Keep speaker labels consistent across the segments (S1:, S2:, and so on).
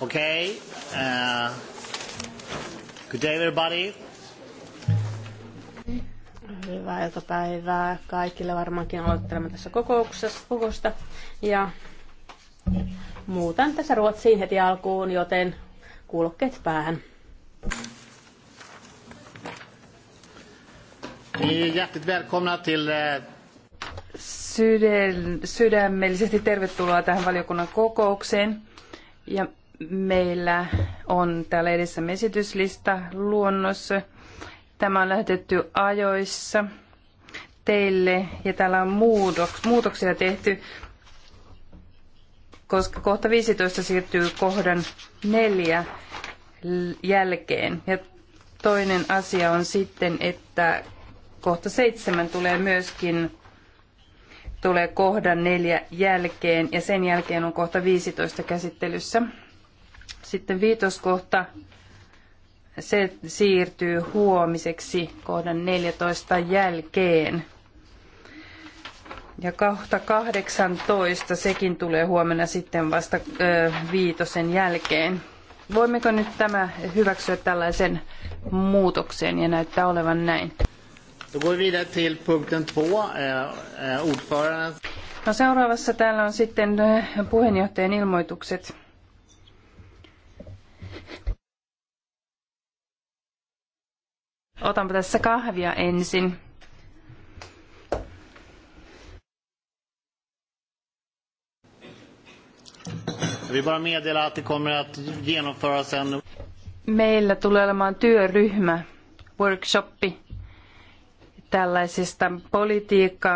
S1: Okay. Uh, good day everybody.
S2: Hyvää iltapäivää kaikille. Varmaankin aloittelemme tässä kokouksessa, kokousta. Ja muutan tässä Ruotsiin heti alkuun, joten kuulokkeet päähän.
S1: Hjärtligt välkomna till eh,
S3: sydämellisesti tervetuloa tähän valiokunnan kokoukseen. Ja Meillä on täällä edessä esityslista luonnossa. Tämä on lähetetty ajoissa teille ja täällä on muutoksia tehty, koska kohta 15 siirtyy kohdan neljä jälkeen. Ja toinen asia on sitten, että kohta seitsemän tulee myöskin tulee kohdan neljä jälkeen ja sen jälkeen on kohta 15 käsittelyssä. Sitten viitoskohta, se siirtyy huomiseksi kohdan 14 jälkeen. Ja kohta 18, sekin tulee huomenna sitten vasta ö, viitosen jälkeen. Voimmeko nyt tämä hyväksyä tällaisen muutokseen ja näyttää olevan näin?
S1: Eh, eh, no seuraavassa
S3: täällä on sitten puheenjohtajan ilmoitukset. Otanpa tässä kahvia
S1: ensin.
S3: Meillä tulee olemaan työryhmä, workshoppi tällaisista politiikka,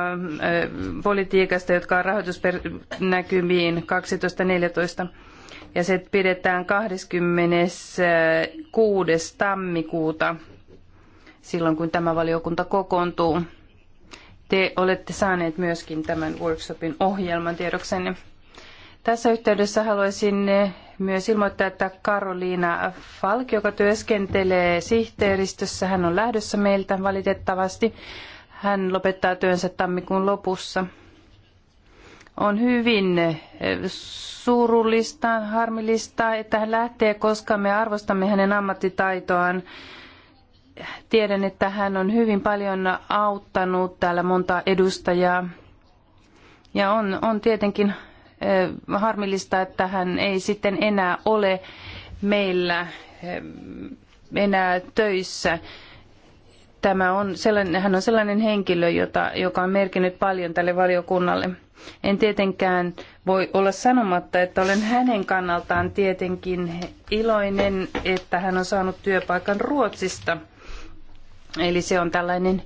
S3: politiikasta, jotka on rahoitusnäkymiin 1214. Ja se pidetään 26. tammikuuta silloin, kun tämä valiokunta kokoontuu. Te olette saaneet myöskin tämän workshopin ohjelman tiedoksenne. Tässä yhteydessä haluaisin eh, myös ilmoittaa, että Karoliina Falk, joka työskentelee sihteeristössä, hän on lähdössä meiltä valitettavasti. Hän lopettaa työnsä tammikuun lopussa. On hyvin eh, surullista, harmillista, että hän lähtee, koska me arvostamme hänen ammattitaitoaan tiedän, että hän on hyvin paljon auttanut täällä monta edustajaa. Ja on, on tietenkin harmillista, että hän ei sitten enää ole meillä enää töissä. Tämä on sellainen, hän on sellainen henkilö, jota, joka on merkinnyt paljon tälle valiokunnalle. En tietenkään voi olla sanomatta, että olen hänen kannaltaan tietenkin iloinen, että hän on saanut työpaikan Ruotsista – Eli se on tällainen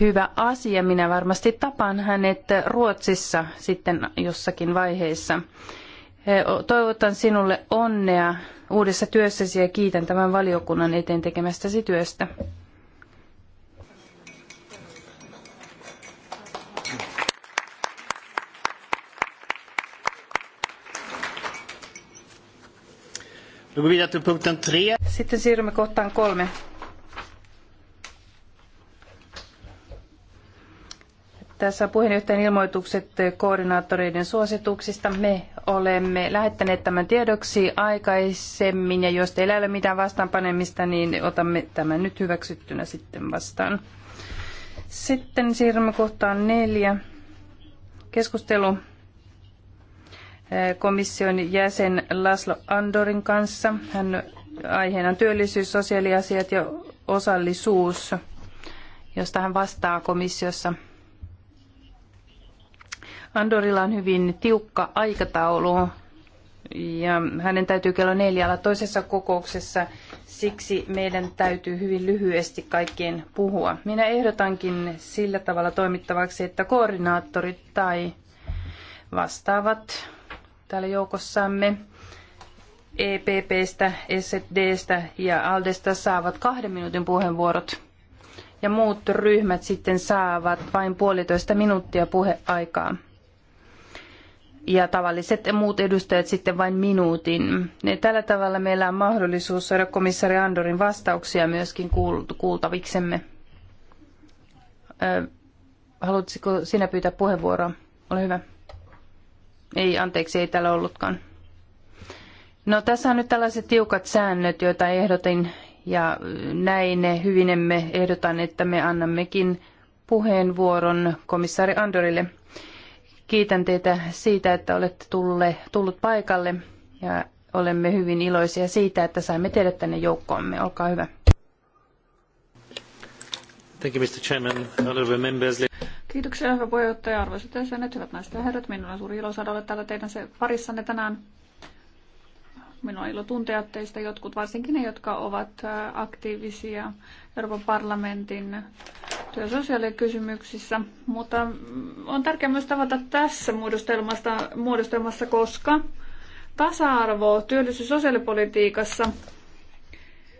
S3: hyvä asia. Minä varmasti tapaan hänet Ruotsissa sitten jossakin vaiheessa. Toivotan sinulle onnea uudessa työssäsi ja kiitän tämän valiokunnan eteen tekemästäsi työstä. Sitten siirrymme kohtaan kolme. Tässä puheenjohtajan ilmoitukset koordinaattoreiden suosituksista. Me olemme lähettäneet tämän tiedoksi aikaisemmin ja jos teillä ei ole mitään vastaanpanemista, niin otamme tämän nyt hyväksyttynä sitten vastaan. Sitten siirrymme kohtaan neljä. Keskustelu eh, komission jäsen Laslo Andorin kanssa. Hän aiheena on työllisyys, sosiaaliasiat ja osallisuus, josta hän vastaa komissiossa – Andorilla on hyvin tiukka aikataulu ja hänen täytyy kello neljällä toisessa kokouksessa, siksi meidän täytyy hyvin lyhyesti kaikkien puhua. Minä ehdotankin sillä tavalla toimittavaksi, että koordinaattorit tai vastaavat täällä joukossamme EPPstä, SDstä ja ALDEsta saavat kahden minuutin puheenvuorot ja muut ryhmät sitten saavat vain puolitoista minuuttia puheaikaa ja tavalliset muut edustajat sitten vain minuutin. Tällä tavalla meillä on mahdollisuus saada komissaari Andorin vastauksia myöskin kuultaviksemme. Haluaisitko sinä pyytää puheenvuoroa? Ole hyvä. Ei, anteeksi, ei täällä ollutkaan. No tässä on nyt tällaiset tiukat säännöt, joita ehdotin ja näin ne hyvinemme ehdotan, että me annammekin puheenvuoron komissaari Andorille. Kiitän teitä siitä, että olette tulle, tullut paikalle ja olemme hyvin iloisia siitä, että saimme tehdä tänne joukkoomme. Olkaa hyvä.
S1: Thank you, Mr. Chairman. Honorable members.
S4: Kiitoksia, hyvä puheenjohtaja, arvoisat jäsenet, hyvät naiset ja herrat. Minulla on suuri ilo saada olla täällä teidän parissanne tänään. Minulla on ilo tuntea teistä jotkut, varsinkin ne, jotka ovat aktiivisia Euroopan parlamentin työ- sosiaalikysymyksissä, mutta on tärkeää myös tavata tässä muodostelmasta, muodostelmassa, koska tasa-arvo työllisyys- ja sosiaalipolitiikassa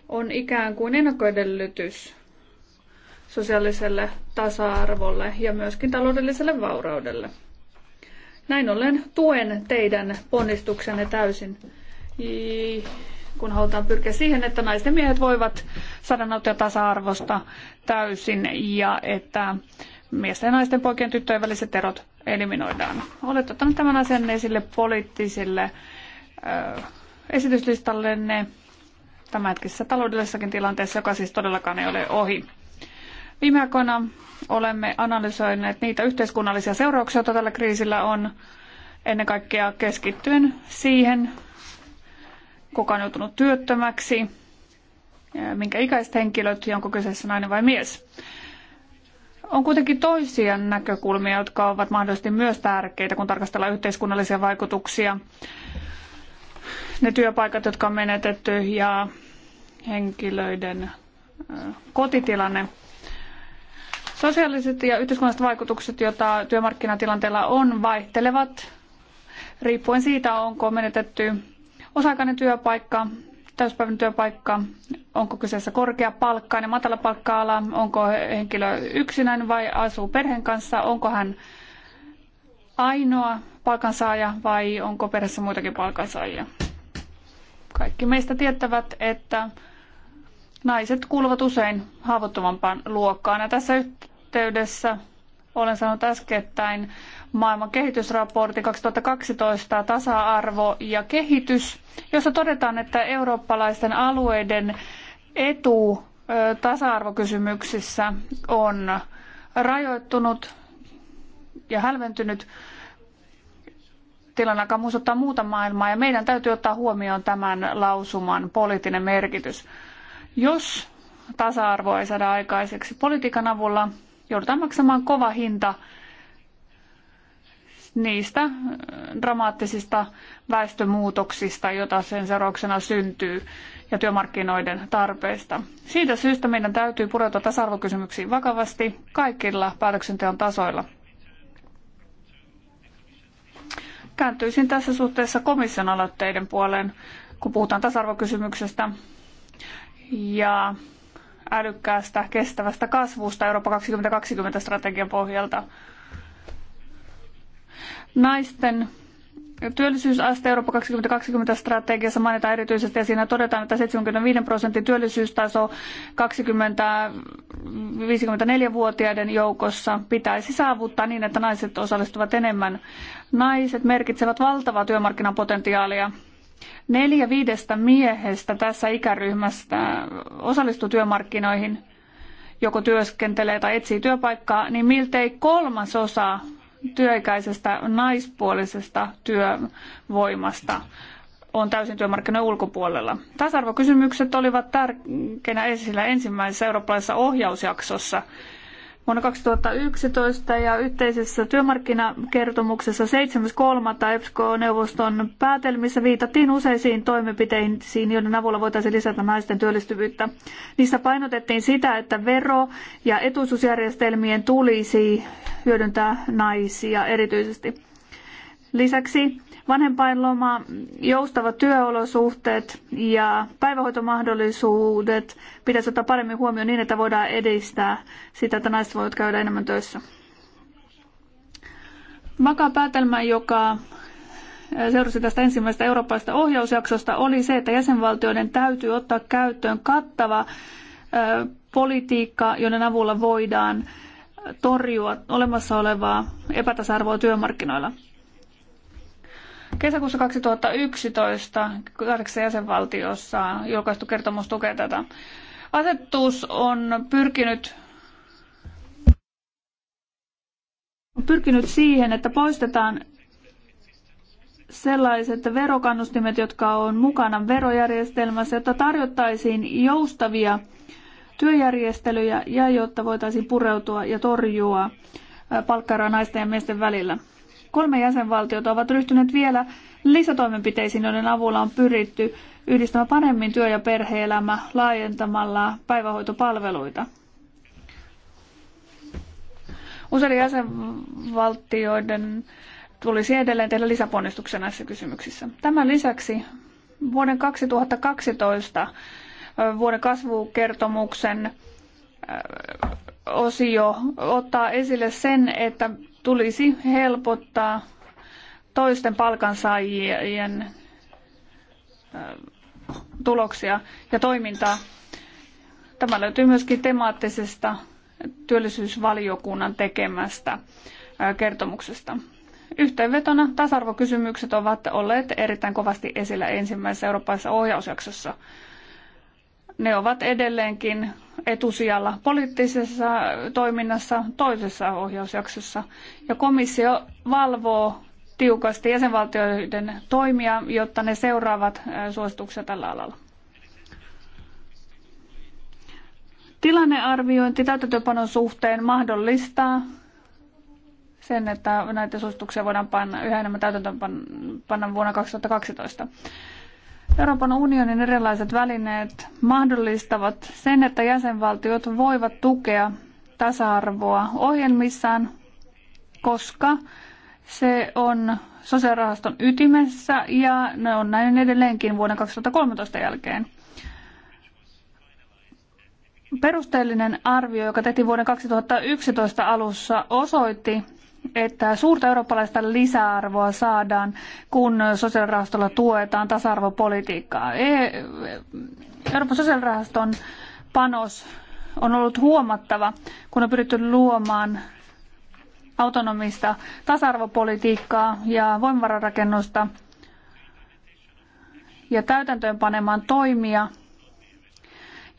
S4: on ikään kuin ennakkoedellytys sosiaaliselle tasa-arvolle ja myöskin taloudelliselle vauraudelle. Näin ollen tuen teidän ponnistuksenne täysin kun halutaan pyrkiä siihen, että ja miehet voivat saada nauttia tasa-arvosta täysin ja että miesten ja naisten poikien tyttöjen väliset erot eliminoidaan. Olet ottanut tämän asian esille poliittisille ö, esityslistallenne tämänhetkisessä taloudellisessakin tilanteessa, joka siis todellakaan ei ole ohi. Viime aikoina olemme analysoineet niitä yhteiskunnallisia seurauksia, joita tällä kriisillä on, ennen kaikkea keskittyen siihen, kuka on joutunut työttömäksi, minkä ikäiset henkilöt ja onko kyseessä nainen vai mies. On kuitenkin toisia näkökulmia, jotka ovat mahdollisesti myös tärkeitä, kun tarkastellaan yhteiskunnallisia vaikutuksia. Ne työpaikat, jotka on menetetty ja henkilöiden kotitilanne. Sosiaaliset ja yhteiskunnalliset vaikutukset, joita työmarkkinatilanteella on, vaihtelevat riippuen siitä, onko menetetty osa-aikainen työpaikka, täyspäivän työpaikka, onko kyseessä korkea palkkainen, matala palkka-ala, onko henkilö yksinäinen vai asuu perheen kanssa, onko hän ainoa palkansaaja vai onko perheessä muitakin palkansaajia. Kaikki meistä tietävät, että naiset kuuluvat usein haavoittuvampaan luokkaan. Ja tässä yhteydessä olen sanonut äskettäin maailman kehitysraportti 2012 tasa-arvo ja kehitys, jossa todetaan, että eurooppalaisten alueiden etu tasa-arvokysymyksissä on rajoittunut ja hälventynyt. Tilanne alkaa muistuttaa muuta maailmaa ja meidän täytyy ottaa huomioon tämän lausuman poliittinen merkitys. Jos tasa-arvoa ei saada aikaiseksi politiikan avulla, joudutaan maksamaan kova hinta niistä äh, dramaattisista väestömuutoksista, joita sen seurauksena syntyy ja työmarkkinoiden tarpeista. Siitä syystä meidän täytyy pureutua tasa-arvokysymyksiin vakavasti kaikilla päätöksenteon tasoilla. Kääntyisin tässä suhteessa komission aloitteiden puoleen, kun puhutaan tasa-arvokysymyksestä ja älykkäästä kestävästä kasvusta Eurooppa 2020 strategian pohjalta – Naisten työllisyysaste Eurooppa 2020 strategiassa mainitaan erityisesti ja siinä todetaan, että 75 prosentin työllisyystaso 20-54-vuotiaiden joukossa pitäisi saavuttaa niin, että naiset osallistuvat enemmän. Naiset merkitsevät valtavaa työmarkkinapotentiaalia. Neljä viidestä miehestä tässä ikäryhmästä osallistuu työmarkkinoihin joko työskentelee tai etsii työpaikkaa, niin miltei kolmasosa työikäisestä naispuolisesta työvoimasta on täysin työmarkkinoiden ulkopuolella. Tasa-arvokysymykset olivat tärkeinä esillä ensimmäisessä eurooppalaisessa ohjausjaksossa vuonna 2011 ja yhteisessä työmarkkinakertomuksessa 7.3. EPSCO-neuvoston päätelmissä viitattiin useisiin toimenpiteisiin, joiden avulla voitaisiin lisätä naisten työllistyvyyttä. Niissä painotettiin sitä, että vero- ja etuisuusjärjestelmien tulisi hyödyntää naisia erityisesti. Lisäksi vanhempainloma, joustavat työolosuhteet ja päivähoitomahdollisuudet pitäisi ottaa paremmin huomioon niin, että voidaan edistää sitä, että naiset voivat käydä enemmän töissä. Vakaa päätelmä, joka seurasi tästä ensimmäisestä eurooppalaisesta ohjausjaksosta, oli se, että jäsenvaltioiden täytyy ottaa käyttöön kattava politiikka, jonne avulla voidaan torjua olemassa olevaa epätasa-arvoa työmarkkinoilla. Kesäkuussa 2011 kahdeksan jäsenvaltiossa julkaistu kertomus tukee tätä. Asetus on pyrkinyt pyrkinyt siihen, että poistetaan sellaiset verokannustimet, jotka on mukana verojärjestelmässä, jotta tarjottaisiin joustavia työjärjestelyjä ja jotta voitaisiin pureutua ja torjua palkkaeroa naisten ja miesten välillä. Kolme jäsenvaltiota ovat ryhtyneet vielä lisätoimenpiteisiin, joiden avulla on pyritty yhdistämään paremmin työ- ja perhe-elämä laajentamalla päivähoitopalveluita. Useiden jäsenvaltioiden tulisi edelleen tehdä lisäponnistuksia näissä kysymyksissä. Tämän lisäksi vuoden 2012 vuoden kasvukertomuksen äh, osio ottaa esille sen, että tulisi helpottaa toisten palkansaajien äh, tuloksia ja toimintaa. Tämä löytyy myöskin temaattisesta työllisyysvaliokunnan tekemästä äh, kertomuksesta. Yhteenvetona tasa-arvokysymykset ovat olleet erittäin kovasti esillä ensimmäisessä eurooppalaisessa ohjausjaksossa – ne ovat edelleenkin etusijalla poliittisessa toiminnassa toisessa ohjausjaksossa. Ja komissio valvoo tiukasti jäsenvaltioiden toimia, jotta ne seuraavat suosituksia tällä alalla. Tilannearviointi täytäntöpanon suhteen mahdollistaa sen, että näitä suosituksia voidaan panna yhä enemmän täytäntöönpanna vuonna 2012. Euroopan unionin erilaiset välineet mahdollistavat sen, että jäsenvaltiot voivat tukea tasa-arvoa ohjelmissaan, koska se on sosiaalirahaston ytimessä ja ne on näin edelleenkin vuoden 2013 jälkeen. Perusteellinen arvio, joka tehtiin vuoden 2011 alussa, osoitti, että suurta eurooppalaista lisäarvoa saadaan, kun sosiaalirahastolla tuetaan tasa-arvopolitiikkaa. E- Euroopan sosiaalirahaston panos on ollut huomattava, kun on pyritty luomaan autonomista tasa-arvopolitiikkaa ja voimavararakennusta ja täytäntöönpanemaan toimia,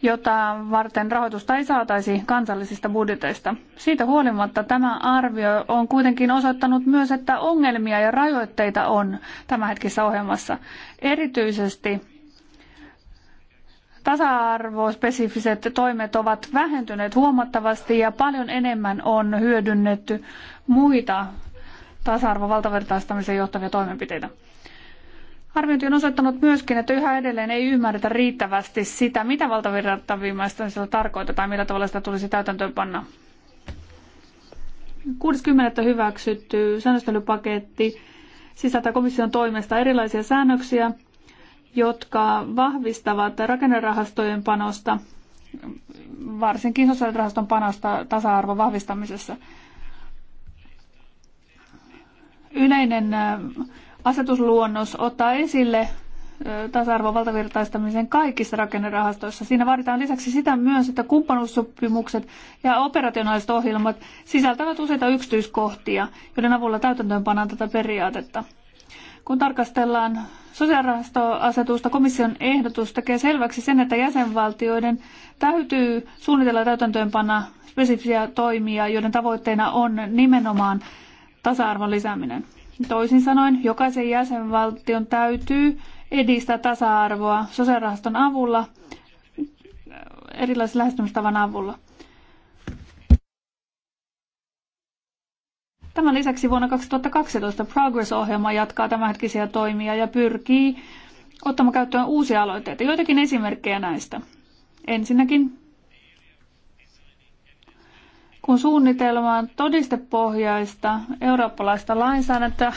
S4: jota varten rahoitusta ei saataisi kansallisista budjeteista. Siitä huolimatta tämä arvio on kuitenkin osoittanut myös, että ongelmia ja rajoitteita on tämänhetkisessä ohjelmassa. Erityisesti tasa-arvospesifiset toimet ovat vähentyneet huomattavasti ja paljon enemmän on hyödynnetty muita tasa-arvovaltavertaistamiseen johtavia toimenpiteitä. Arviointi on osoittanut myöskin, että yhä edelleen ei ymmärretä riittävästi sitä, mitä valtavirtaviimaistamisella tarkoitetaan, millä tavalla sitä tulisi täytäntöönpanna. 60. hyväksytty säännöstelypaketti sisältää komission toimesta erilaisia säännöksiä, jotka vahvistavat rakennerahastojen panosta, varsinkin sosiaalirahaston panosta tasa-arvon vahvistamisessa. Yleinen asetusluonnos ottaa esille tasa-arvon valtavirtaistamisen kaikissa rakennerahastoissa. Siinä vaaditaan lisäksi sitä myös, että kumppanuussopimukset ja operationaaliset ohjelmat sisältävät useita yksityiskohtia, joiden avulla täytäntöönpanaan tätä periaatetta. Kun tarkastellaan sosiaalirahastoasetusta, komission ehdotus tekee selväksi sen, että jäsenvaltioiden täytyy suunnitella täytäntöönpana spesifisiä toimia, joiden tavoitteena on nimenomaan tasa-arvon lisääminen. Toisin sanoen, jokaisen jäsenvaltion täytyy edistää tasa-arvoa sosiaalirahaston avulla, erilaisen lähestymistavan avulla. Tämän lisäksi vuonna 2012 Progress-ohjelma jatkaa tämänhetkisiä toimia ja pyrkii ottamaan käyttöön uusia aloitteita. Joitakin esimerkkejä näistä. Ensinnäkin kun suunnitelmaan todistepohjaista eurooppalaista lainsäädäntöä,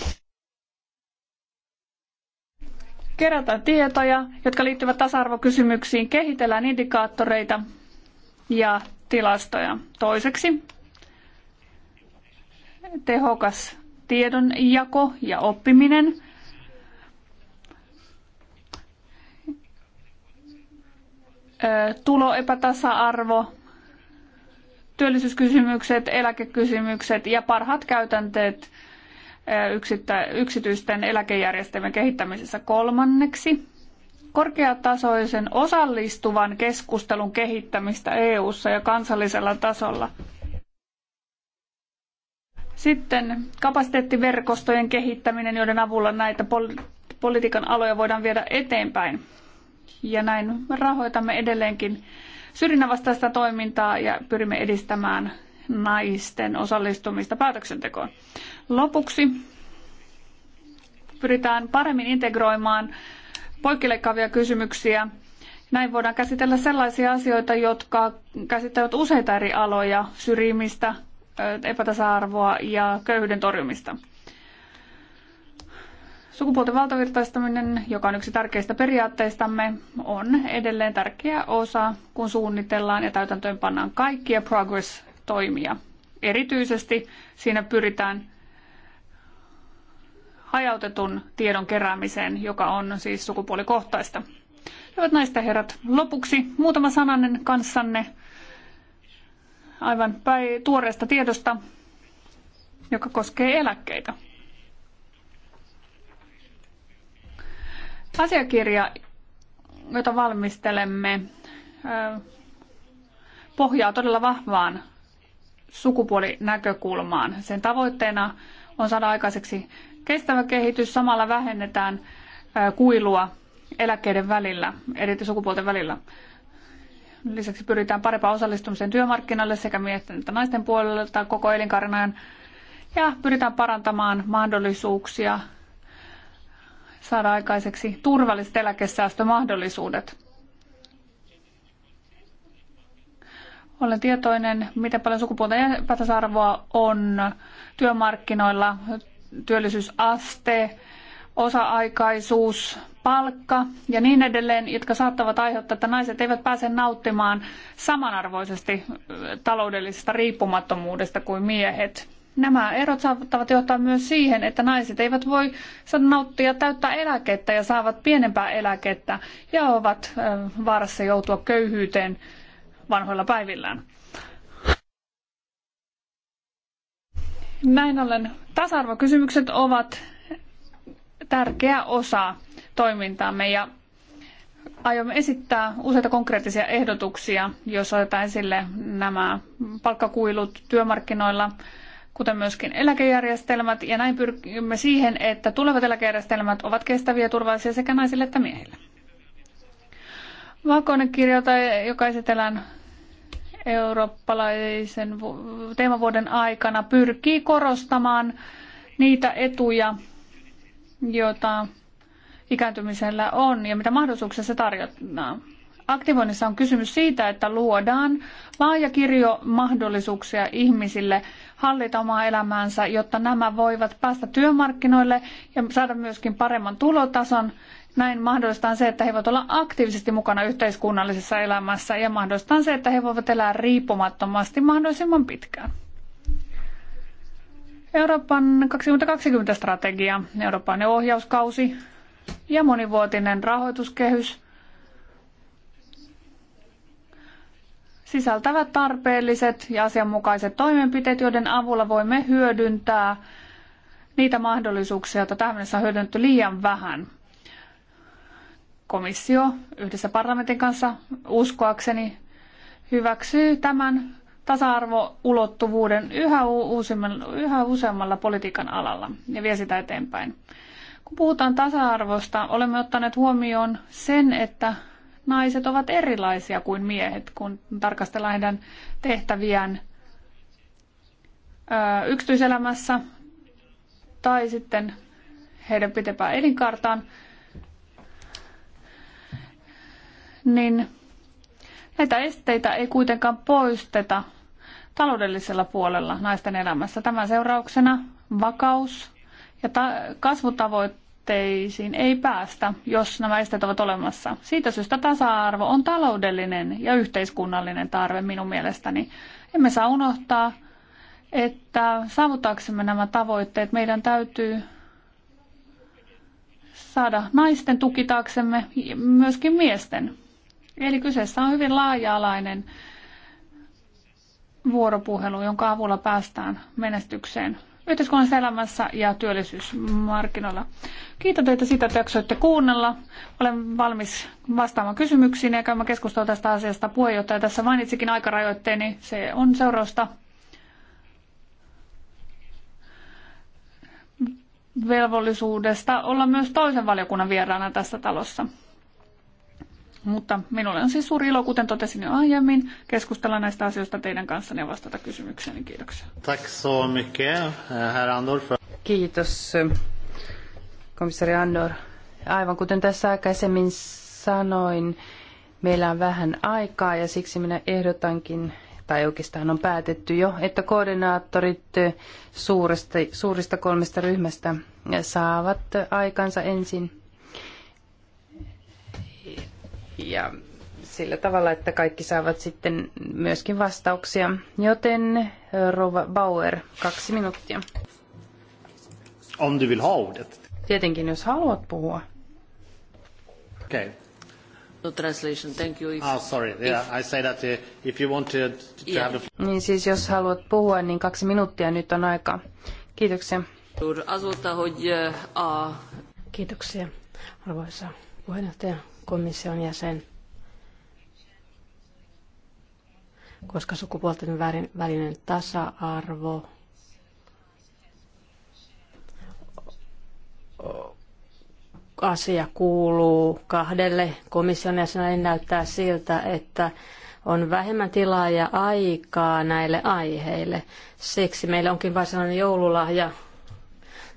S4: kerätään tietoja, jotka liittyvät tasa-arvokysymyksiin, kehitellään indikaattoreita ja tilastoja. Toiseksi tehokas tiedonjako ja oppiminen. Tuloepätasa-arvo työllisyyskysymykset, eläkekysymykset ja parhaat käytänteet yksityisten eläkejärjestelmien kehittämisessä kolmanneksi. Korkeatasoisen osallistuvan keskustelun kehittämistä EU:ssa ja kansallisella tasolla. Sitten kapasiteettiverkostojen kehittäminen, joiden avulla näitä politiikan aloja voidaan viedä eteenpäin. Ja näin rahoitamme edelleenkin syrjinnän vastaista toimintaa ja pyrimme edistämään naisten osallistumista päätöksentekoon. Lopuksi pyritään paremmin integroimaan poikkileikkaavia kysymyksiä. Näin voidaan käsitellä sellaisia asioita, jotka käsittävät useita eri aloja, syrjimistä, epätasa-arvoa ja köyhyyden torjumista. Sukupuolten valtavirtaistaminen, joka on yksi tärkeistä periaatteistamme, on edelleen tärkeä osa, kun suunnitellaan ja täytäntöön pannaan kaikkia progress-toimia. Erityisesti siinä pyritään hajautetun tiedon keräämiseen, joka on siis sukupuolikohtaista. Hyvät naiset ja herrat, lopuksi muutama sananen kanssanne aivan päi- tuoreesta tiedosta, joka koskee eläkkeitä. Asiakirja, jota valmistelemme, pohjaa todella vahvaan sukupuolinäkökulmaan. Sen tavoitteena on saada aikaiseksi kestävä kehitys, samalla vähennetään kuilua eläkkeiden välillä, eri sukupuolten välillä. Lisäksi pyritään parempaan osallistumiseen työmarkkinoille sekä miesten että naisten puolelta koko elinkaaren ajan ja pyritään parantamaan mahdollisuuksia saada aikaiseksi turvalliset eläkesäästömahdollisuudet. Olen tietoinen, miten paljon sukupuolten epätasa-arvoa on työmarkkinoilla, työllisyysaste, osa-aikaisuus, palkka ja niin edelleen, jotka saattavat aiheuttaa, että naiset eivät pääse nauttimaan samanarvoisesti taloudellisesta riippumattomuudesta kuin miehet. Nämä erot saattavat johtaa myös siihen, että naiset eivät voi nauttia täyttää eläkettä ja saavat pienempää eläkettä ja ovat vaarassa joutua köyhyyteen vanhoilla päivillään. Näin ollen tasa-arvokysymykset ovat tärkeä osa toimintaamme ja aiomme esittää useita konkreettisia ehdotuksia, jos otetaan esille nämä palkkakuilut työmarkkinoilla – kuten myöskin eläkejärjestelmät, ja näin pyrkimme siihen, että tulevat eläkejärjestelmät ovat kestäviä ja turvallisia sekä naisille että miehille. Valkoinen kirjoita, joka esitellään eurooppalaisen teemavuoden aikana, pyrkii korostamaan niitä etuja, joita ikääntymisellä on ja mitä mahdollisuuksia se tarjotaan. Aktivoinnissa on kysymys siitä, että luodaan laaja kirjo mahdollisuuksia ihmisille hallita omaa elämäänsä, jotta nämä voivat päästä työmarkkinoille ja saada myöskin paremman tulotason. Näin mahdollistaan se, että he voivat olla aktiivisesti mukana yhteiskunnallisessa elämässä ja mahdollistaan se, että he voivat elää riippumattomasti mahdollisimman pitkään. Euroopan 2020-strategia, Euroopan ohjauskausi ja monivuotinen rahoituskehys – sisältävät tarpeelliset ja asianmukaiset toimenpiteet, joiden avulla voimme hyödyntää niitä mahdollisuuksia, joita tähän mennessä on hyödynnetty liian vähän. Komissio yhdessä parlamentin kanssa uskoakseni hyväksyy tämän tasa-arvoulottuvuuden yhä, yhä useammalla politiikan alalla ja vie sitä eteenpäin. Kun puhutaan tasa-arvosta, olemme ottaneet huomioon sen, että naiset ovat erilaisia kuin miehet, kun tarkastellaan heidän tehtäviään yksityiselämässä tai sitten heidän pitempään elinkaartaan, niin näitä esteitä ei kuitenkaan poisteta taloudellisella puolella naisten elämässä. Tämän seurauksena vakaus ja kasvutavoitteet tavoitteisiin ei päästä, jos nämä esteet ovat olemassa. Siitä syystä tasa-arvo on taloudellinen ja yhteiskunnallinen tarve minun mielestäni. Emme saa unohtaa, että saavuttaaksemme nämä tavoitteet meidän täytyy saada naisten tuki taaksemme myöskin miesten. Eli kyseessä on hyvin laaja-alainen vuoropuhelu, jonka avulla päästään menestykseen yhteiskunnassa elämässä ja työllisyysmarkkinoilla. Kiitän teitä siitä, että jaksoitte kuunnella. Olen valmis vastaamaan kysymyksiin ja käymään keskustelua tästä asiasta. Puheenjohtaja tässä mainitsikin aikarajoitteeni. Niin se on seurausta velvollisuudesta olla myös toisen valiokunnan vieraana tässä talossa. Mutta minulle on siis suuri ilo, kuten totesin jo aiemmin, keskustella näistä asioista teidän kanssa ja vastata kysymykseen. Kiitoksia.
S1: Tack så mycket, eh, herr Andor. Kiitos, eh,
S3: komissari Andor. Aivan kuten tässä aikaisemmin sanoin, meillä on vähän aikaa ja siksi minä ehdotankin, tai oikeastaan on päätetty jo, että koordinaattorit eh, suurista, suurista kolmesta ryhmästä saavat aikansa ensin ja sillä tavalla, että kaikki saavat sitten myöskin vastauksia. Joten Rova Bauer, kaksi minuuttia.
S1: Om du vill ha ordet.
S3: Tietenkin, jos haluat puhua.
S1: Okei. Okay. No translation, thank you. If, oh, sorry, yeah, if, I say that uh, if you want to, to yeah. have
S3: a. Niin siis jos haluat puhua, niin kaksi minuuttia nyt on aikaa. Kiitoksia.
S4: Uh,
S2: Kiitoksia, arvoisa puheenjohtaja, komission jäsen, koska sukupuolten välinen tasa-arvo asia kuuluu kahdelle komission jäsenelle, niin näyttää siltä, että on vähemmän tilaa ja aikaa näille aiheille. Siksi meillä onkin sellainen joululahja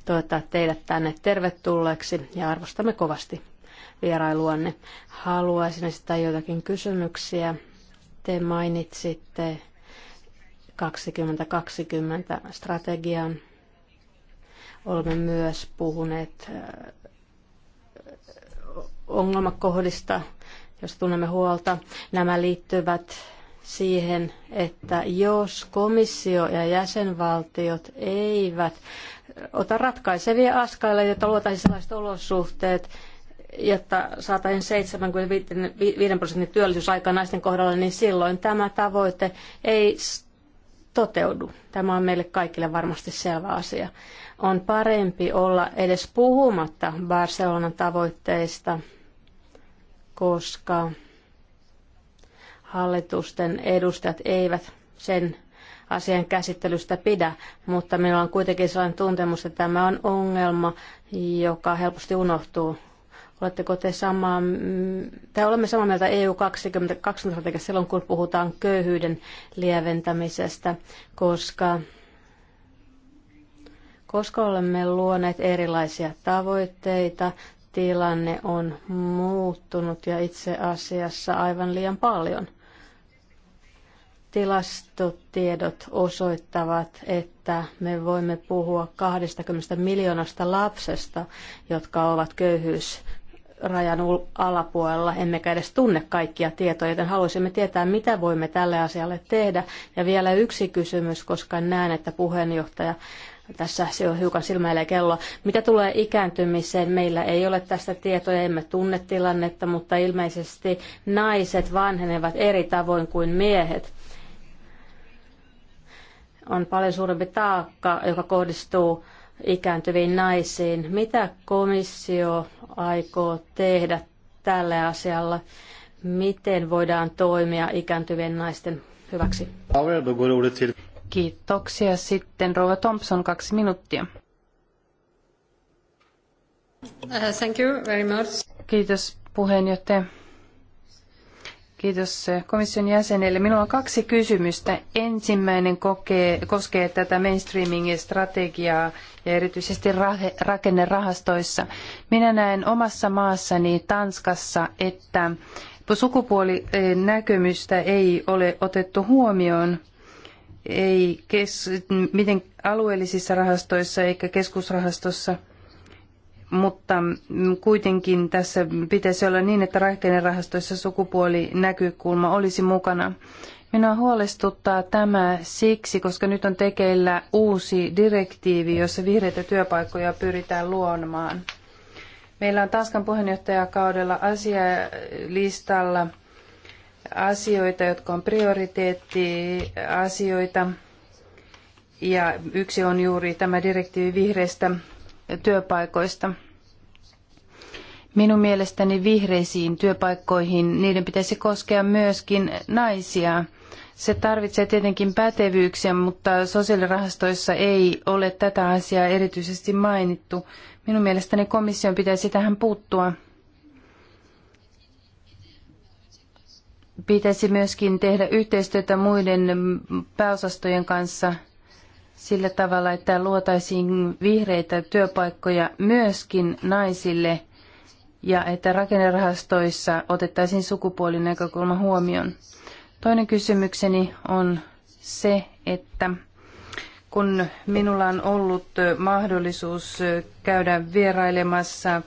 S2: toivottaa teidät tänne tervetulleeksi ja arvostamme kovasti vierailuanne. Haluaisin esittää joitakin kysymyksiä. Te mainitsitte 2020 strategian. Olemme myös puhuneet äh, ongelmakohdista, jos tunnemme huolta. Nämä liittyvät siihen, että jos komissio ja jäsenvaltiot eivät ota ratkaisevia askeleita, että luotaisiin sellaiset olosuhteet, jotta saataisiin 75 prosentin työllisyysaika naisten kohdalla, niin silloin tämä tavoite ei toteudu. Tämä on meille kaikille varmasti selvä asia. On parempi olla edes puhumatta Barcelonan tavoitteista, koska hallitusten edustajat eivät sen asian käsittelystä pidä, mutta minulla on kuitenkin sellainen tuntemus, että tämä on ongelma, joka helposti unohtuu Oletteko te samaa, mm, tai olemme samaa mieltä EU 2020 silloin, kun puhutaan köyhyyden lieventämisestä, koska koska olemme luoneet erilaisia tavoitteita, tilanne on muuttunut ja itse asiassa aivan liian paljon. Tilastotiedot osoittavat, että me voimme puhua 20 miljoonasta lapsesta, jotka ovat köyhyys rajan alapuolella, emmekä edes tunne kaikkia tietoja, joten haluaisimme tietää, mitä voimme tälle asialle tehdä. Ja vielä yksi kysymys, koska näen, että puheenjohtaja tässä se on hiukan silmäilee kelloa. Mitä tulee ikääntymiseen, meillä ei ole tästä tietoja, emme tunne tilannetta, mutta ilmeisesti naiset vanhenevat eri tavoin kuin miehet. On paljon suurempi taakka, joka kohdistuu ikääntyviin naisiin. Mitä komissio aikoo tehdä tälle asialle? Miten voidaan toimia ikääntyvien naisten hyväksi?
S3: Kiitoksia. Sitten Rova Thompson, kaksi minuuttia.
S2: Uh, thank you very much.
S3: Kiitos puheenjohtaja. Kiitos komission jäsenelle. Minulla on kaksi kysymystä. Ensimmäinen kokee, koskee tätä mainstreaming-strategiaa ja erityisesti rakennerahastoissa. Minä näen omassa maassani Tanskassa, että sukupuolinäkemystä ei ole otettu huomioon ei kes, miten alueellisissa rahastoissa eikä keskusrahastossa – mutta kuitenkin tässä pitäisi olla niin, että rakenerahastoissa sukupuolinäkökulma olisi mukana. Minua huolestuttaa tämä siksi, koska nyt on tekeillä uusi direktiivi, jossa vihreitä työpaikkoja pyritään luomaan. Meillä on Tanskan puheenjohtajakaudella asialistalla asioita, jotka on prioriteettiasioita. Ja yksi on juuri tämä direktiivi vihreistä työpaikoista. Minun mielestäni vihreisiin työpaikkoihin niiden pitäisi koskea myöskin naisia. Se tarvitsee tietenkin pätevyyksiä, mutta sosiaalirahastoissa ei ole tätä asiaa erityisesti mainittu. Minun mielestäni komission pitäisi tähän puuttua. Pitäisi myöskin tehdä yhteistyötä muiden pääosastojen kanssa – sillä tavalla, että luotaisiin vihreitä työpaikkoja myöskin naisille ja että rakennerahastoissa otettaisiin sukupuolinäkökulma huomioon. Toinen kysymykseni on se, että kun minulla on ollut mahdollisuus käydä vierailemassa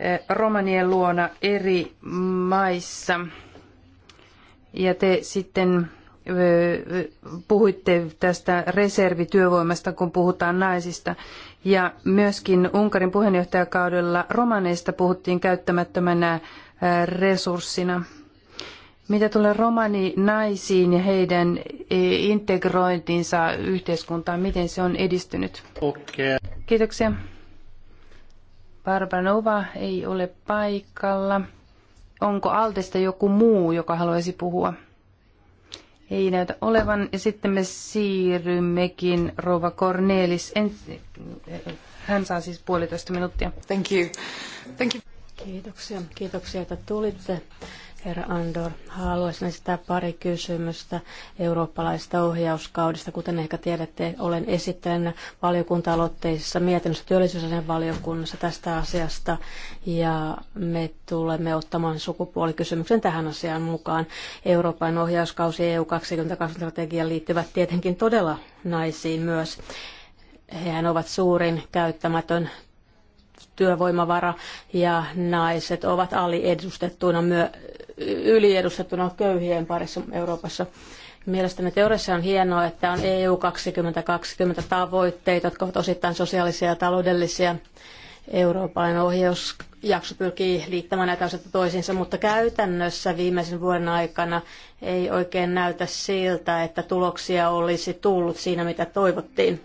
S3: eh, romanien luona eri maissa, ja te sitten puhuitte tästä reservityövoimasta, kun puhutaan naisista. Ja myöskin Unkarin puheenjohtajakaudella romaneista puhuttiin käyttämättömänä resurssina. Mitä tulee romaninaisiin ja heidän e, integrointinsa yhteiskuntaan, miten se on edistynyt? Okay. Kiitoksia. Barbanova ei ole paikalla. Onko Altesta joku muu, joka haluaisi puhua? Ei näytä olevan. Ja sitten me siirrymmekin Rova Cornelis. Ensi, hän saa siis puolitoista minuuttia.
S2: Thank you. Thank you. Kiitoksia. Kiitoksia, että tulitte. Herra Andor, haluaisin esittää pari kysymystä eurooppalaisesta ohjauskaudesta. Kuten ehkä tiedätte, olen esittelen valiokunta-aloitteisessa mietinnössä työllisyysasian valiokunnassa tästä asiasta ja me tulemme ottamaan sukupuolikysymyksen tähän asiaan mukaan. Euroopan ohjauskausi EU 2020 strategiaan liittyvät tietenkin todella naisiin myös. Hehän ovat suurin käyttämätön työvoimavara ja naiset ovat aliedustettuina, myö, yliedustettuna köyhien parissa Euroopassa. Mielestäni teoriassa on hienoa, että on EU 2020 tavoitteita, jotka ovat osittain sosiaalisia ja taloudellisia. Euroopan ohjausjakso pyrkii liittämään näitä asioita toisiinsa, mutta käytännössä viimeisen vuoden aikana ei oikein näytä siltä, että tuloksia olisi tullut siinä, mitä toivottiin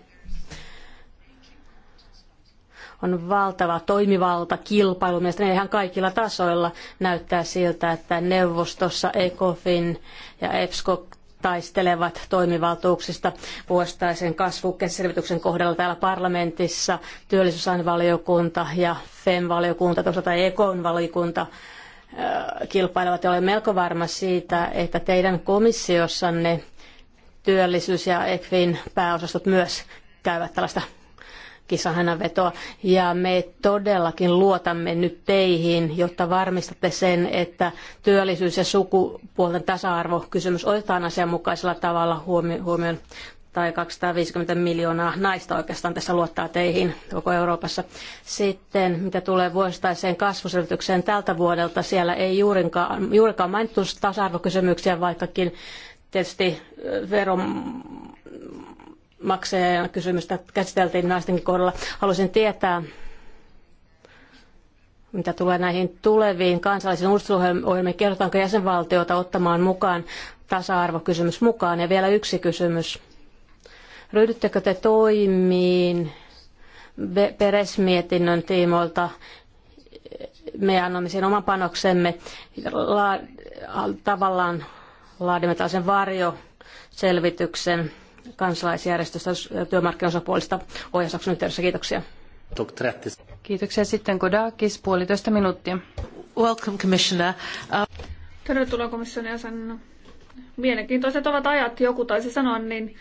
S2: on valtava toimivalta kilpailu. Mielestäni ihan kaikilla tasoilla näyttää siltä, että neuvostossa ECOFIN ja EPSCO taistelevat toimivaltuuksista vuosittaisen kasvuselvityksen kohdalla täällä parlamentissa, työllisyysainvaliokunta ja FEM-valiokunta, toisaalta EKON-valiokunta äh, kilpailevat ja olen melko varma siitä, että teidän komissiossanne työllisyys ja ECFIN pääosastot myös käyvät tällaista vetoa Ja me todellakin luotamme nyt teihin, jotta varmistatte sen, että työllisyys- ja sukupuolten tasa-arvokysymys otetaan asianmukaisella tavalla huomioon tai 250 miljoonaa naista oikeastaan tässä luottaa teihin koko Euroopassa. Sitten mitä tulee vuosittaiseen kasvuselvitykseen tältä vuodelta, siellä ei juurikaan, juurikaan mainittu tasa-arvokysymyksiä, vaikkakin tietysti veron maksajana kysymystä käsiteltiin naistenkin kohdalla. Haluaisin tietää, mitä tulee näihin tuleviin kansallisiin uudistusohjelmiin, kerrotaanko jäsenvaltioita ottamaan mukaan tasa-arvokysymys mukaan? Ja vielä yksi kysymys. Ryhdyttekö te toimiin peresmietinnön tiimoilta? Me annamme siihen oman panoksemme, la- tavallaan laadimme tällaisen varjoselvityksen kansalaisjärjestöstä työmarkkinaosapuolista ohjausjakson yhteydessä. Kiitoksia. Kiitoksia.
S3: Sitten Kodakis, puolitoista minuuttia. Welcome, Commissioner. Uh...
S4: Tervetuloa komission jäsen. Mielenkiintoiset ovat ajat, joku taisi sanoa, niin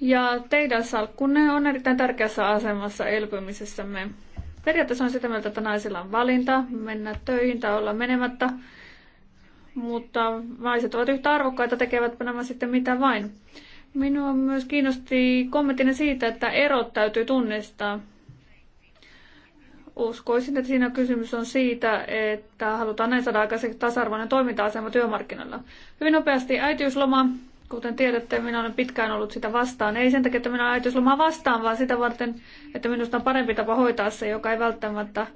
S4: ja teidän salkkunne on erittäin tärkeässä asemassa elpymisessämme. Periaatteessa on sitä mieltä, että naisilla on valinta mennä töihin tai olla menemättä, mutta naiset ovat yhtä arvokkaita, tekevätpä nämä sitten mitä vain. Minua myös kiinnosti kommenttina siitä, että erot täytyy tunnistaa. Uskoisin, että siinä kysymys on siitä, että halutaan näin saada aikaiseksi tasa-arvoinen toiminta-asema työmarkkinoilla. Hyvin nopeasti äitiysloma. Kuten tiedätte, minä olen pitkään ollut sitä vastaan. Ei sen takia, että minä olen äitiyslomaa vastaan, vaan sitä varten, että minusta on parempi tapa hoitaa se, joka ei välttämättä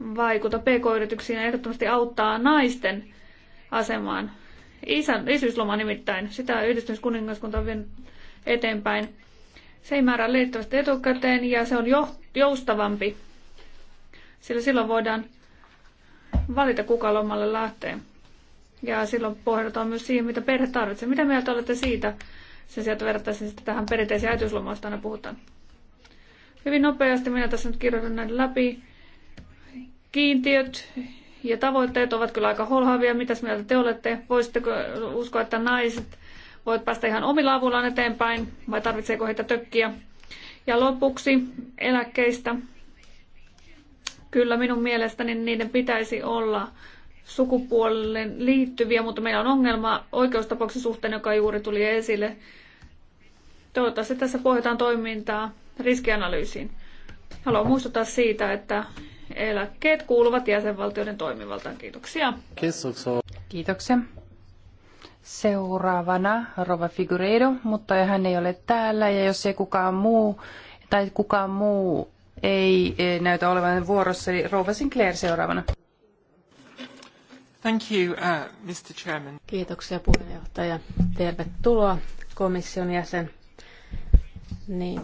S4: vaikuta pk-yrityksiin ja ehdottomasti auttaa naisten asemaan isän, isyysloma nimittäin. Sitä yhdistyskuningaskunta on vienyt eteenpäin. Se ei määrää liittyvästi etukäteen ja se on jo, joustavampi, sillä silloin voidaan valita kuka lomalle lähtee. Ja silloin pohditaan myös siihen, mitä perhe tarvitsee. Mitä mieltä olette siitä? Sen sieltä verrattaisiin sitten tähän perinteiseen äitiyslomasta aina puhutaan. Hyvin nopeasti minä tässä nyt kirjoitan näitä läpi. Kiintiöt, ja tavoitteet ovat kyllä aika holhaavia. Mitäs mieltä te olette? Voisitteko uskoa, että naiset voivat päästä ihan omilla avullaan eteenpäin vai tarvitseeko heitä tökkiä? Ja lopuksi eläkkeistä. Kyllä minun mielestäni niiden pitäisi olla sukupuolelle liittyviä, mutta meillä on ongelma oikeustapauksen suhteen, joka juuri tuli esille. Toivottavasti tässä pohjataan toimintaa riskianalyysiin. Haluan muistuttaa siitä, että eläkkeet kuuluvat jäsenvaltioiden toimivaltaan. Kiitoksia.
S3: Kiitoksia. Seuraavana Rova Figureido, mutta hän ei ole täällä ja jos ei kukaan muu tai kukaan muu ei eh, näytä olevan vuorossa, niin Rova Sinclair seuraavana.
S5: Thank you, uh, Mr. Chairman.
S2: Kiitoksia puheenjohtaja. Tervetuloa komission jäsen. Niin,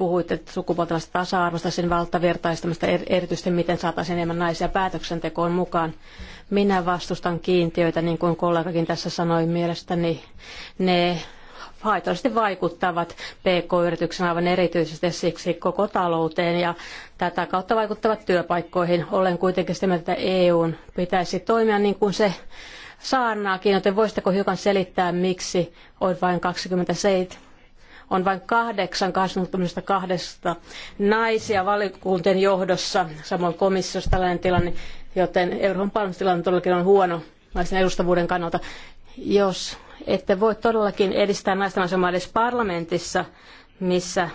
S2: puhuitte sukupuolten tasa-arvosta, sen valtavirtaistamista, er, erityisesti miten saataisiin enemmän naisia päätöksentekoon mukaan. Minä vastustan kiintiöitä, niin kuin kollegakin tässä sanoi mielestäni. Ne haitallisesti vaikuttavat PK-yrityksen aivan erityisesti siksi koko talouteen ja tätä kautta vaikuttavat työpaikkoihin. Olen kuitenkin sitä mieltä, että EUn pitäisi toimia niin kuin se saarnaakin, joten voisitteko hiukan selittää, miksi on vain 27 on vain kahdeksan 82 naisia valiokuntien johdossa, samoin komissiossa tällainen tilanne, joten Euroopan parlamentin todellakin on huono naisten edustavuuden kannalta. Jos ette voi todellakin edistää naisten asemaa edes parlamentissa, missä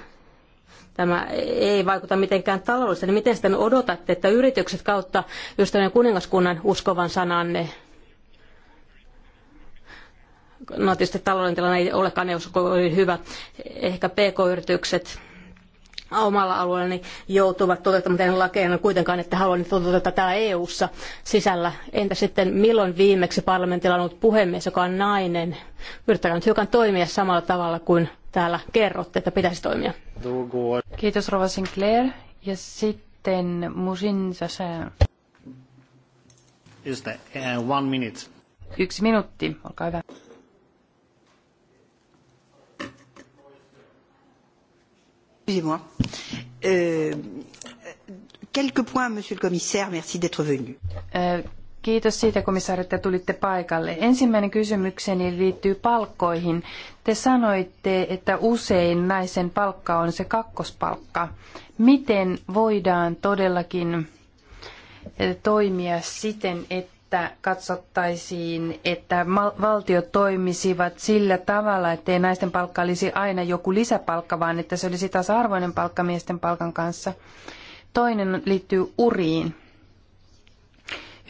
S2: tämä ei vaikuta mitenkään taloudellisesti, niin miten sitten odotatte, että yritykset kautta ystävän kuningaskunnan uskovan sananne? No tietysti talouden tilanne ei olekaan neuvossa kovin hyvä. Ehkä PK-yritykset omalla alueellani joutuvat toteuttamaan teidän lakeja, no kuitenkaan että haluan niitä toteuttaa täällä EU-ssa sisällä. Entä sitten milloin viimeksi parlamentilla on ollut puhemies, joka on nainen? Yrittäkää nyt hiukan toimia samalla tavalla kuin täällä kerrotte, että pitäisi toimia. Kiitos Rova Sinclair. Ja
S3: sitten Musin Sassään.
S1: Uh,
S3: Yksi minuutti, olkaa hyvä. Excusez-moi. Euh, quelques points, monsieur le commissaire, merci d'être venu. Kiitos siitä, komissaari, että tulitte paikalle. Ensimmäinen kysymykseni liittyy palkkoihin. Te sanoitte, että usein naisen palkka on se kakkospalkka. Miten voidaan todellakin toimia siten, että että katsottaisiin, että valtiot toimisivat sillä tavalla, ettei naisten palkka olisi aina joku lisäpalkka, vaan että se olisi tasa-arvoinen palkka miesten palkan kanssa. Toinen liittyy uriin.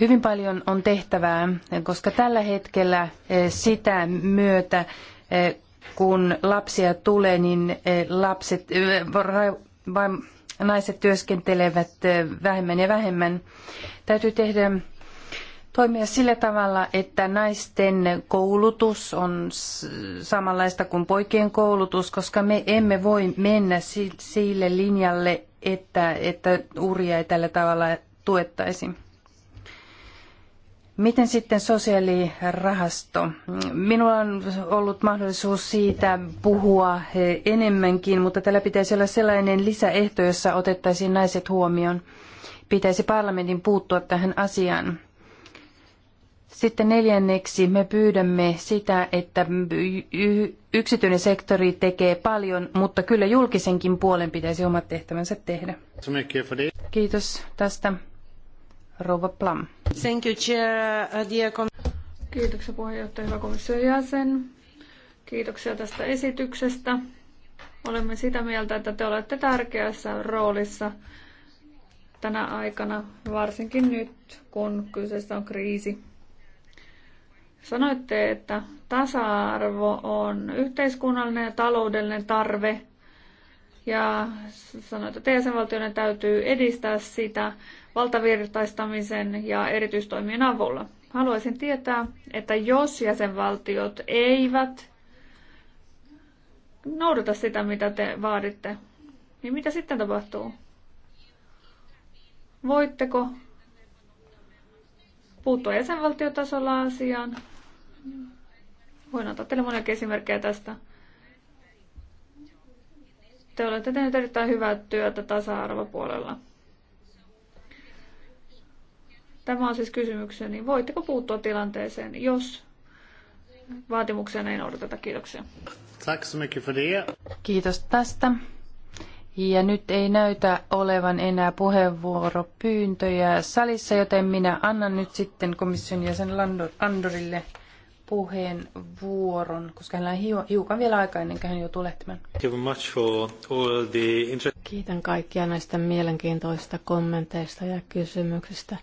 S3: Hyvin paljon on tehtävää, koska tällä hetkellä eh, sitä myötä, eh, kun lapsia tulee, niin eh, lapset, naiset työskentelevät vähemmän ja vähemmän. Täytyy tehdä toimia sillä tavalla, että naisten koulutus on samanlaista kuin poikien koulutus, koska me emme voi mennä sille linjalle, että, että uria ei tällä tavalla tuettaisi. Miten sitten sosiaalirahasto? Minulla on ollut mahdollisuus siitä puhua enemmänkin, mutta tällä pitäisi olla sellainen lisäehto, jossa otettaisiin naiset huomioon. Pitäisi parlamentin puuttua tähän asiaan. Sitten neljänneksi me pyydämme sitä, että yksityinen sektori tekee paljon, mutta kyllä julkisenkin puolen pitäisi omat tehtävänsä tehdä. Kiitos tästä, Rova Plum.
S4: Thank you, chair, uh, dear Kiitoksia puheenjohtaja, hyvä komission jäsen. Kiitoksia tästä esityksestä. Olemme sitä mieltä, että te olette tärkeässä roolissa tänä aikana, varsinkin nyt, kun kyseessä on kriisi. Sanoitte, että tasa-arvo on yhteiskunnallinen ja taloudellinen tarve. Ja sanoitte, että jäsenvaltioiden täytyy edistää sitä valtavirtaistamisen ja erityistoimien avulla. Haluaisin tietää, että jos jäsenvaltiot eivät noudata sitä, mitä te vaaditte, niin mitä sitten tapahtuu? Voitteko puuttua jäsenvaltiotasolla asiaan Voin antaa teille monia esimerkkejä tästä. Te olette tehneet erittäin hyvää työtä tasa-arvopuolella. Tämä on siis kysymykseni. Voitteko puuttua tilanteeseen, jos vaatimuksia ei noudateta? Kiitoksia.
S3: Kiitos tästä. Ja nyt ei näytä olevan enää puheenvuoropyyntöjä salissa, joten minä annan nyt sitten komission jäsen Andorille puheenvuoron, koska hänellä on hiukan vielä aikaa
S1: ennen
S2: kuin hän joutuu lähtemään. Kiitän kaikkia näistä mielenkiintoisista kommenteista ja kysymyksistä.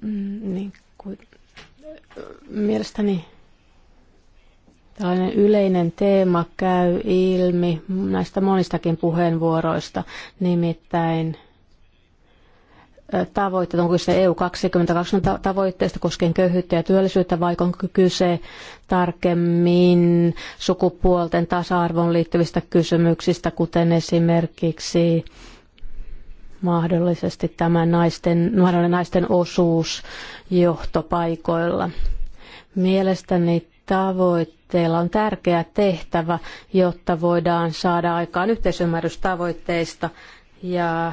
S2: Mm, niin kuin, mielestäni tällainen yleinen teema käy ilmi näistä monistakin puheenvuoroista, nimittäin – tavoitteet, onko se EU 2020 tavoitteista koskien köyhyyttä ja työllisyyttä vai onko kyse tarkemmin sukupuolten tasa-arvoon liittyvistä kysymyksistä, kuten esimerkiksi mahdollisesti tämä naisten, mahdollinen naisten osuus johtopaikoilla. Mielestäni tavoitteilla on tärkeä tehtävä, jotta voidaan saada aikaan yhteisymmärrys tavoitteista ja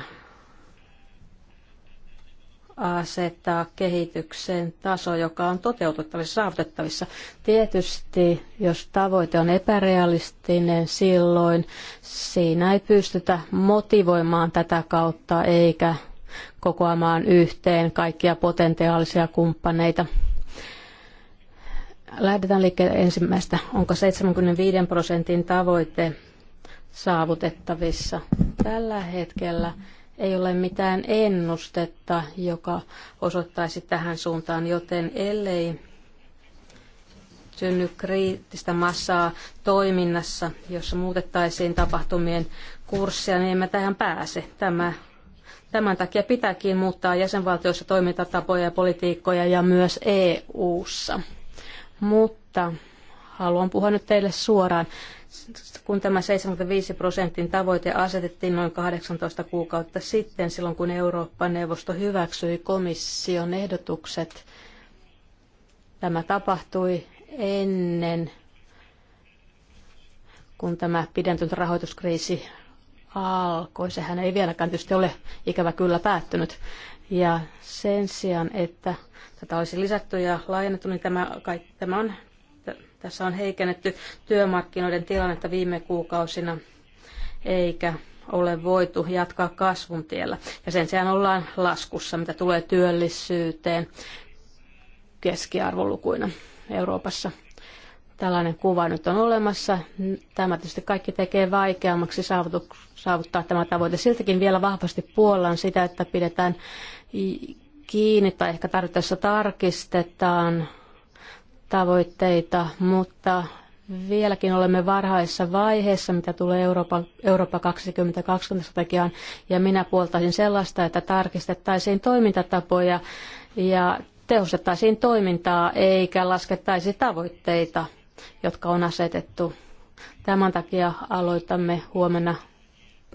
S2: asettaa kehityksen taso, joka on toteutettavissa, saavutettavissa. Tietysti, jos tavoite on epärealistinen, silloin siinä ei pystytä motivoimaan tätä kautta eikä kokoamaan yhteen kaikkia potentiaalisia kumppaneita. Lähdetään liikkeelle ensimmäistä. Onko 75 prosentin tavoite saavutettavissa tällä hetkellä? ei ole mitään ennustetta, joka osoittaisi tähän suuntaan, joten ellei synny kriittistä massaa toiminnassa, jossa muutettaisiin tapahtumien kurssia, niin emme tähän pääse. Tämä, tämän takia pitääkin muuttaa jäsenvaltioissa toimintatapoja ja politiikkoja ja myös EU-ssa. Mutta haluan puhua nyt teille suoraan kun tämä 75 prosentin tavoite asetettiin noin 18 kuukautta sitten, silloin kun Eurooppa-neuvosto hyväksyi komission ehdotukset, tämä tapahtui ennen kun tämä pidentynyt rahoituskriisi alkoi. Sehän ei vieläkään tietysti ole ikävä kyllä päättynyt. Ja sen sijaan, että tätä olisi lisätty ja laajennettu, niin tämä, kaikki, tämä on tässä on heikennetty työmarkkinoiden tilannetta viime kuukausina, eikä ole voitu jatkaa kasvun tiellä. Ja sen sijaan ollaan laskussa, mitä tulee työllisyyteen keskiarvolukuina Euroopassa. Tällainen kuva nyt on olemassa. Tämä tietysti kaikki tekee vaikeammaksi saavuttaa tämä tavoite. Siltikin vielä vahvasti puollan sitä, että pidetään kiinni tai ehkä tarvittaessa tarkistetaan tavoitteita, mutta vieläkin olemme varhaisessa vaiheessa, mitä tulee Euroopan, Eurooppa 2020 strategiaan, ja minä puoltaisin sellaista, että tarkistettaisiin toimintatapoja ja tehostettaisiin toimintaa eikä laskettaisi tavoitteita, jotka on asetettu. Tämän takia aloitamme huomenna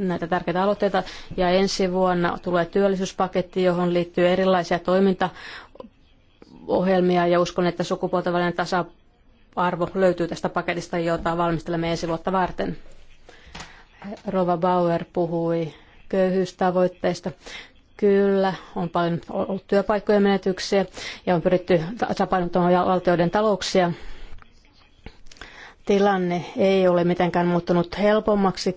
S2: näitä tärkeitä aloitteita ja ensi vuonna tulee työllisyyspaketti, johon liittyy erilaisia toiminta ohjelmia ja uskon, että sukupuolten välinen tasa-arvo löytyy tästä paketista, jota valmistelemme ensi vuotta varten. Rova Bauer puhui köyhyystavoitteista. Kyllä, on paljon ollut työpaikkojen menetyksiä ja on pyritty tasapainottamaan valtioiden talouksia, tilanne ei ole mitenkään muuttunut helpommaksi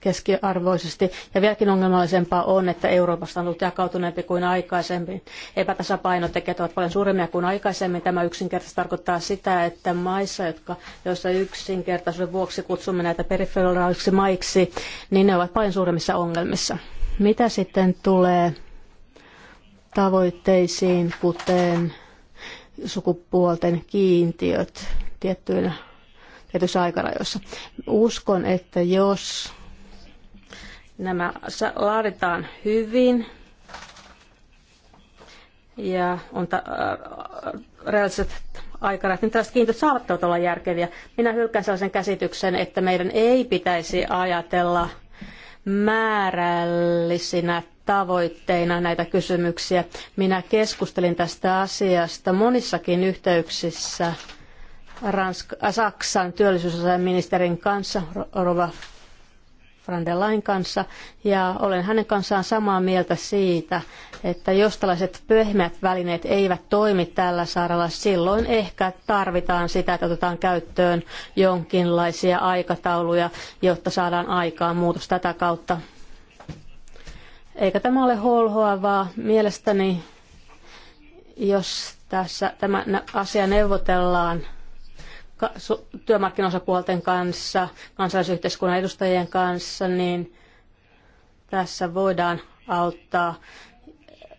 S2: keskiarvoisesti. Ja vieläkin ongelmallisempaa on, että Euroopasta on tullut jakautuneempi kuin aikaisemmin. Epätasapainotekijät ovat paljon suuremmia kuin aikaisemmin. Tämä yksinkertaisesti tarkoittaa sitä, että maissa, jotka, joissa yksinkertaisuuden vuoksi kutsumme näitä periferiaalisiksi maiksi, niin ne ovat paljon suuremmissa ongelmissa. Mitä sitten tulee tavoitteisiin, kuten sukupuolten kiintiöt tiettyinä tietyissä aikarajoissa. Uskon, että jos nämä laaditaan hyvin ja on ta- äh, realistiset aikarajat, niin tällaiset kiintiöt saattavat olla järkeviä. Minä hylkään sellaisen käsityksen, että meidän ei pitäisi ajatella määrällisinä tavoitteina näitä kysymyksiä. Minä keskustelin tästä asiasta monissakin yhteyksissä Ranska, äh, Saksan työllisyysasiaministerin kanssa, Rova Frandelain kanssa, ja olen hänen kanssaan samaa mieltä siitä, että jos tällaiset pöhmeät välineet eivät toimi tällä saralla, silloin ehkä tarvitaan sitä, että otetaan käyttöön jonkinlaisia aikatauluja, jotta saadaan aikaan muutos tätä kautta. Eikä tämä ole holhoavaa. Mielestäni, jos tässä tämä asia neuvotellaan työmarkkinaosapuolten kanssa, kansalaisyhteiskunnan edustajien kanssa, niin tässä voidaan auttaa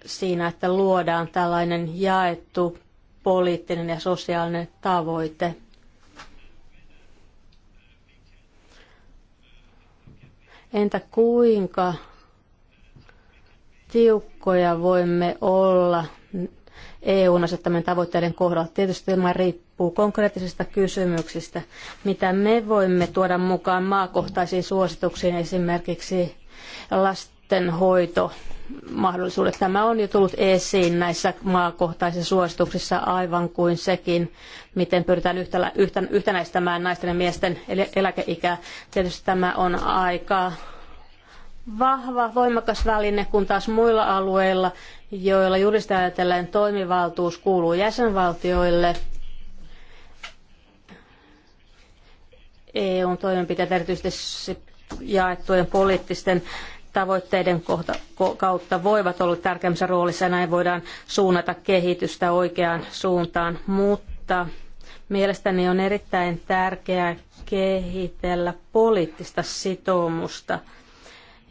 S2: siinä, että luodaan tällainen jaettu poliittinen ja sosiaalinen tavoite. Entä kuinka tiukkoja voimme olla EUn asettamien tavoitteiden kohdalla. Tietysti tämä riippuu konkreettisista kysymyksistä, mitä me voimme tuoda mukaan maakohtaisiin suosituksiin, esimerkiksi lastenhoito mahdollisuudet. Tämä on jo tullut esiin näissä maakohtaisissa suosituksissa aivan kuin sekin, miten pyritään yhtälä, yhtenäistämään naisten ja miesten eläkeikää. Tietysti tämä on aika vahva, voimakas väline, kun taas muilla alueilla joilla jurista ajatellen toimivaltuus kuuluu jäsenvaltioille. EUn toimenpiteet erityisesti jaettujen poliittisten tavoitteiden kohta, kautta voivat olla tärkeimmässä roolissa ja näin voidaan suunnata kehitystä oikeaan suuntaan. Mutta mielestäni on erittäin tärkeää kehitellä poliittista sitoumusta.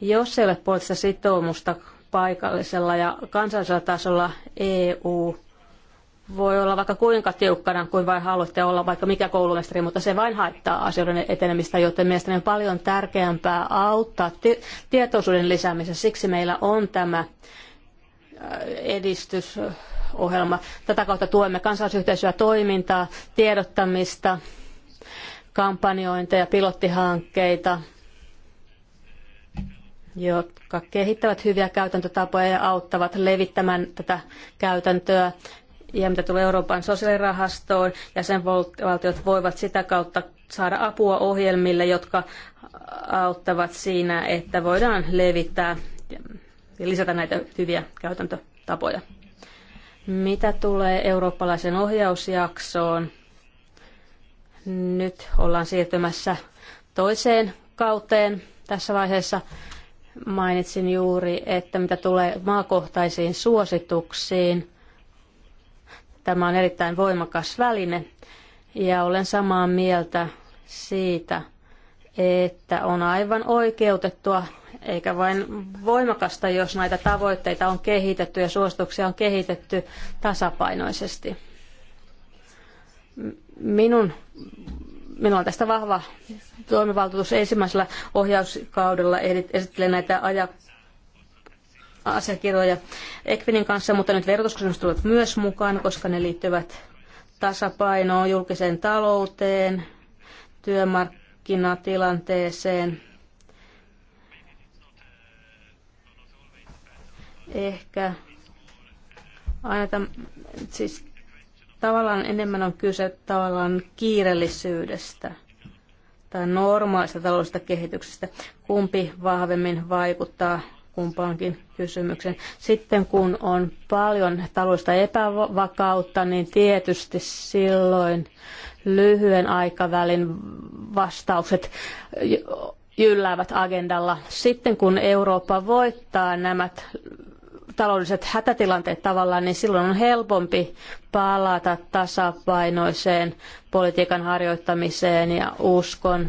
S2: Jos ei ole poliittista sitoumusta paikallisella ja kansallisella tasolla EU voi olla vaikka kuinka tiukkana kuin vain haluatte olla vaikka mikä koulumestari, mutta se vain haittaa asioiden etenemistä, joten mielestäni on paljon tärkeämpää auttaa tietoisuuden lisäämisessä. Siksi meillä on tämä äh, edistysohjelma. Tätä kautta tuemme kansalaisyhteisöä toimintaa, tiedottamista, kampanjointeja, pilottihankkeita, jotka kehittävät hyviä käytäntötapoja ja auttavat levittämään tätä käytäntöä. Ja mitä tulee Euroopan sosiaalirahastoon, jäsenvaltiot voivat sitä kautta saada apua ohjelmille, jotka auttavat siinä, että voidaan levittää ja lisätä näitä hyviä käytäntötapoja. Mitä tulee eurooppalaisen ohjausjaksoon, nyt ollaan siirtymässä toiseen kauteen tässä vaiheessa. Mainitsin juuri, että mitä tulee maakohtaisiin suosituksiin, tämä on erittäin voimakas väline ja olen samaa mieltä siitä, että on aivan oikeutettua eikä vain voimakasta, jos näitä tavoitteita on kehitetty ja suosituksia on kehitetty tasapainoisesti. Minun, minulla on tästä vahva toimivaltuutus ensimmäisellä ohjauskaudella esittelee näitä aja asiakirjoja Ekvinin kanssa, mutta nyt verotuskysymykset tulevat myös mukaan, koska ne liittyvät tasapainoon, julkiseen talouteen, työmarkkinatilanteeseen. Ehkä aina tämän, siis tavallaan enemmän on kyse tavallaan kiireellisyydestä tai normaalista taloudellisesta kehityksestä. Kumpi vahvemmin vaikuttaa kumpaankin kysymykseen. Sitten kun on paljon taloudellista epävakautta, niin tietysti silloin lyhyen aikavälin vastaukset jylläävät agendalla. Sitten kun Eurooppa voittaa nämä taloudelliset hätätilanteet tavallaan, niin silloin on helpompi palata tasapainoiseen politiikan harjoittamiseen ja uskon.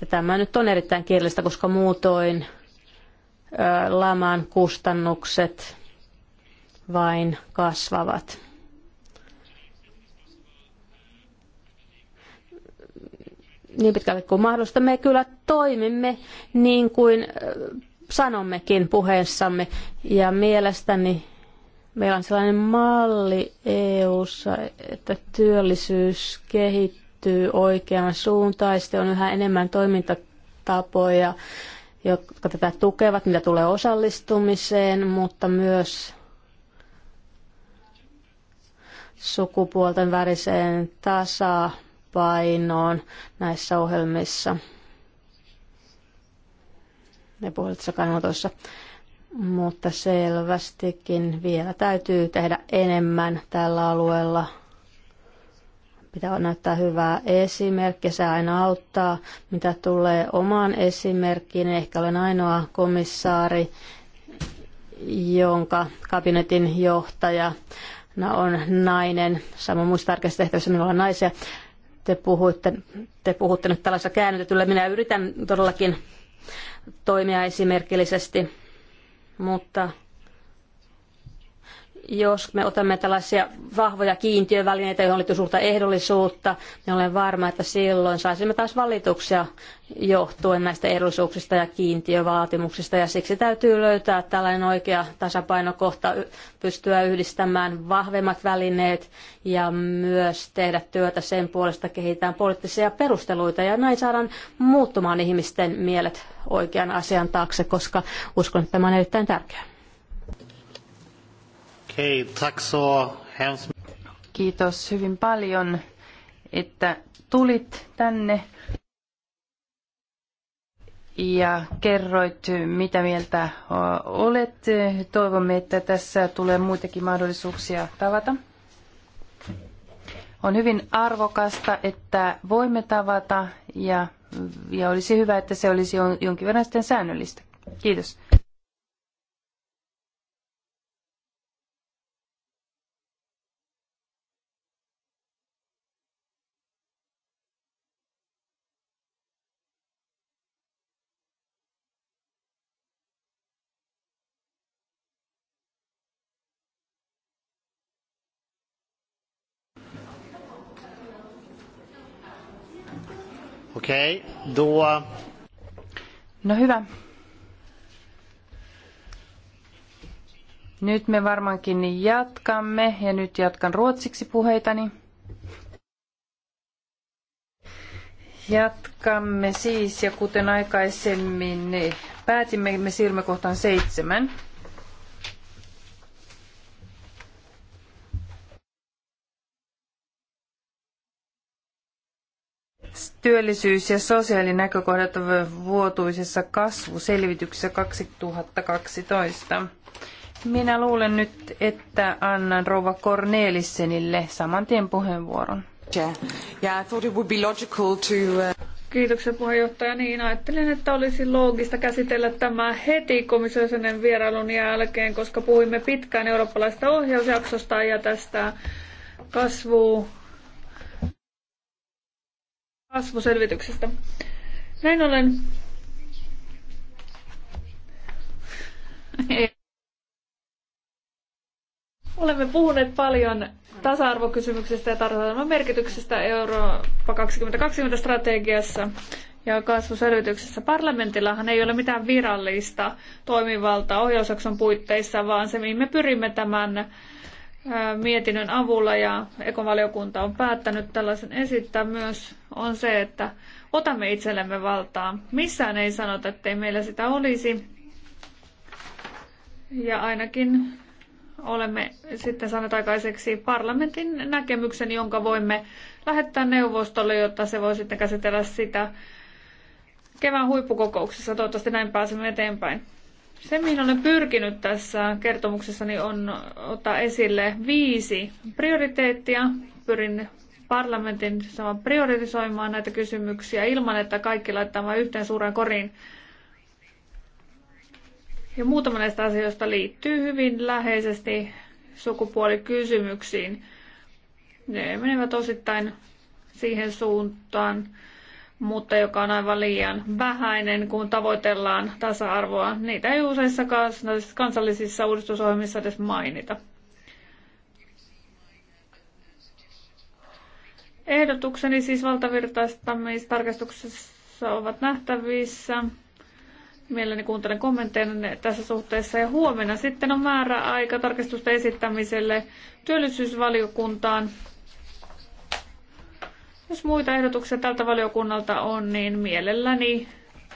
S2: Ja tämä nyt on erittäin kielellistä, koska muutoin ö, laman kustannukset vain kasvavat. Niin pitkälle kuin mahdollista me kyllä toimimme niin kuin sanommekin puheessamme. Ja mielestäni meillä on sellainen malli EU:ssa, että työllisyys kehittyy oikeaan suuntaan. Sitten on yhä enemmän toimintatapoja, jotka tätä tukevat, mitä tulee osallistumiseen, mutta myös sukupuolten väriseen tasapainoon näissä ohjelmissa ja puolitsa kannatossa. Mutta selvästikin vielä täytyy tehdä enemmän tällä alueella. Pitää näyttää hyvää esimerkkiä, se aina auttaa. Mitä tulee omaan esimerkkiin, ehkä olen ainoa komissaari, jonka kabinetin johtaja no, on nainen. Samoin muissa tärkeissä tehtävissä minulla on naisia te puhutte, te puhutte nyt tällaisella käännetetyllä. Minä yritän todellakin toimia esimerkillisesti, mutta jos me otamme tällaisia vahvoja kiintiövälineitä, joihin liittyy suurta ehdollisuutta, niin olen varma, että silloin saisimme taas valituksia johtuen näistä ehdollisuuksista ja kiintiövaatimuksista. Ja siksi täytyy löytää tällainen oikea tasapainokohta, pystyä yhdistämään vahvemmat välineet ja myös tehdä työtä sen puolesta, kehitetään poliittisia perusteluita ja näin saadaan muuttumaan ihmisten mielet oikean asian taakse, koska uskon, että tämä on erittäin tärkeää.
S1: Okay,
S3: Kiitos hyvin paljon, että tulit tänne ja kerroit, mitä mieltä olet. Toivomme, että tässä tulee muitakin mahdollisuuksia tavata. On hyvin arvokasta, että voimme tavata ja, ja olisi hyvä, että se olisi jonkin verran sitten säännöllistä. Kiitos.
S1: Okei, okay, då... No hyvä.
S3: Nyt me varmaankin jatkamme ja nyt jatkan ruotsiksi puheitani. Jatkamme siis ja kuten aikaisemmin päätimme, me siirrymme kohtaan seitsemän. Työllisyys- ja sosiaalinäkökohdat vuotuisessa kasvuselvityksessä 2012. Minä luulen nyt, että annan rouva Cornelissenille saman tien puheenvuoron.
S4: I thought it would be logical to... Uh, Kiitoksia puheenjohtaja. Niin, ajattelin, että olisi loogista käsitellä tämä heti komissiosainen vierailun jälkeen, koska puhuimme pitkään eurooppalaista ohjausjaksosta ja tästä kasvu kasvuselvityksestä. Näin ollen Olemme puhuneet paljon tasa arvokysymyksestä ja tasa merkityksestä Eurooppa 2020 strategiassa ja kasvuselvityksessä. Parlamentillahan ei ole mitään virallista toimivaltaa ohjausjakson puitteissa, vaan se, mihin me pyrimme tämän mietinnön avulla ja ekovaliokunta on päättänyt tällaisen esittää myös on se, että otamme itsellemme valtaa. Missään ei sanota, ettei meillä sitä olisi. Ja ainakin olemme sitten saaneet aikaiseksi parlamentin näkemyksen, jonka voimme lähettää neuvostolle, jotta se voi sitten käsitellä sitä kevään huippukokouksessa. Toivottavasti näin pääsemme eteenpäin. Se, mihin olen pyrkinyt tässä kertomuksessani, on ottaa esille viisi prioriteettia. Pyrin parlamentin saman priorisoimaan näitä kysymyksiä ilman, että kaikki laittaa yhteen suureen koriin. Ja muutama näistä asioista liittyy hyvin läheisesti sukupuolikysymyksiin. Ne menevät osittain siihen suuntaan, mutta joka on aivan liian vähäinen, kun tavoitellaan tasa-arvoa. Niitä ei useissa kansallisissa uudistusohjelmissa edes mainita. Ehdotukseni siis valtavirtaistamistarkastuksessa ovat nähtävissä. Mielelläni kuuntelen kommentteja tässä suhteessa ja huomenna sitten on määrä aika tarkastusta esittämiselle työllisyysvaliokuntaan. Jos muita ehdotuksia tältä valiokunnalta on, niin mielelläni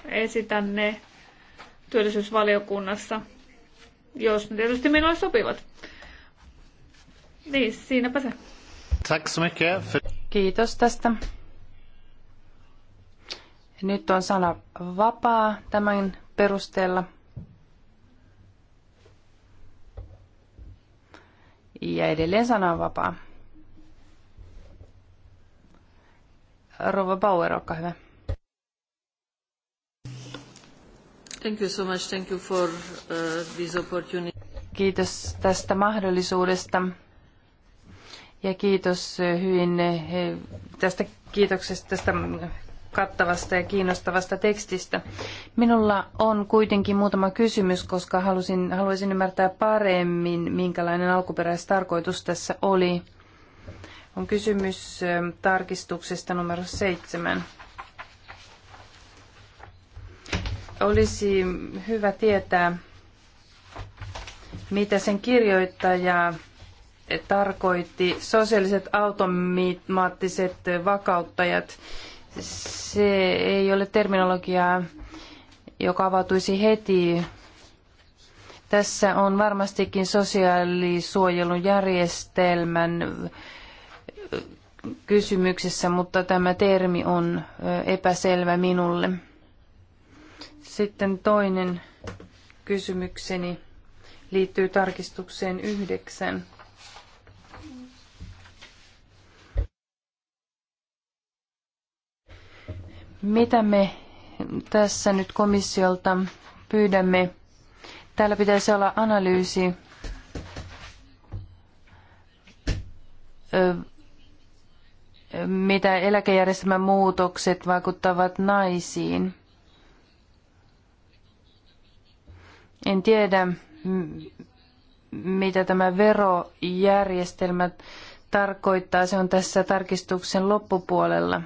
S4: esitän ne työllisyysvaliokunnassa, jos ne tietysti minulle sopivat. Niin, siinäpä se.
S1: Tack så mycket.
S4: Kiitos tästä.
S3: Nyt on sana vapaa tämän perusteella. Ja edelleen sana on vapaa. Rova Bauer, olkaa hyvä.
S5: Thank you so much. Thank you for uh, this opportunity.
S3: Kiitos tästä mahdollisuudesta ja kiitos eh, hyvin eh, tästä kiitoksesta tästä kattavasta ja kiinnostavasta tekstistä. Minulla on kuitenkin muutama kysymys, koska halusin, haluaisin ymmärtää paremmin, minkälainen alkuperäistarkoitus tässä oli. On kysymys eh, tarkistuksesta numero seitsemän. Olisi hyvä tietää, mitä sen kirjoittaja tarkoitti sosiaaliset automaattiset vakauttajat. Se ei ole terminologiaa, joka avautuisi heti. Tässä on varmastikin sosiaalisuojelun järjestelmän äh, kysymyksessä, mutta tämä termi on äh, epäselvä minulle. Sitten toinen kysymykseni liittyy tarkistukseen yhdeksän. Mitä me tässä nyt komissiolta pyydämme? Täällä pitäisi olla analyysi mitä eläkejärjestelmän muutokset vaikuttavat naisiin. En tiedä, mitä tämä verojärjestelmä tarkoittaa. Se on tässä tarkistuksen loppupuolella.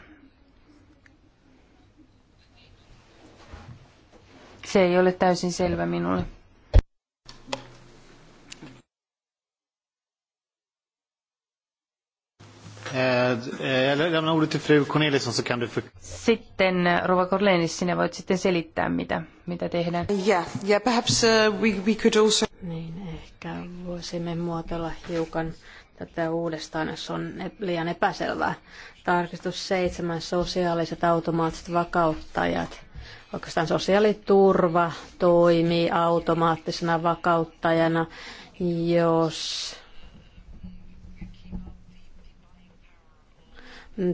S3: Se ei ole täysin selvä minulle.
S1: Eh, Lämna ordet till fru Corneliusson så kan du för...
S3: Sitten eh, Rova Cornelis, sinä voit sitten selittää, mitä, mitä tehdään. Yeah,
S2: yeah, perhaps uh, we, we could also... Niin, ehkä voisimme muotoilla hiukan tätä uudestaan, jos on e- liian epäselvää. Tarkistus seitsemän, sosiaaliset automaattiset vakauttajat. Oikeastaan sosiaaliturva toimii automaattisena vakauttajana, jos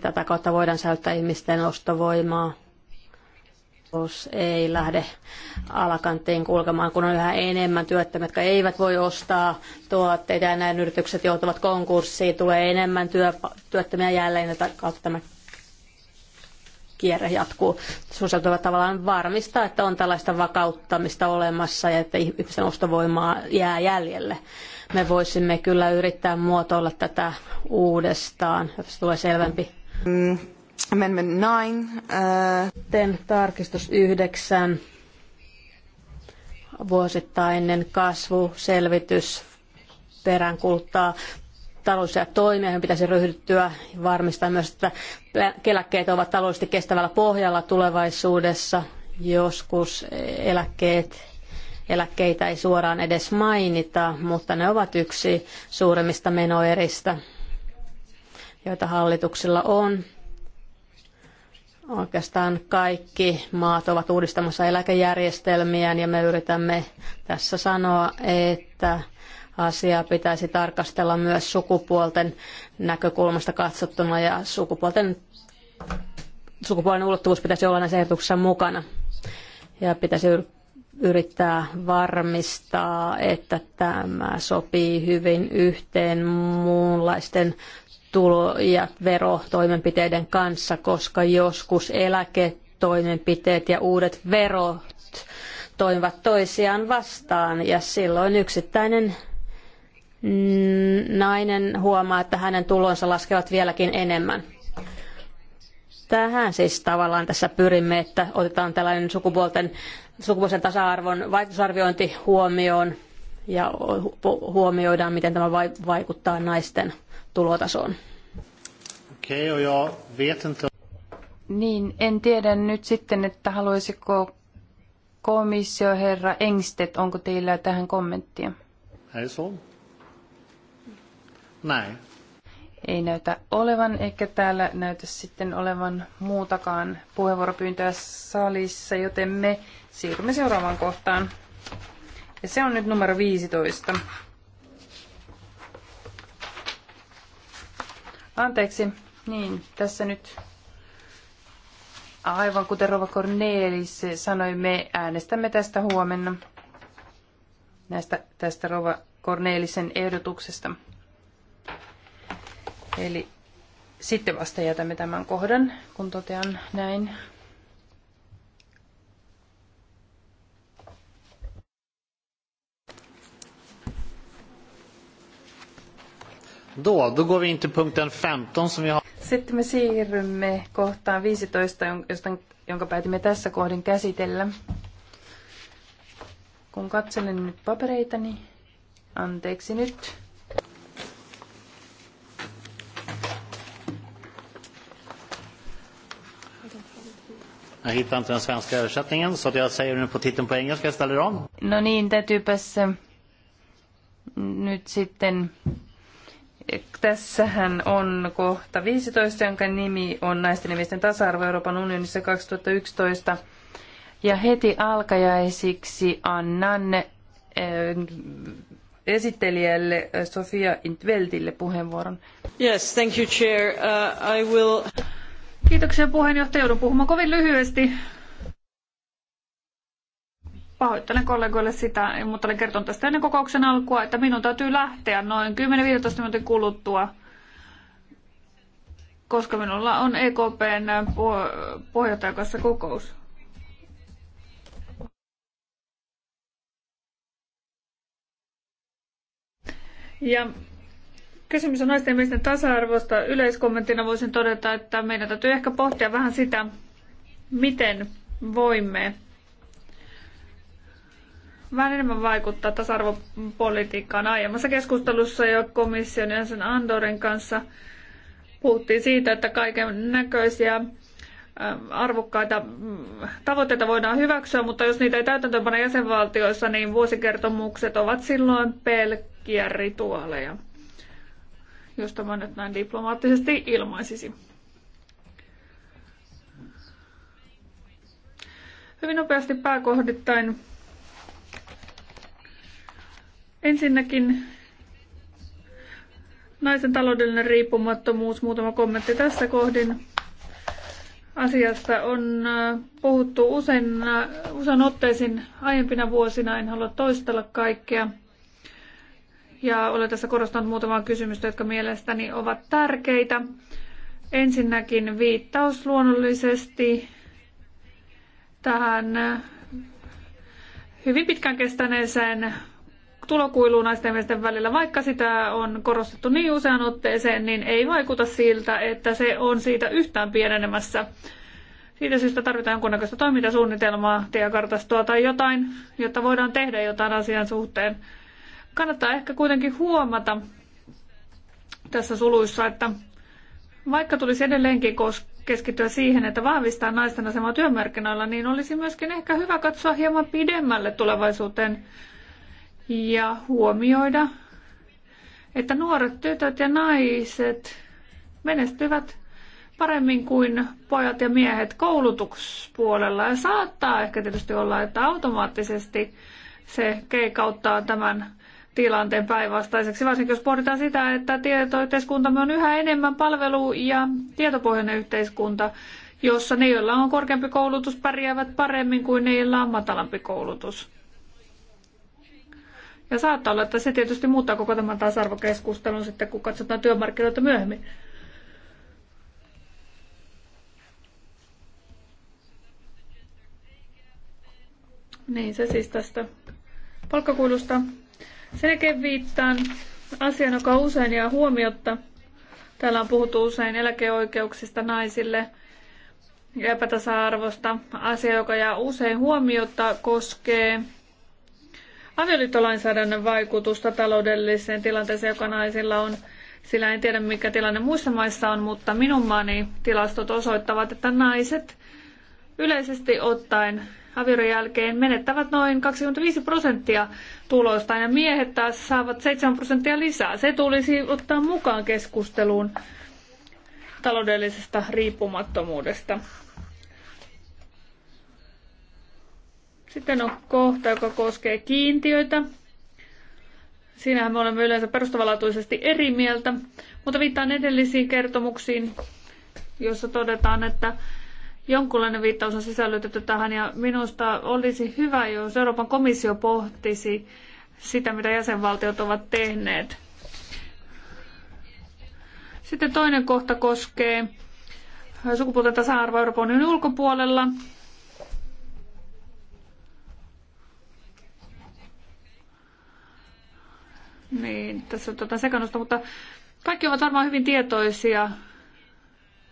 S2: tätä kautta voidaan säilyttää ihmisten ostovoimaa jos ei lähde alakanttiin kulkemaan, kun on yhä enemmän työttömiä, jotka eivät voi ostaa tuotteita ja näin yritykset joutuvat konkurssiin, tulee enemmän työ, työttömiä jälleen, tätä kautta tämä kierre jatkuu. Suunniteltava tavallaan varmistaa, että on tällaista vakauttamista olemassa ja että ihmisen ostovoimaa jää jäljelle. Me voisimme kyllä yrittää muotoilla tätä uudestaan, Jos se tulee selvempi. Mm, amendment 9. Uh... Sitten tarkistus 9. Vuosittainen kasvuselvitys peräänkuluttaa taloudellisia toimia, joihin pitäisi ryhtyä ja varmistaa myös, että eläkkeet ovat taloudellisesti kestävällä pohjalla tulevaisuudessa. Joskus eläkkeet, eläkkeitä ei suoraan edes mainita, mutta ne ovat yksi suurimmista menoeristä, joita hallituksilla on. Oikeastaan kaikki maat ovat uudistamassa eläkejärjestelmiään ja me yritämme tässä sanoa, että Asiaa pitäisi tarkastella myös sukupuolten näkökulmasta katsottuna ja sukupuolten, sukupuolen ulottuvuus pitäisi olla näissä ehdotuksissa mukana. Ja pitäisi yrittää varmistaa, että tämä sopii hyvin yhteen muunlaisten tulo- ja verotoimenpiteiden kanssa, koska joskus eläketoimenpiteet ja uudet verot toimivat toisiaan vastaan ja silloin yksittäinen nainen huomaa, että hänen tulonsa laskevat vieläkin enemmän. Tähän siis tavallaan tässä pyrimme, että otetaan tällainen sukupuolten, sukupuolten tasa-arvon vaikutusarviointi huomioon ja huomioidaan, miten tämä vaikuttaa naisten tulotasoon.
S1: Okei, okay, joo, vet
S2: Niin,
S3: en tiedä nyt sitten, että haluaisiko komissio herra Engstedt, onko teillä tähän kommenttia?
S1: Ei se on. Näin.
S3: Ei näytä olevan, eikä täällä näytä sitten olevan muutakaan puheenvuoropyyntöä salissa, joten me siirrymme seuraavaan kohtaan. Ja se on nyt numero 15. Anteeksi, niin tässä nyt aivan kuten Rova Cornelis sanoi, me äänestämme tästä huomenna, näistä, tästä Rova Cornelisen ehdotuksesta. Eli sitten vasta jätämme tämän kohdan, kun totean näin.
S1: Då, då går vi in till punkten 15 som vi har.
S3: Sitten me siirrymme kohtaan 15, josta, jonka päätimme tässä kohdin käsitellä. Kun katselen nyt papereitani, anteeksi nyt,
S1: Jag hittar inte den svenska översättningen så jag säger den på titeln på engelska istället om.
S3: No niin, täytyypäs nyt sitten Tässähän on kohta 15, jonka nimi on Naisten ja miesten tasa-arvo Euroopan unionissa 2011. Ja heti alkajaisiksi annan äh, esittelijälle eh, Sofia Intveltille puheenvuoron.
S4: Yes, thank you, Chair. Uh, I will... Kiitoksia puheenjohtaja. Joudun puhumaan kovin lyhyesti. Pahoittelen kollegoille sitä, mutta olen kertonut tästä ennen kokouksen alkua, että minun täytyy lähteä noin 10-15 minuutin kuluttua, koska minulla on EKPn puheenjohtajan kanssa kokous. Ja Kysymys on naisten ja miesten tasa-arvosta. Yleiskommenttina voisin todeta, että meidän täytyy ehkä pohtia vähän sitä, miten voimme vähän enemmän vaikuttaa tasa-arvopolitiikkaan. Aiemmassa keskustelussa jo komission ja sen Andorin kanssa puhuttiin siitä, että kaiken näköisiä arvokkaita mm, tavoitteita voidaan hyväksyä, mutta jos niitä ei täytäntöönpana jäsenvaltioissa, niin vuosikertomukset ovat silloin pelkkiä rituaaleja jos tämä nyt näin diplomaattisesti ilmaisisi. Hyvin nopeasti pääkohdittain. Ensinnäkin naisen taloudellinen riippumattomuus, muutama kommentti tässä kohdin. Asiasta on puhuttu usein, usein otteisin aiempina vuosina, en halua toistella kaikkea ja olen tässä korostanut muutamaa kysymystä, jotka mielestäni ovat tärkeitä. Ensinnäkin viittaus luonnollisesti tähän hyvin pitkään kestäneeseen tulokuiluun naisten ja miesten välillä, vaikka sitä on korostettu niin usean otteeseen, niin ei vaikuta siltä, että se on siitä yhtään pienenemässä. Siitä syystä tarvitaan jonkunnäköistä toimintasuunnitelmaa, tiekartastoa tai jotain, jotta voidaan tehdä jotain asian suhteen. Kannattaa ehkä kuitenkin huomata tässä suluissa, että vaikka tulisi edelleenkin keskittyä siihen, että vahvistaa naisten asemaa työmarkkinoilla, niin olisi myöskin ehkä hyvä katsoa hieman pidemmälle tulevaisuuteen ja huomioida, että nuoret tytöt ja naiset menestyvät paremmin kuin pojat ja miehet koulutuspuolella. Ja saattaa ehkä tietysti olla, että automaattisesti se keikauttaa tämän tilanteen päinvastaiseksi, varsinkin jos pohditaan sitä, että tietoyhteiskuntamme on yhä enemmän palvelu- ja tietopohjainen yhteiskunta, jossa ne, joilla on korkeampi koulutus, pärjäävät paremmin kuin ne, joilla on matalampi koulutus. Ja saattaa olla, että se tietysti muuttaa koko tämän tasa-arvokeskustelun sitten, kun katsotaan työmarkkinoita myöhemmin. Niin, se siis tästä palkkakuilusta. Sen viittaan asian, joka usein jää huomiotta. Täällä on puhuttu usein eläkeoikeuksista naisille ja epätasa-arvosta. Asia, joka jää usein huomiotta, koskee avioliittolainsäädännön vaikutusta taloudelliseen tilanteeseen, joka naisilla on. Sillä en tiedä, mikä tilanne muissa maissa on, mutta minun maani tilastot osoittavat, että naiset yleisesti ottaen avioron jälkeen menettävät noin 25 prosenttia tuloistaan ja miehet taas saavat 7 prosenttia lisää. Se tulisi ottaa mukaan keskusteluun taloudellisesta riippumattomuudesta. Sitten on kohta, joka koskee kiintiöitä. Siinähän me olemme yleensä perustavanlaatuisesti eri mieltä, mutta viittaan edellisiin kertomuksiin, joissa todetaan, että jonkunlainen viittaus on sisällytetty tähän ja minusta olisi hyvä, jos Euroopan komissio pohtisi sitä, mitä jäsenvaltiot ovat tehneet. Sitten toinen kohta koskee sukupuolten tasa-arvoa Euroopan unionin ulkopuolella. Niin, tässä on tuota sekannusta, mutta kaikki ovat varmaan hyvin tietoisia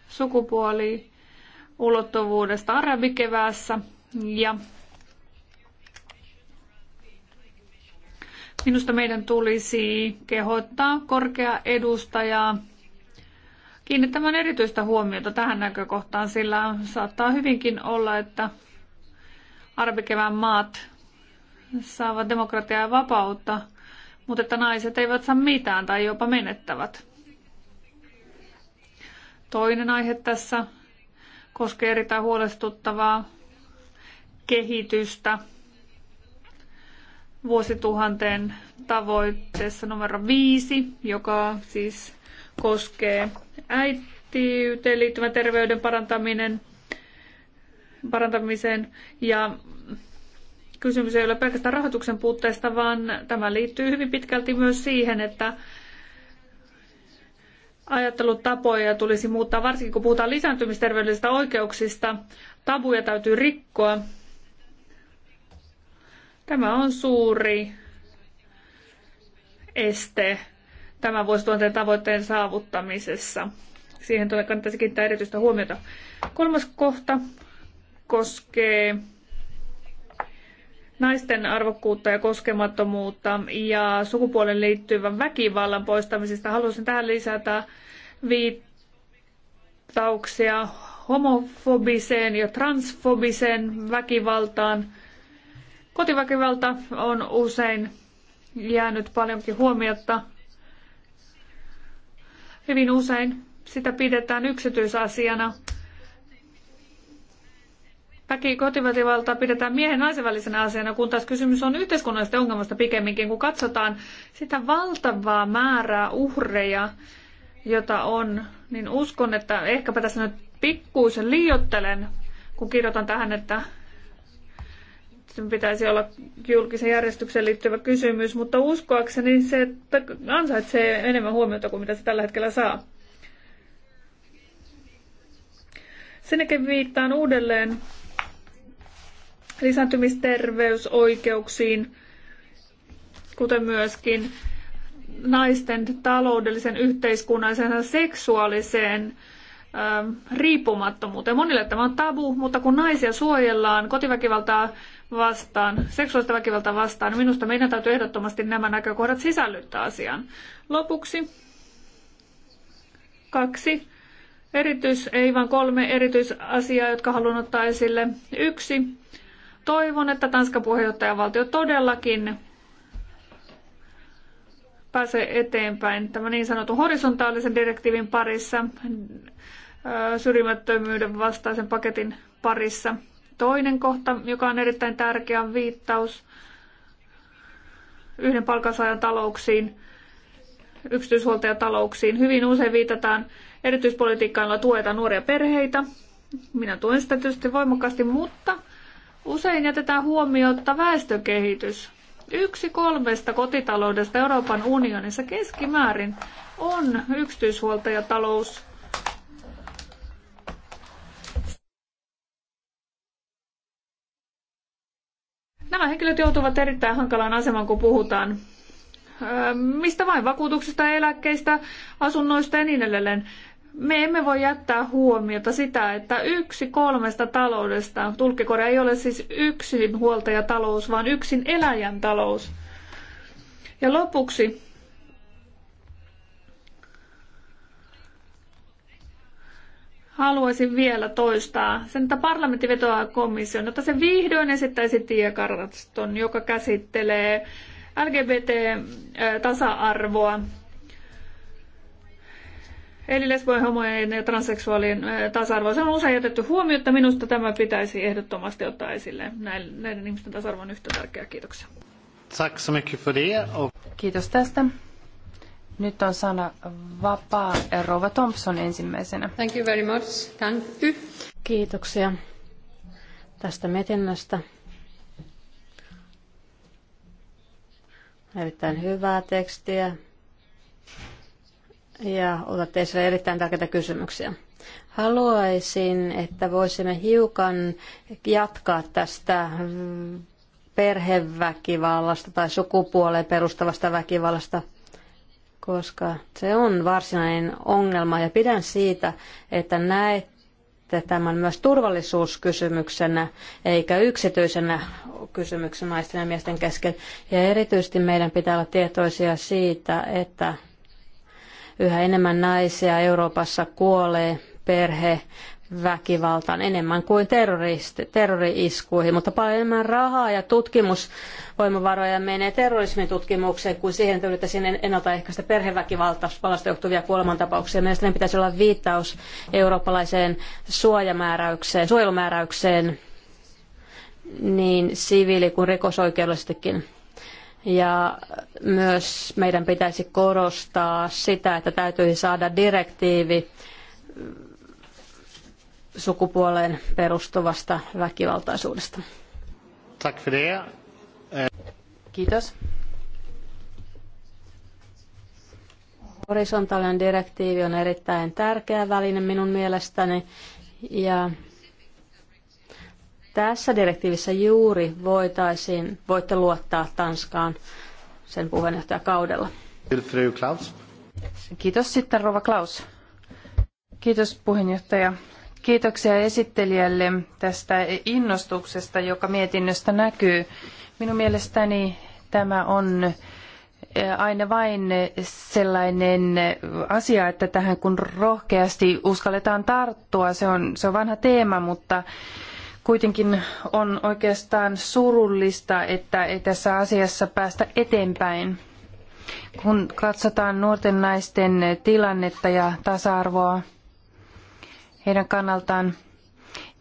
S4: sukupuoli ulottuvuudesta arabikeväässä ja Minusta meidän tulisi kehottaa korkea edustajaa kiinnittämään erityistä huomiota tähän näkökohtaan, sillä saattaa hyvinkin olla, että arabikevään maat saavat demokratiaa ja vapautta, mutta että naiset eivät saa mitään tai jopa menettävät. Toinen aihe tässä koskee erittäin huolestuttavaa kehitystä vuosituhanteen tavoitteessa numero viisi, joka siis koskee äitiyteen liittyvän terveyden parantaminen, parantamiseen. Ja kysymys ei ole pelkästään rahoituksen puutteesta, vaan tämä liittyy hyvin pitkälti myös siihen, että ajattelutapoja tulisi muuttaa, varsinkin kun puhutaan lisääntymisterveydellisistä oikeuksista. Tabuja täytyy rikkoa. Tämä on suuri este tämän vuosituhanteen tavoitteen saavuttamisessa. Siihen tulee kannattaisi kiinnittää erityistä huomiota. Kolmas kohta koskee naisten arvokkuutta ja koskemattomuutta ja sukupuolen liittyvän väkivallan poistamisesta. Haluaisin tähän lisätä viittauksia homofobiseen ja transfobiseen väkivaltaan. Kotiväkivalta on usein jäänyt paljonkin huomiotta. Hyvin usein sitä pidetään yksityisasiana väki kotiväkivaltaa pidetään miehen naisen välisenä asiana, kun taas kysymys on yhteiskunnallisesta ongelmasta pikemminkin, kun katsotaan sitä valtavaa määrää uhreja, jota on, niin uskon, että ehkäpä tässä nyt pikkuisen liiottelen, kun kirjoitan tähän, että sen pitäisi olla julkisen järjestykseen liittyvä kysymys, mutta uskoakseni se että ansaitsee enemmän huomiota kuin mitä se tällä hetkellä saa. Sen jälkeen viittaan uudelleen lisääntymisterveysoikeuksiin, kuten myöskin naisten taloudellisen, yhteiskunnallisen ja seksuaaliseen ähm, riippumattomuuteen. Monille tämä on tabu, mutta kun naisia suojellaan kotiväkivaltaa vastaan, seksuaalista väkivaltaa vastaan, niin minusta meidän täytyy ehdottomasti nämä näkökohdat sisällyttää asiaan. Lopuksi kaksi erityis, ei vaan kolme erityisasiaa, jotka haluan ottaa esille. Yksi Toivon, että Tanskan puheenjohtajavaltio todellakin pääsee eteenpäin tämän niin sanotun horisontaalisen direktiivin parissa, syrjimättömyyden vastaisen paketin parissa. Toinen kohta, joka on erittäin tärkeä, on viittaus yhden palkansaajan talouksiin, yksityishuoltajatalouksiin. Hyvin usein viitataan erityispolitiikkaan, jolla tuetaan nuoria perheitä. Minä tuen sitä tietysti voimakkaasti, mutta Usein jätetään huomiotta väestökehitys. Yksi kolmesta kotitaloudesta Euroopan unionissa keskimäärin on yksityishuoltajatalous. Nämä henkilöt joutuvat erittäin hankalaan asemaan, kun puhutaan mistä vain vakuutuksista, eläkkeistä, asunnoista ja niin edelleen me emme voi jättää huomiota sitä, että yksi kolmesta taloudesta, tulkkikorja ei ole siis yksin huoltajatalous, vaan yksin eläjän talous. Ja lopuksi haluaisin vielä toistaa sen, että parlamentti vetoaa komission, että se vihdoin esittäisi tiekartaston, joka käsittelee LGBT-tasa-arvoa Eli lesbojen, homojen ja transseksuaalien tasa-arvo. Se on usein jätetty huomiota. Minusta tämä pitäisi ehdottomasti ottaa esille. Näiden, näiden ihmisten tasa-arvo on yhtä tärkeää. Kiitoksia.
S1: Tack så mycket för det. Kiitos tästä.
S3: Nyt on sana vapaa. Rova Thompson ensimmäisenä.
S2: Thank you very much. Thank you.
S3: Kiitoksia
S2: tästä metinnästä. Erittäin hyvää tekstiä ja otatte esille erittäin tärkeitä kysymyksiä. Haluaisin, että voisimme hiukan jatkaa tästä perheväkivallasta tai sukupuoleen perustavasta väkivallasta, koska se on varsinainen ongelma ja pidän siitä, että näette tämän myös turvallisuuskysymyksenä eikä yksityisenä kysymyksenä naisten ja miesten kesken. Ja erityisesti meidän pitää olla tietoisia siitä, että Yhä enemmän naisia Euroopassa kuolee perhe väkivaltaan enemmän kuin terrori-iskuihin, mutta paljon enemmän rahaa ja tutkimusvoimavaroja menee terrorismin tutkimukseen kuin siihen, että yritetään ennaltaehkäistä perheväkivaltaista johtuvia kuolemantapauksia. Mielestäni pitäisi olla viittaus eurooppalaiseen suojamääräykseen, suojelumääräykseen niin siviili- kuin rikosoikeudellisestikin. Ja myös meidän pitäisi korostaa sitä, että täytyisi saada direktiivi sukupuoleen perustuvasta väkivaltaisuudesta. Tack för det. Kiitos. Horisontaalinen direktiivi on erittäin tärkeä väline minun mielestäni ja tässä direktiivissä juuri voitaisiin, voitte luottaa Tanskaan sen puheenjohtajakaudella. Klaus. Kiitos sitten Rova
S3: Klaus. Kiitos puheenjohtaja. Kiitoksia esittelijälle tästä innostuksesta, joka mietinnöstä näkyy. Minun mielestäni tämä on eh, aina vain sellainen asia, että tähän kun rohkeasti uskalletaan tarttua, se on, se on vanha teema, mutta Kuitenkin on oikeastaan surullista, että ei tässä asiassa päästä eteenpäin. Kun katsotaan nuorten naisten tilannetta ja tasa-arvoa heidän kannaltaan,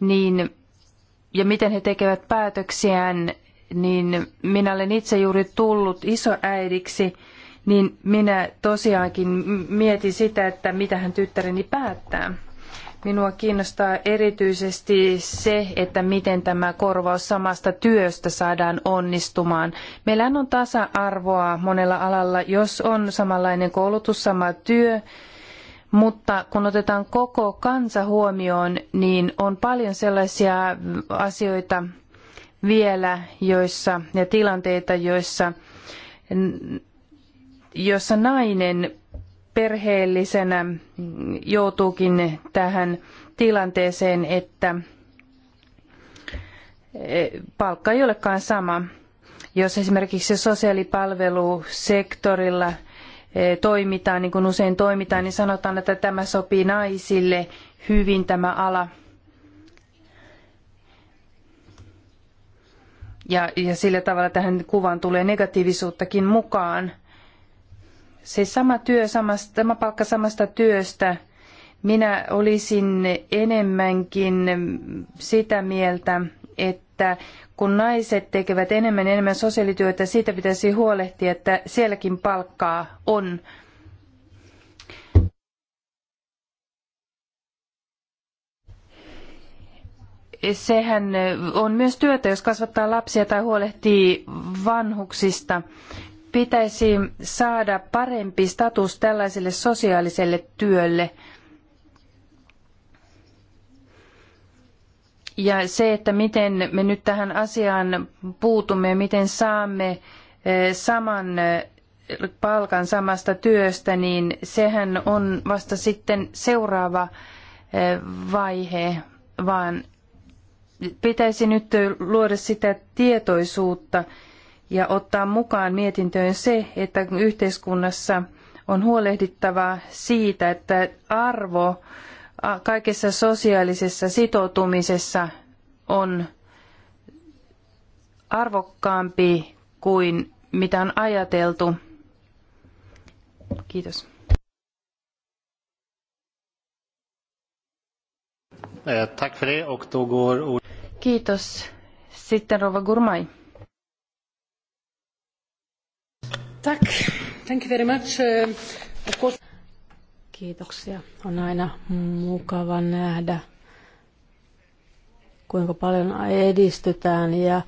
S3: niin ja miten he tekevät päätöksiään, niin minä olen itse juuri tullut isoäidiksi, niin minä tosiaankin mietin sitä, että mitä hän tyttäreni päättää. Minua kiinnostaa erityisesti se, että miten tämä korvaus samasta työstä saadaan onnistumaan. Meillä on tasa-arvoa monella alalla, jos on samanlainen koulutus, sama työ, mutta kun otetaan koko kansa huomioon, niin on paljon sellaisia asioita vielä, joissa ja tilanteita, joissa jossa nainen perheellisenä joutuukin tähän tilanteeseen, että e, palkka ei olekaan sama. Jos esimerkiksi sosiaalipalvelusektorilla e, toimitaan, niin kuin usein toimitaan, niin sanotaan, että tämä sopii naisille hyvin tämä ala. Ja, ja sillä tavalla tähän kuvaan tulee negatiivisuuttakin mukaan – se sama työ, samasta, sama palkka samasta työstä. Minä olisin enemmänkin sitä mieltä, että kun naiset tekevät enemmän enemmän sosiaalityötä, siitä pitäisi huolehtia, että sielläkin palkkaa on. Sehän on myös työtä, jos kasvattaa lapsia tai huolehtii vanhuksista pitäisi saada parempi status tällaiselle sosiaaliselle työlle. Ja se, että miten me nyt tähän asiaan puutumme ja miten saamme eh, saman eh, palkan samasta työstä, niin sehän on vasta sitten seuraava eh, vaihe, vaan pitäisi nyt luoda sitä tietoisuutta, ja ottaa mukaan mietintöön se, että yhteiskunnassa on huolehdittava siitä, että arvo kaikessa sosiaalisessa sitoutumisessa on arvokkaampi kuin mitä on ajateltu. Kiitos. Eh, Kiitos. Sitten Rova Gurmai.
S4: Tack.
S2: Thank you very much. Eh, of course. Kiitoksia. On aina mukava nähdä, kuinka paljon edistytään ja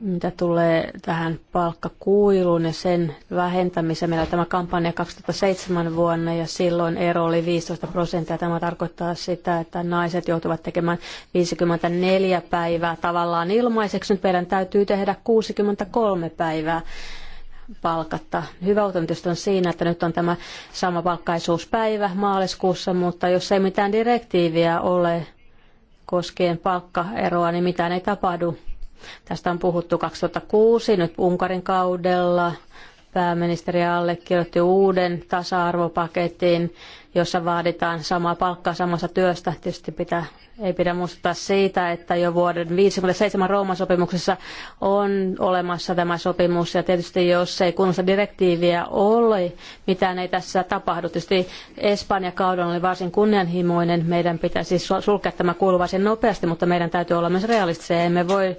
S2: mitä tulee tähän palkkakuiluun ja sen vähentämiseen. Meillä oli tämä kampanja 2007 vuonna ja silloin ero oli 15 prosenttia. Tämä tarkoittaa sitä, että naiset joutuvat tekemään 54 päivää tavallaan ilmaiseksi. Nyt meidän täytyy tehdä 63 päivää palkatta. Hyvä uutinen on siinä, että nyt on tämä sama palkkaisuuspäivä maaliskuussa, mutta jos ei mitään direktiiviä ole koskien palkkaeroa, niin mitään ei tapahdu. Tästä on puhuttu 2006, nyt Unkarin kaudella pääministeri allekirjoitti uuden tasa-arvopaketin jossa vaaditaan samaa palkkaa samasta työstä. Tietysti pitää, ei pidä muistuttaa siitä, että jo vuoden 1957 Rooman sopimuksessa on olemassa tämä sopimus. Ja tietysti jos ei kunnossa direktiiviä ole, mitään ei tässä tapahdu. Tietysti Espanja kaudella oli varsin kunnianhimoinen. Meidän pitäisi sulkea tämä kuuluvaisen nopeasti, mutta meidän täytyy olla myös realistisia. Emme voi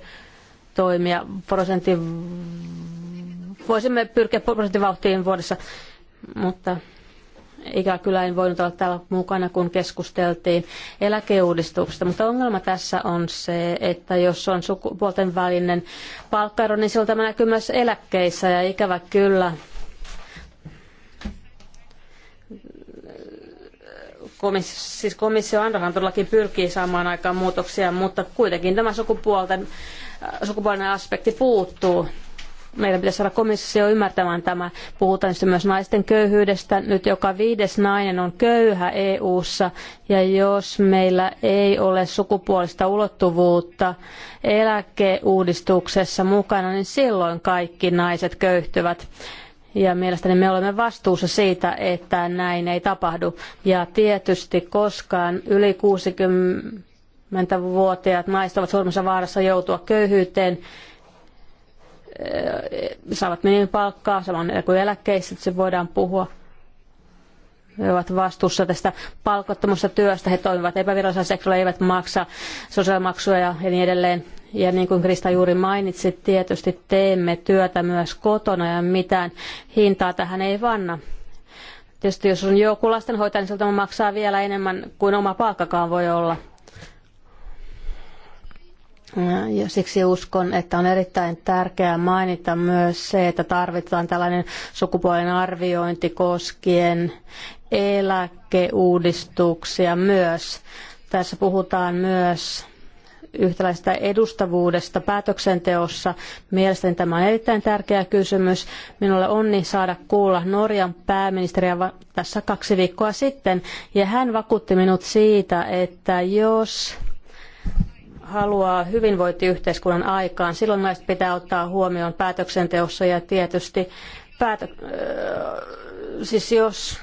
S2: toimia prosentin, voisimme pyrkiä prosentin vauhtiin vuodessa, mutta ikävä kyllä en voinut olla täällä mukana, kun keskusteltiin eläkeuudistuksesta, mutta ongelma tässä on se, että jos on sukupuolten välinen palkkaero, niin silloin tämä näkyy myös eläkkeissä ja ikävä kyllä komissio, siis komissio Androhan todellakin pyrkii saamaan aikaan muutoksia, mutta kuitenkin tämä sukupuolten, sukupuolinen aspekti puuttuu meidän pitäisi saada komissio ymmärtämään tämä. Puhutaan sitten myös naisten köyhyydestä. Nyt joka viides nainen on köyhä EU-ssa ja jos meillä ei ole sukupuolista ulottuvuutta eläkeuudistuksessa mukana, niin silloin kaikki naiset köyhtyvät. Ja mielestäni me olemme vastuussa siitä, että näin ei tapahdu. Ja tietysti koskaan yli 60 vuotiaat naiset ovat suurimmassa vaarassa joutua köyhyyteen saavat palkkaa saman kuin eläkkeistä, se voidaan puhua. He ovat vastuussa tästä palkattomasta työstä, he toimivat epävirallisella sektorilla, eivät maksa sosiaalimaksuja ja niin edelleen. Ja niin kuin Krista juuri mainitsi, tietysti teemme työtä myös kotona ja mitään hintaa tähän ei vanna. Tietysti jos on joku lastenhoitaja, niin siltä maksaa vielä enemmän kuin oma palkkakaan voi olla. Äh, ja siksi uskon, että on erittäin tärkeää mainita myös se, että tarvitaan tällainen sukupuolen arviointi koskien eläkeuudistuksia myös. Tässä puhutaan myös yhtäläisestä edustavuudesta päätöksenteossa. Mielestäni tämä on erittäin tärkeä kysymys. Minulle onni saada kuulla Norjan pääministeriä tässä kaksi viikkoa sitten, ja hän vakuutti minut siitä, että jos haluaa hyvinvointiyhteiskunnan aikaan, silloin naiset pitää ottaa huomioon päätöksenteossa ja tietysti päätö... Äh, siis jos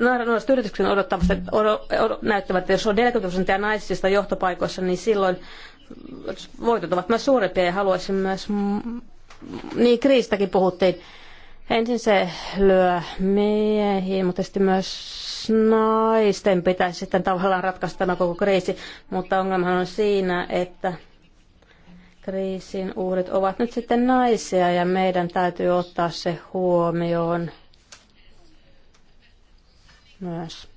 S2: nuoriset yrityksen odottavasti näyttävät, että jos on 40 prosenttia naisista johtopaikoissa, niin silloin voitot ovat myös suurempia ja haluaisin myös, niin kriistäkin puhuttiin, ensin se lyö miehiin, mutta sitten myös naisten pitäisi sitten tavallaan ratkaista tämä koko kriisi, mutta ongelma on siinä, että kriisin uhrit ovat nyt sitten naisia ja meidän täytyy ottaa se huomioon myös.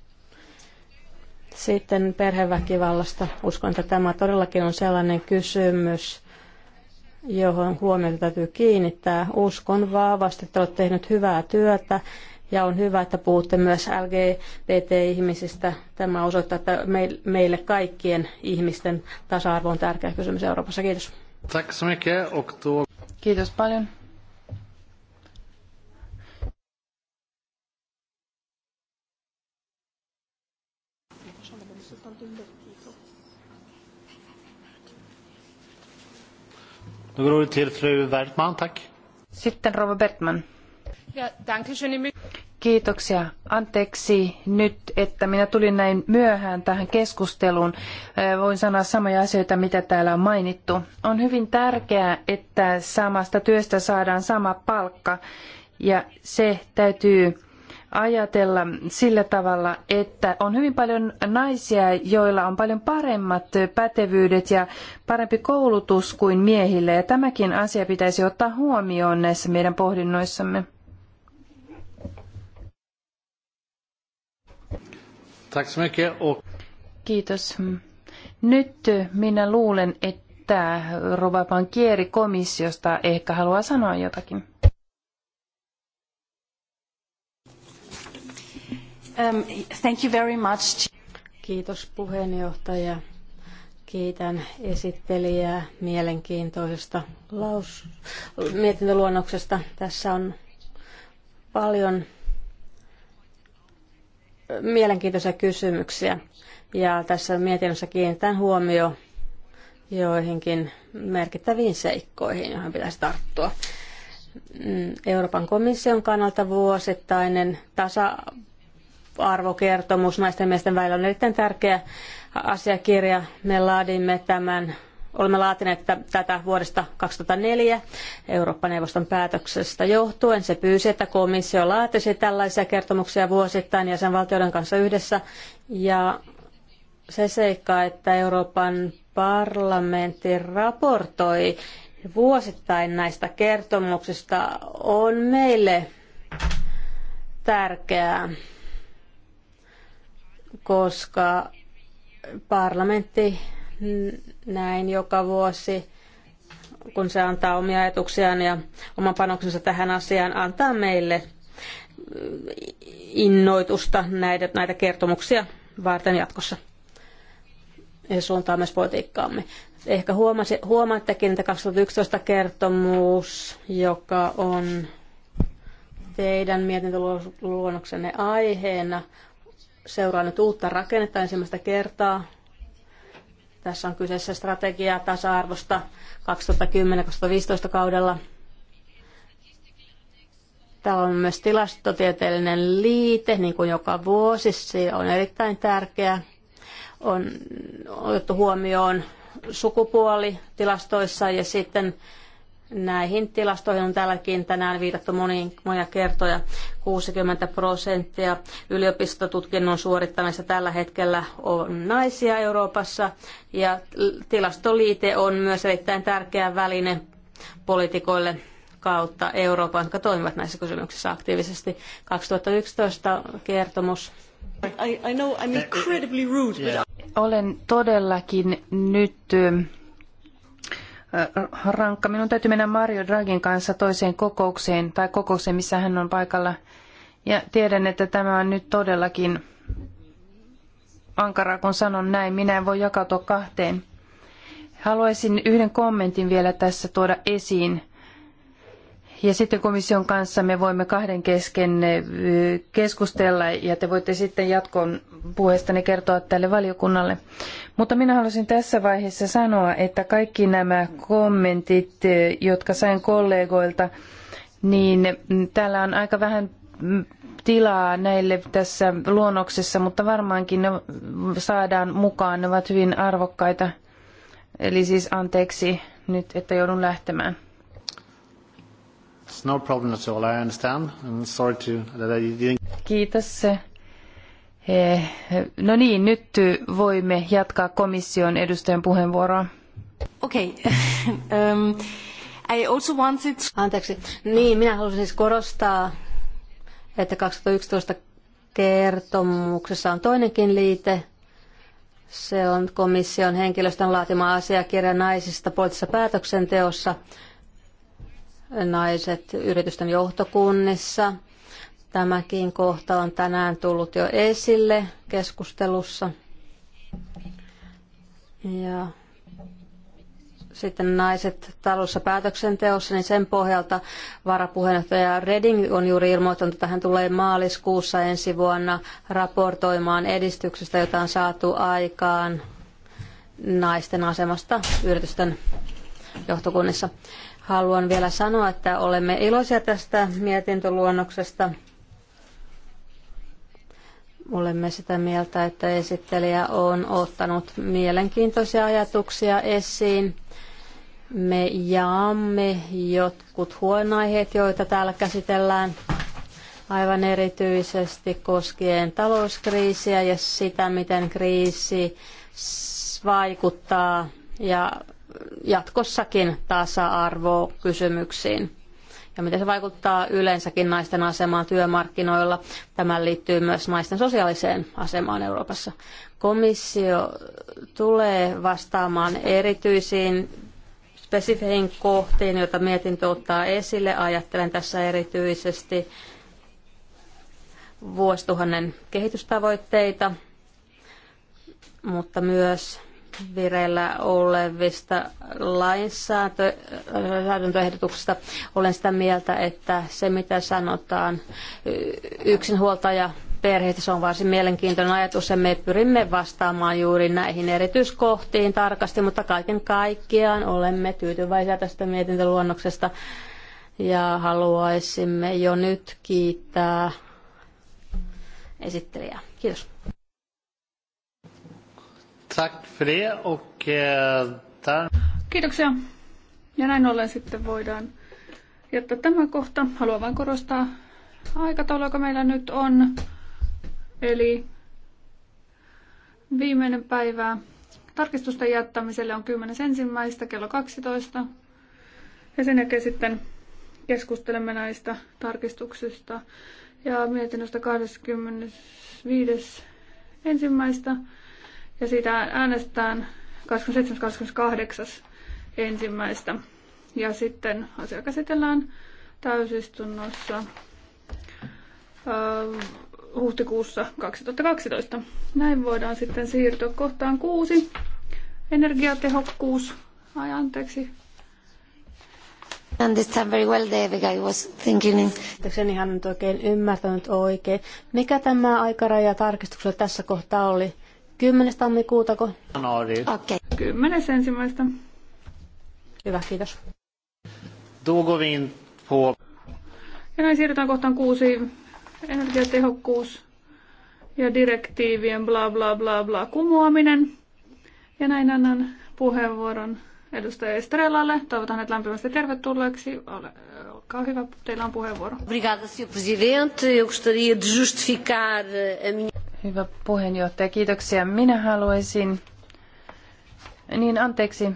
S2: Sitten perheväkivallasta. Uskon, että tämä todellakin on sellainen kysymys, johon huomiota täytyy kiinnittää. Uskon vahvasti, että olet tehnyt hyvää työtä ja on hyvä, että puhutte myös LGBT-ihmisistä. Tämä osoittaa, että meille kaikkien ihmisten tasa-arvo on tärkeä kysymys Euroopassa. Kiitos. Kiitos paljon.
S1: Sitten rouva Bertman. Kiitoksia.
S3: Anteeksi nyt, että minä tulin näin myöhään tähän keskusteluun. Voin sanoa samoja asioita, mitä täällä on mainittu. On hyvin tärkeää, että samasta työstä saadaan sama palkka ja se täytyy ajatella sillä tavalla, että on hyvin paljon naisia, joilla on paljon paremmat pätevyydet ja parempi koulutus kuin miehillä. Ja tämäkin asia pitäisi ottaa huomioon näissä meidän pohdinnoissamme. Kiitos. Nyt minä luulen, että Rova Pankieri komissiosta ehkä haluaa sanoa jotakin.
S2: Um, thank you very much. Kiitos puheenjohtaja. Kiitän esittelijää mielenkiintoisesta laus- mietintöluonnoksesta. Tässä on paljon mielenkiintoisia kysymyksiä. Ja tässä mietinnössä kiinnitän huomio joihinkin merkittäviin seikkoihin, joihin pitäisi tarttua. Mm, Euroopan komission kannalta vuosittainen tasa-arvokertomus naisten ja miesten välillä on erittäin tärkeä asiakirja. Me laadimme tämän Olemme laatineet tätä vuodesta 2004 Eurooppa-neuvoston päätöksestä johtuen. Se pyysi, että komissio laatisi tällaisia kertomuksia vuosittain jäsenvaltioiden kanssa yhdessä. Ja se seikka, että Euroopan parlamentti raportoi vuosittain näistä kertomuksista, on meille tärkeää, koska parlamentti näin joka vuosi, kun se antaa omia ajatuksiaan ja oman panoksensa tähän asiaan, antaa meille innoitusta näitä, näitä kertomuksia varten jatkossa. Ja se suuntaa myös politiikkaamme. Ehkä huomasi, huomaattekin, että 2011 kertomus, joka on teidän mietintöluonnoksenne aiheena, seuraa nyt uutta rakennetta ensimmäistä kertaa tässä on kyseessä strategia tasa-arvosta 2010-2015 kaudella. Täällä on myös tilastotieteellinen liite, niin kuin joka vuosi. Se on erittäin tärkeä. On otettu huomioon sukupuoli tilastoissa ja sitten Näihin tilastoihin on tälläkin tänään viitattu moniin, monia kertoja. 60 prosenttia yliopistotutkinnon suorittamista tällä hetkellä on naisia Euroopassa ja tilastoliite on myös erittäin tärkeä väline poliitikoille kautta Euroopan, jotka toimivat näissä kysymyksissä aktiivisesti. 2011 kertomus.
S5: I, I know I'm incredibly rude,
S3: but... Olen todellakin nyt Äh, rankka. Minun täytyy mennä Mario Dragin kanssa toiseen kokoukseen tai kokoukseen, missä hän on paikalla. Ja tiedän, että tämä on nyt todellakin ankaraa, kun sanon näin. Minä en voi jakautua kahteen. Haluaisin yhden kommentin vielä tässä tuoda esiin. Ja sitten komission kanssa me voimme kahden kesken keskustella ja te voitte sitten jatkon puheestani kertoa tälle valiokunnalle. Mutta minä haluaisin tässä vaiheessa sanoa, että kaikki nämä kommentit, jotka sain kollegoilta, niin mm, täällä on aika vähän mm, tilaa näille tässä luonnoksessa, mutta varmaankin ne saadaan mukaan. Ne ovat hyvin arvokkaita. Eli siis anteeksi nyt, että joudun lähtemään.
S1: Yes, no problem at all. I understand. I'm sorry to, that I didn't... Kiitos.
S3: Eh, no niin, nyt voimme jatkaa komission edustajan puheenvuoroa.
S5: Okei.
S2: Okay. um, I also wanted... Anteeksi. Niin, minä haluaisin siis korostaa, että 2011 kertomuksessa on toinenkin liite. Se on komission henkilöstön laatima asiakirja naisista poliittisessa päätöksenteossa naiset yritysten johtokunnissa. Tämäkin kohta on tänään tullut jo esille keskustelussa. Ja sitten naiset talossa päätöksenteossa, niin sen pohjalta varapuheenjohtaja Reding on juuri ilmoittanut, että hän tulee maaliskuussa ensi vuonna raportoimaan edistyksestä, jota on saatu aikaan naisten asemasta yritysten johtokunnissa. Haluan vielä sanoa, että olemme iloisia tästä mietintöluonnoksesta. Olemme sitä mieltä, että esittelijä on ottanut mielenkiintoisia ajatuksia esiin. Me jaamme jotkut huonaiheet, joita täällä käsitellään aivan erityisesti koskien talouskriisiä ja sitä, miten kriisi vaikuttaa ja jatkossakin tasa-arvoa kysymyksiin ja miten se vaikuttaa yleensäkin naisten asemaan työmarkkinoilla. Tämä liittyy myös naisten sosiaaliseen asemaan Euroopassa. Komissio tulee vastaamaan erityisiin spesifeihin kohtiin, joita mietintö ottaa esille. Ajattelen tässä erityisesti vuosituhannen kehitystavoitteita, mutta myös vireillä olevista lainsäädäntöehdotuksista. Olen sitä mieltä, että se mitä sanotaan yksinhuoltaja perheistä. Se on varsin mielenkiintoinen ajatus ja me pyrimme vastaamaan juuri näihin erityiskohtiin tarkasti, mutta kaiken kaikkiaan olemme tyytyväisiä tästä mietintöluonnoksesta ja haluaisimme jo nyt kiittää esittelijää. Kiitos.
S1: Tack för det och eh,
S4: Kiitoksia. Ja näin ollen sitten voidaan jättää tämä kohta. Haluan vain korostaa aikataulua, joka meillä nyt on. Eli viimeinen päivä tarkistusten jättämiselle on 10.1. kello 12. Ja sen jälkeen sitten keskustelemme näistä tarkistuksista ja mietinnöstä 25. ensimmäistä ja siitä äänestetään 27.28. ensimmäistä. Ja sitten asia käsitellään täysistunnossa äh, huhtikuussa 2012. Näin voidaan sitten siirtyä kohtaan kuusi. Energiatehokkuus. Ai anteeksi.
S2: Understand very well, David. I was thinking. En niin ihan nyt oikein ymmärtänyt oikein. Mikä tämä aikaraja tarkistuksella tässä kohtaa oli? 10. tammikuutako?
S1: No niin. Okei. Okay.
S2: 10. ensimmäistä. Hyvä, kiitos.
S1: Dugovin puol...
S4: Ja näin siirrytään kohtaan kuusi. Energiatehokkuus ja direktiivien bla bla bla bla kumoaminen. Ja näin annan puheenvuoron edustaja Estrellalle. Toivotan hänet lämpimästi tervetulleeksi. Ole, olkaa hyvä, teillä on puheenvuoro.
S5: Obrigada, senhor presidente. Eu gostaria de justificar
S3: eh, a minha... Hyvä puheenjohtaja, kiitoksia. Minä haluaisin, niin anteeksi,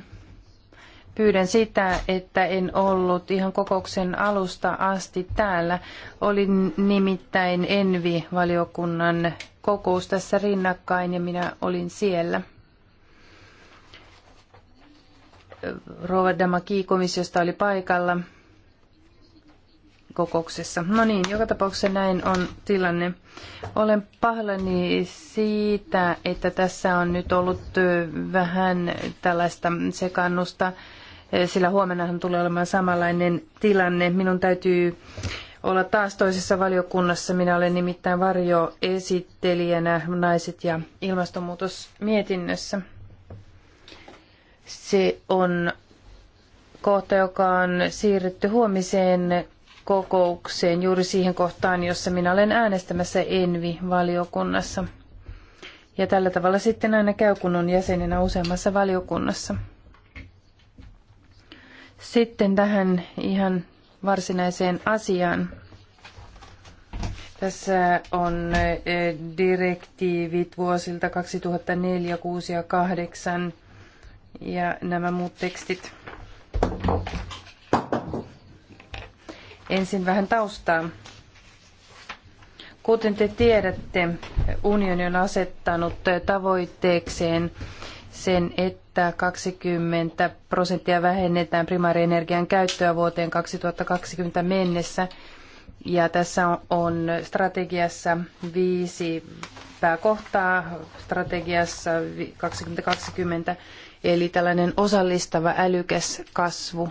S3: pyydän sitä, että en ollut ihan kokouksen alusta asti täällä. Olin nimittäin Envi-valiokunnan kokous tässä rinnakkain ja minä olin siellä. Rova Damaki komissiosta oli paikalla kokouksessa. No niin, joka tapauksessa näin on tilanne. Olen pahallani siitä, että tässä on nyt ollut vähän tällaista sekannusta, sillä huomennahan tulee olemaan samanlainen tilanne. Minun täytyy olla taas toisessa valiokunnassa. Minä olen nimittäin varjoesittelijänä naiset ja ilmastonmuutos mietinnössä. Se on kohta, joka on siirretty huomiseen kokoukseen juuri siihen kohtaan, jossa minä olen äänestämässä Envi-valiokunnassa. Ja tällä tavalla sitten aina käy, kun on jäsenenä useammassa valiokunnassa. Sitten tähän ihan varsinaiseen asiaan. Tässä on eh, direktiivit vuosilta 2004, 2006 ja 2008 ja nämä muut tekstit. Ensin vähän taustaa. Kuten te tiedätte, unioni on asettanut tavoitteekseen sen, että 20 prosenttia vähennetään primaarienergian käyttöä vuoteen 2020 mennessä. Ja tässä on strategiassa viisi pääkohtaa strategiassa 2020, eli tällainen osallistava älykäs kasvu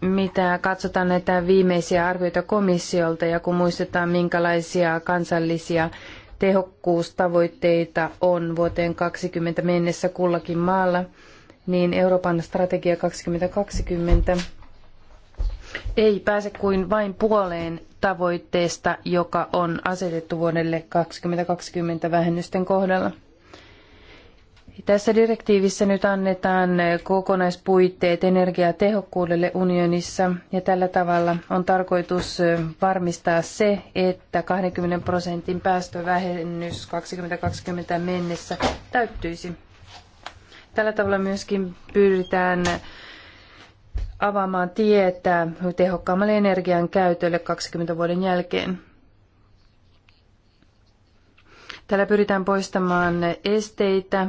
S3: mitä katsotaan näitä viimeisiä arvioita komissiolta ja kun muistetaan, minkälaisia kansallisia tehokkuustavoitteita on vuoteen 2020 mennessä kullakin maalla, niin Euroopan strategia 2020 ei pääse kuin vain puoleen tavoitteesta, joka on asetettu vuodelle 2020 vähennysten kohdalla. Tässä direktiivissä nyt annetaan kokonaispuitteet energiatehokkuudelle unionissa ja tällä tavalla on tarkoitus varmistaa se, että 20 prosentin päästövähennys 2020 mennessä täyttyisi. Tällä tavalla myöskin pyritään avaamaan tietä tehokkaammalle energian käytölle 20 vuoden jälkeen. Tällä pyritään poistamaan esteitä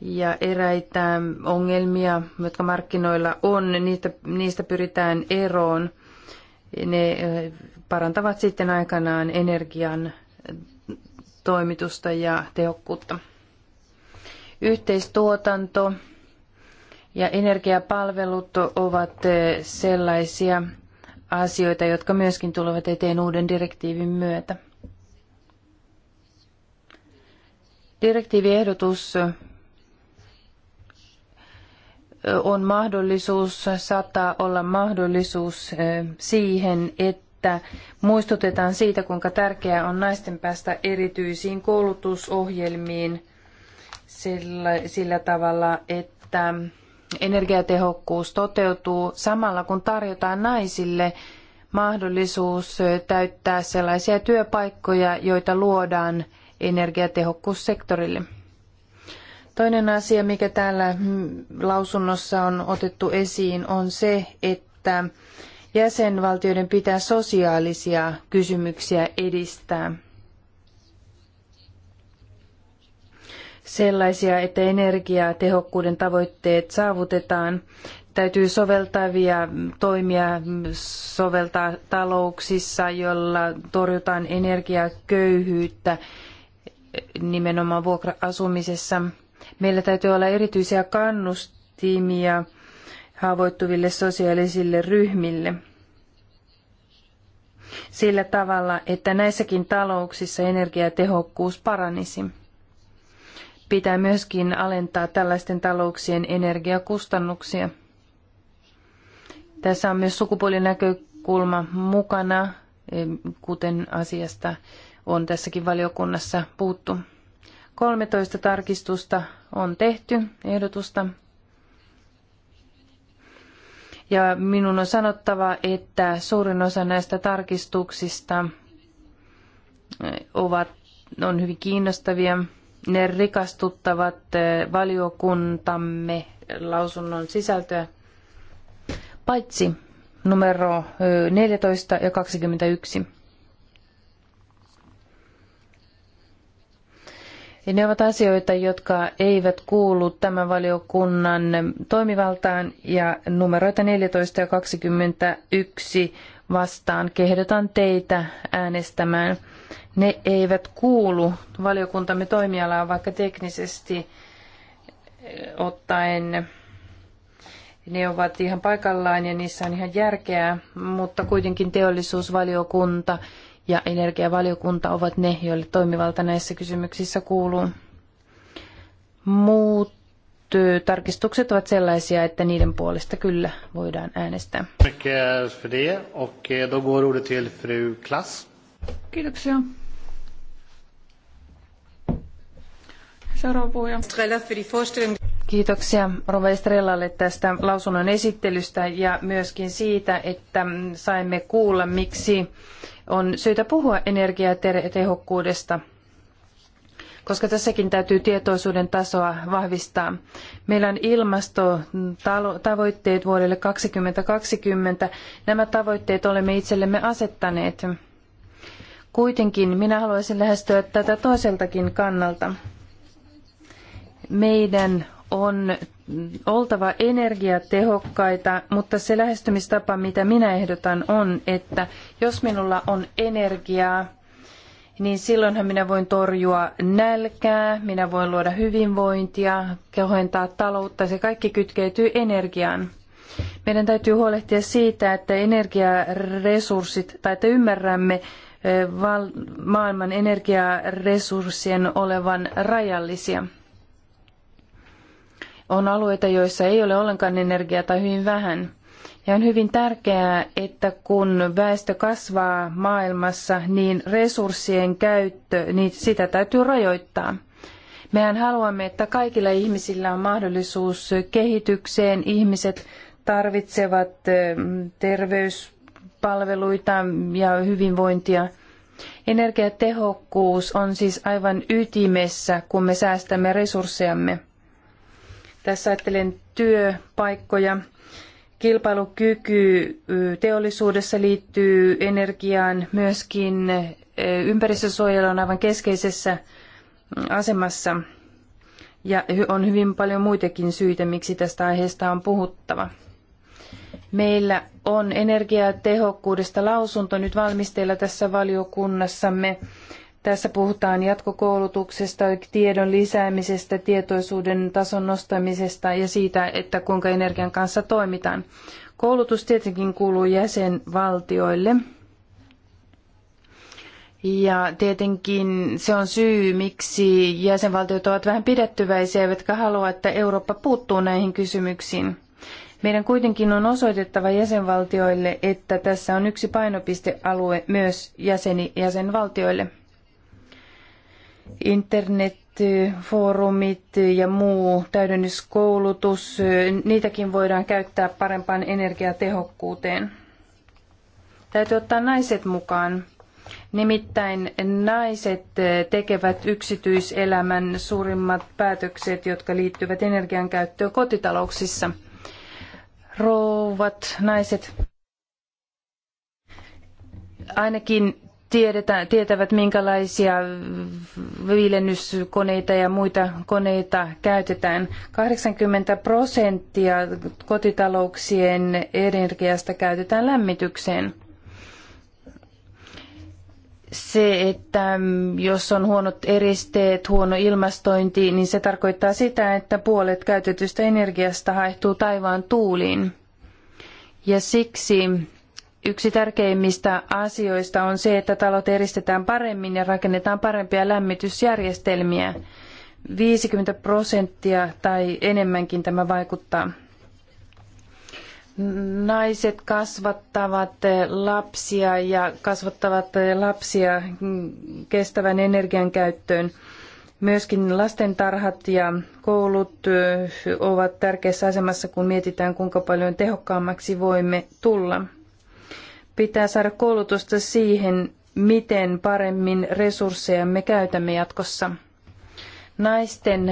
S3: ja eräitä ongelmia, jotka markkinoilla on, niistä, niistä pyritään eroon. Ne parantavat sitten aikanaan energian toimitusta ja tehokkuutta. Yhteistuotanto ja energiapalvelut ovat sellaisia asioita, jotka myöskin tulevat eteen uuden direktiivin myötä. Direktiiviehdotus on mahdollisuus, saattaa olla mahdollisuus eh, siihen, että muistutetaan siitä, kuinka tärkeää on naisten päästä erityisiin koulutusohjelmiin sillä, sillä tavalla, että energiatehokkuus toteutuu samalla, kun tarjotaan naisille mahdollisuus eh, täyttää sellaisia työpaikkoja, joita luodaan energiatehokkuussektorille. Toinen asia, mikä täällä mm, lausunnossa on otettu esiin, on se, että jäsenvaltioiden pitää sosiaalisia kysymyksiä edistää. Sellaisia, että energiatehokkuuden tavoitteet saavutetaan. Täytyy soveltavia toimia mm, soveltaa talouksissa, joilla torjutaan energiaköyhyyttä nimenomaan vuokra-asumisessa – Meillä täytyy olla erityisiä kannustimia haavoittuville sosiaalisille ryhmille sillä tavalla, että näissäkin talouksissa energiatehokkuus paranisi. Pitää myöskin alentaa tällaisten talouksien energiakustannuksia. Tässä on myös sukupuolinäkökulma mukana, kuten asiasta on tässäkin valiokunnassa puhuttu. 13 tarkistusta on tehty, ehdotusta. Ja minun on sanottava, että suurin osa näistä tarkistuksista eh, ovat, on hyvin kiinnostavia. Ne rikastuttavat eh, valiokuntamme lausunnon sisältöä, paitsi numero 14 eh, ja 21. Ja ne ovat asioita, jotka eivät kuulu tämän valiokunnan toimivaltaan ja numeroita 14 ja 21 vastaan kehdotan teitä äänestämään. Ne eivät kuulu valiokuntamme toimialaan, vaikka teknisesti eh, ottaen ne ovat ihan paikallaan ja niissä on ihan järkeä, mutta kuitenkin teollisuusvaliokunta ja energiavaliokunta ovat ne, joille toimivalta näissä kysymyksissä kuuluu. Muut tarkistukset ovat sellaisia, että niiden puolesta kyllä voidaan äänestää.
S1: Eh,
S4: Kiitoksia. Seuraava puhuja.
S3: Kiitoksia Rove Estrellalle tästä lausunnon esittelystä ja myöskin siitä, että saimme kuulla, miksi on syytä puhua energiatehokkuudesta koska tässäkin täytyy tietoisuuden tasoa vahvistaa. Meillä on ilmastotavoitteet vuodelle 2020. Nämä tavoitteet olemme itsellemme asettaneet. Kuitenkin minä haluaisin lähestyä tätä toiseltakin kannalta. Meidän on oltava energiatehokkaita, mutta se lähestymistapa, mitä minä ehdotan, on, että jos minulla on energiaa, niin silloinhan minä voin torjua nälkää, minä voin luoda hyvinvointia, kohentaa taloutta, se kaikki kytkeytyy energiaan. Meidän täytyy huolehtia siitä, että energiaresurssit, tai että ymmärrämme maailman energiaresurssien olevan rajallisia. On alueita, joissa ei ole ollenkaan energiaa tai hyvin vähän. Ja on hyvin tärkeää, että kun väestö kasvaa maailmassa, niin resurssien käyttö, niin sitä täytyy rajoittaa. Mehän haluamme, että kaikilla ihmisillä on mahdollisuus kehitykseen. Ihmiset tarvitsevat eh, terveyspalveluita ja hyvinvointia. Energiatehokkuus on siis aivan ytimessä, kun me säästämme resurssejamme. Tässä ajattelen työpaikkoja. Kilpailukyky teollisuudessa liittyy energiaan, myöskin ympäristösuojelu on aivan keskeisessä mm, asemassa. Ja on hyvin paljon muitakin syitä, miksi tästä aiheesta on puhuttava. Meillä on energiatehokkuudesta lausunto nyt valmisteilla tässä valiokunnassamme tässä puhutaan jatkokoulutuksesta, tiedon lisäämisestä, tietoisuuden tason nostamisesta ja siitä, että kuinka energian kanssa toimitaan. Koulutus tietenkin kuuluu jäsenvaltioille. Ja tietenkin se on syy, miksi jäsenvaltiot ovat vähän pidättyväisiä, eivätkä halua, että Eurooppa puuttuu näihin kysymyksiin. Meidän kuitenkin on osoitettava jäsenvaltioille, että tässä on yksi painopistealue myös jäseni, jäsenvaltioille internetfoorumit ja muu täydennyskoulutus, niitäkin voidaan käyttää parempaan energiatehokkuuteen. Täytyy ottaa naiset mukaan. Nimittäin naiset tekevät yksityiselämän suurimmat päätökset, jotka liittyvät energian käyttöön kotitalouksissa. Rouvat naiset, ainakin tiedetä, tietävät, minkälaisia viilennyskoneita ja muita koneita käytetään. 80 prosenttia kotitalouksien energiasta käytetään lämmitykseen. Se, että jos on huonot eristeet, huono ilmastointi, niin se tarkoittaa sitä, että puolet käytetystä energiasta haehtuu taivaan tuuliin. Ja siksi Yksi tärkeimmistä asioista on se, että talot eristetään paremmin ja rakennetaan parempia lämmitysjärjestelmiä. 50 prosenttia tai enemmänkin tämä vaikuttaa. Naiset kasvattavat lapsia ja kasvattavat lapsia kestävän energian käyttöön. Myöskin lastentarhat ja koulut ovat tärkeässä asemassa, kun mietitään, kuinka paljon tehokkaammaksi voimme tulla pitää saada koulutusta siihen, miten paremmin resursseja me käytämme jatkossa. Naisten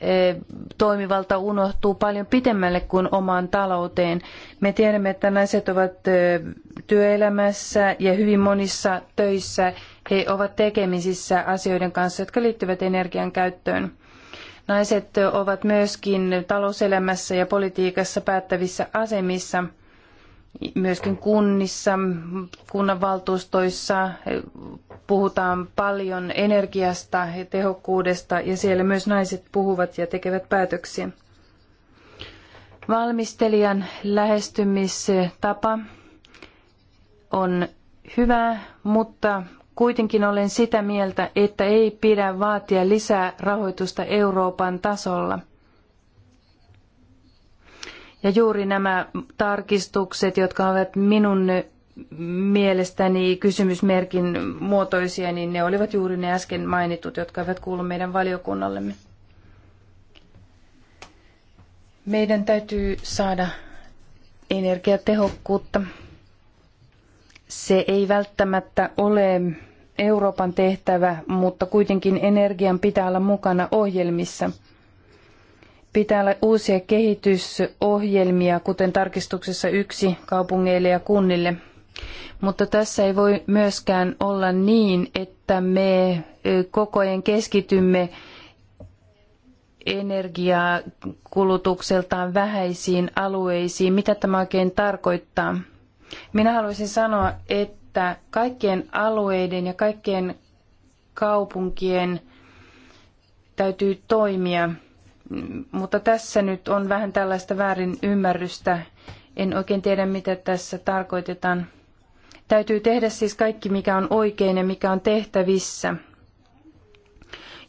S3: eh, toimivalta unohtuu paljon pitemmälle kuin omaan talouteen. Me tiedämme, että naiset ovat eh, työelämässä ja hyvin monissa töissä he ovat tekemisissä asioiden kanssa, jotka liittyvät energian käyttöön. Naiset ovat myöskin talouselämässä ja politiikassa päättävissä asemissa – Myöskin kunnissa, kunnanvaltuustoissa puhutaan paljon energiasta ja tehokkuudesta ja siellä myös naiset puhuvat ja tekevät päätöksiä. Valmistelijan lähestymistapa on hyvä, mutta kuitenkin olen sitä mieltä, että ei pidä vaatia lisää rahoitusta Euroopan tasolla – ja juuri nämä tarkistukset, jotka ovat minun mielestäni kysymysmerkin muotoisia, niin ne olivat juuri ne äsken mainitut, jotka eivät kuulu meidän valiokunnallemme. Meidän täytyy saada energiatehokkuutta. Se ei välttämättä ole Euroopan tehtävä, mutta kuitenkin energian pitää olla mukana ohjelmissa – pitää olla uusia kehitysohjelmia, kuten tarkistuksessa yksi kaupungeille ja kunnille. Mutta tässä ei voi myöskään olla niin, että me koko ajan keskitymme energiakulutukseltaan vähäisiin alueisiin. Mitä tämä oikein tarkoittaa? Minä haluaisin sanoa, että kaikkien alueiden ja kaikkien kaupunkien täytyy toimia mutta tässä nyt on vähän tällaista väärin ymmärrystä. En oikein tiedä, mitä tässä tarkoitetaan. Täytyy tehdä siis kaikki, mikä on oikein ja mikä on tehtävissä.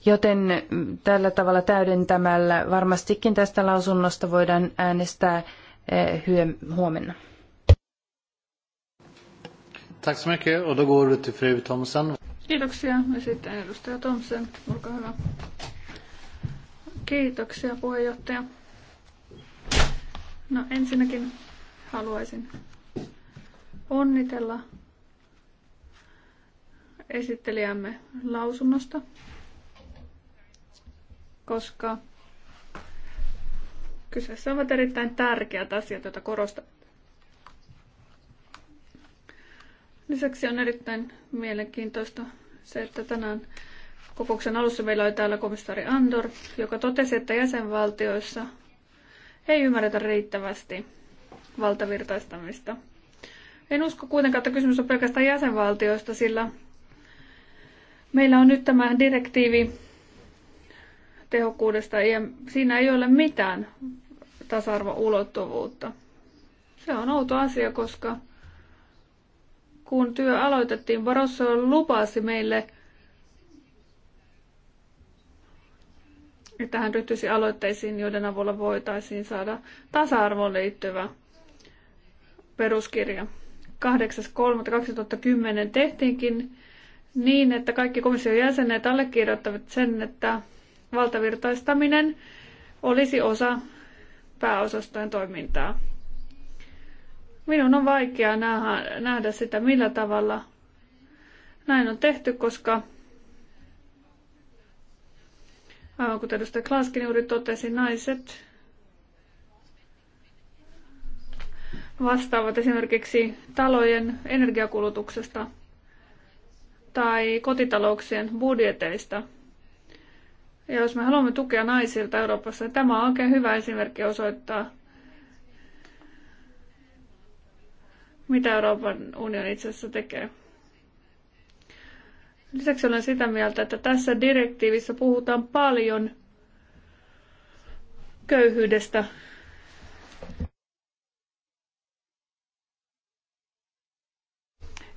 S3: Joten tällä tavalla täydentämällä varmastikin tästä lausunnosta voidaan äänestää eh,
S1: huomenna. Tack så mycket. Och då går du till fru Thomsen.
S4: Kiitoksia. Ja sitten edustaja Thomsen, olkaa hyvä. Kiitoksia puheenjohtaja. No ensinnäkin haluaisin onnitella esittelijämme lausunnosta, koska kyseessä ovat erittäin tärkeät asiat, joita korostat. Lisäksi on erittäin mielenkiintoista se, että tänään Kokouksen alussa meillä oli täällä komissaari Andor, joka totesi, että jäsenvaltioissa ei ymmärretä riittävästi valtavirtaistamista. En usko kuitenkaan, että kysymys on pelkästään jäsenvaltioista, sillä meillä on nyt tämä direktiivi tehokkuudesta ja siinä ei ole mitään tasa-arvoulottuvuutta. Se on outo asia, koska kun työ aloitettiin, Barossa lupasi meille että hän ryhtyisi aloitteisiin, joiden avulla voitaisiin saada tasa-arvoon liittyvä peruskirja. 8.3.2010 tehtiinkin niin, että kaikki komission jäsenet allekirjoittavat sen, että valtavirtaistaminen olisi osa pääosastojen toimintaa. Minun on vaikea nähdä, nähdä sitä, millä tavalla näin on tehty, koska Aivan kuten edustaja Klaskin juuri totesi, naiset vastaavat esimerkiksi talojen energiakulutuksesta tai kotitalouksien budjeteista. Ja jos me haluamme tukea naisilta Euroopassa, niin tämä on oikein hyvä esimerkki osoittaa, mitä Euroopan unioni itse asiassa tekee. Lisäksi olen sitä mieltä, että tässä direktiivissä puhutaan paljon köyhyydestä.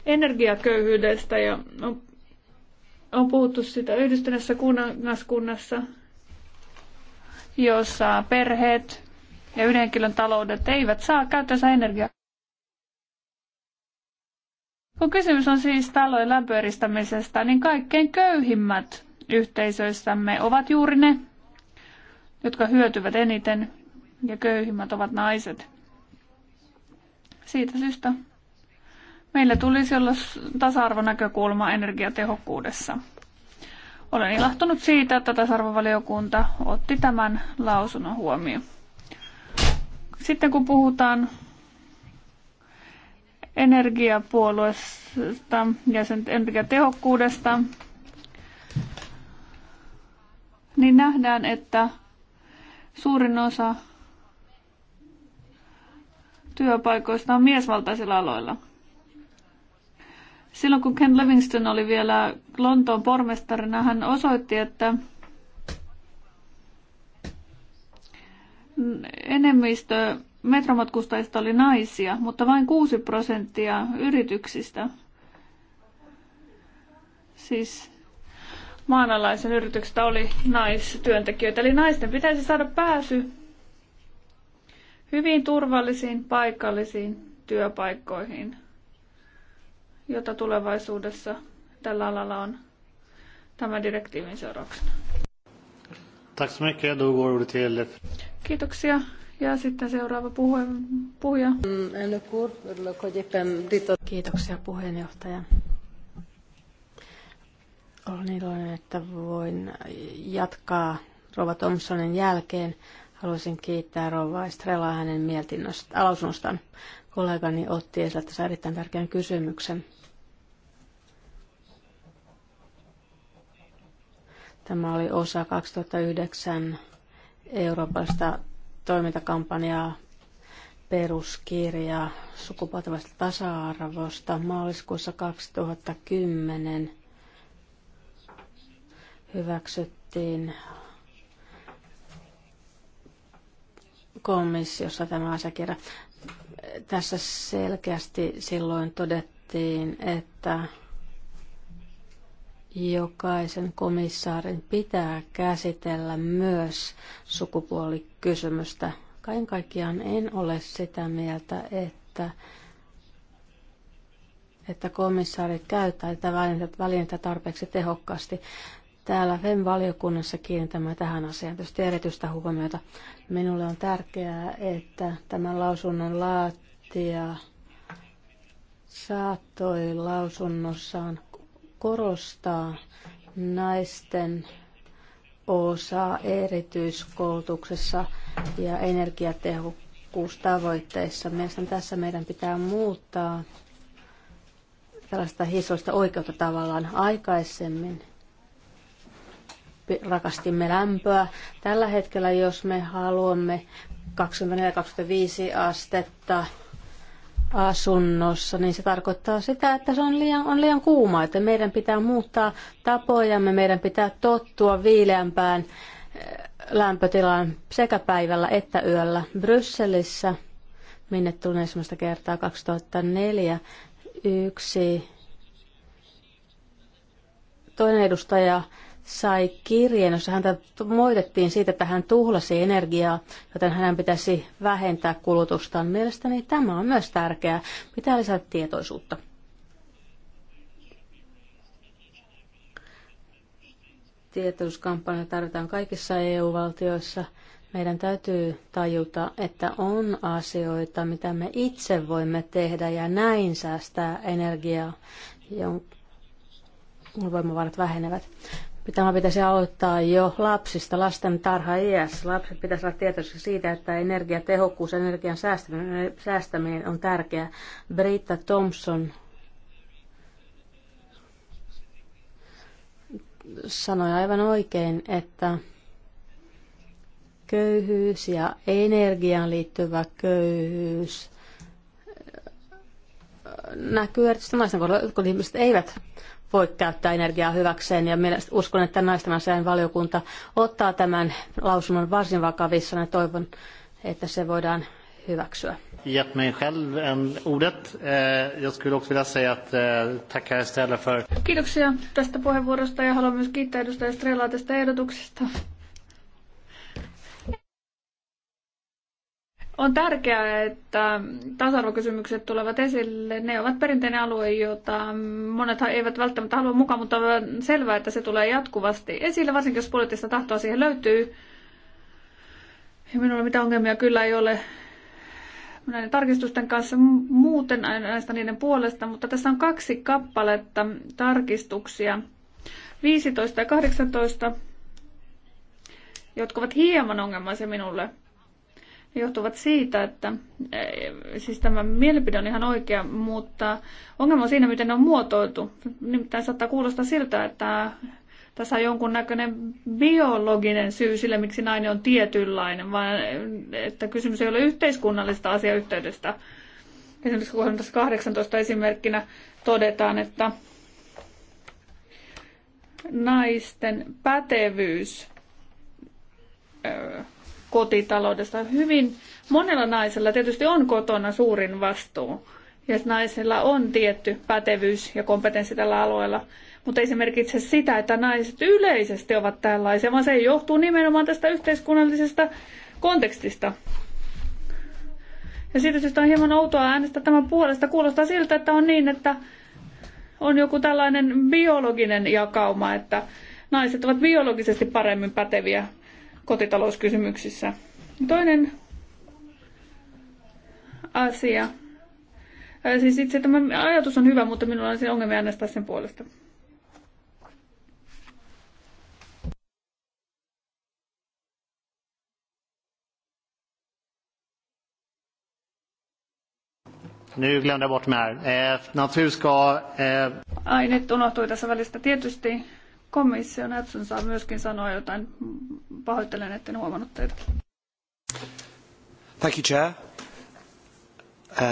S4: Energiaköyhyydestä ja on, on puhuttu sitä yhdistyneessä kuningaskunnassa, jossa perheet ja yhden henkilön taloudet eivät saa käyttää energiaa. Kun kysymys on siis talojen lämpöeristämisestä, niin kaikkein köyhimmät yhteisöissämme ovat juuri ne, jotka hyötyvät eniten, ja köyhimmät ovat naiset. Siitä syystä meillä tulisi olla tasa-arvonäkökulma energiatehokkuudessa. Olen ilahtunut siitä, että tasa-arvovaliokunta otti tämän lausunnon huomioon. Sitten kun puhutaan energiapuolueesta ja sen energiatehokkuudesta, niin nähdään, että suurin osa työpaikoista on miesvaltaisilla aloilla. Silloin kun Ken Livingston oli vielä Lontoon pormestarina, hän osoitti, että enemmistö metromatkustajista oli naisia, mutta vain 6 prosenttia yrityksistä, siis maanalaisen yrityksestä oli naistyöntekijöitä. Eli naisten pitäisi saada pääsy hyvin turvallisiin paikallisiin työpaikkoihin, jota tulevaisuudessa tällä alalla on tämän direktiivin seurauksena.
S1: Tack så mycket. Då går ordet till...
S4: Kiitoksia. Ja sitten seuraava puhuja. puhuja.
S2: Kiitoksia puheenjohtaja. Olen iloinen, että voin jatkaa Rova Thompsonin jälkeen. Haluaisin kiittää Rova Estrelaa hänen lausunnostaan. Kollegani otti esille tässä erittäin tärkeän kysymyksen. Tämä oli osa 2009 Euroopasta toimintakampanjaa, peruskirja sukupuolten tasa-arvosta maaliskuussa 2010 hyväksyttiin komissiossa tämä asiakirja. Tässä selkeästi silloin todettiin, että jokaisen komissaarin pitää käsitellä myös sukupuolikysymystä. Kaiken kaikkiaan en ole sitä mieltä, että että komissaarit käyttävät tätä välinettä tarpeeksi tehokkaasti. Täällä FEM-valiokunnassa kiinnitämme tähän asiaan tietysti erityistä huomiota. Minulle on tärkeää, että tämän lausunnon laatija saattoi lausunnossaan korostaa naisten osaa erityiskoulutuksessa ja energiatehokkuustavoitteissa. Mielestäni tässä meidän pitää muuttaa tällaista historiallista oikeutta tavallaan aikaisemmin. Rakastimme lämpöä. Tällä hetkellä, jos me haluamme 24-25 astetta asunnossa, niin se tarkoittaa sitä, että se on liian, on liian kuuma, että meidän pitää muuttaa tapojamme, meidän pitää tottua viileämpään eh, lämpötilaan sekä päivällä että yöllä. Brysselissä, minne tulin ensimmäistä kertaa 2004, yksi toinen edustaja sai kirjeen, jossa häntä moitettiin siitä, että hän tuhlasi energiaa, joten hänen pitäisi vähentää kulutustaan. Mielestäni tämä on myös tärkeää. Pitää lisätä tietoisuutta. Tietoisuuskampanja tarvitaan kaikissa EU-valtioissa. Meidän täytyy tajuta, että on asioita, mitä me itse voimme tehdä ja näin säästää energiaa, jonka voimavarat vähenevät. Tämä pitäisi aloittaa jo lapsista, lasten tarha iäs. Lapset pitäisi olla tietoisia siitä, että energiatehokkuus ja energian säästäminen, säästäminen on tärkeää. Britta Thompson sanoi aivan oikein, että köyhyys ja energiaan liittyvä köyhyys äh, näkyy erityisesti naisten kohdalla, kun ihmiset eivät voi käyttää energiaa hyväkseen. Ja uskon, että naisten asian valiokunta ottaa tämän lausunnon varsin vakavissa ja toivon, että se voidaan hyväksyä.
S1: gett mig själv en ordet. Eh, jag skulle också vilja säga att eh, tacka Estrella er för...
S4: Kiitoksia tästä puheenvuorosta ja haluan myös kiittää edustaja Estrellaa tästä ehdotuksesta. On tärkeää, että tasa-arvokysymykset tulevat esille. Ne ovat perinteinen alue, jota monet eivät välttämättä halua mukaan, mutta on selvää, että se tulee jatkuvasti esille, varsinkin jos poliittista tahtoa siihen löytyy. Ja minulla mitä ongelmia kyllä ei ole näiden tarkistusten kanssa muuten näistä niiden puolesta, mutta tässä on kaksi kappaletta tarkistuksia, 15 ja 18, jotka ovat hieman ongelmaisia minulle johtuvat siitä, että e, siis tämä mielipide on ihan oikea, mutta ongelma on siinä, miten ne on muotoiltu. Nimittäin saattaa kuulostaa siltä, että tässä on jonkunnäköinen biologinen syy sille, miksi nainen on tietynlainen, vaan e, että kysymys ei ole yhteiskunnallisesta asiayhteydestä. Esimerkiksi kohdassa 18 esimerkkinä todetaan, että naisten pätevyys e, kotitaloudesta. Hyvin monella naisella tietysti on kotona suurin vastuu ja naisilla on tietty pätevyys ja kompetenssi tällä alueella, mutta ei se merkitse sitä, että naiset yleisesti ovat tällaisia, vaan se johtuu nimenomaan tästä yhteiskunnallisesta kontekstista. Ja siitä syystä on hieman outoa äänestää tämän puolesta. Kuulostaa siltä, että on niin, että on joku tällainen biologinen jakauma, että naiset ovat biologisesti paremmin päteviä kotitalouskysymyksissä. Toinen asia. Äh, siis itse tämä ajatus on hyvä, mutta minulla on se ongelmia äänestää sen puolesta.
S1: Nu glömde jag bort mig här. Eh, natur ska... Eh...
S4: Ai, nyt unohtui tässä välistä. Tietysti Komissio Epson saa myöskin sanoa jotain. Pahoittelen, etten huomannut teitä. Thank you, Chair.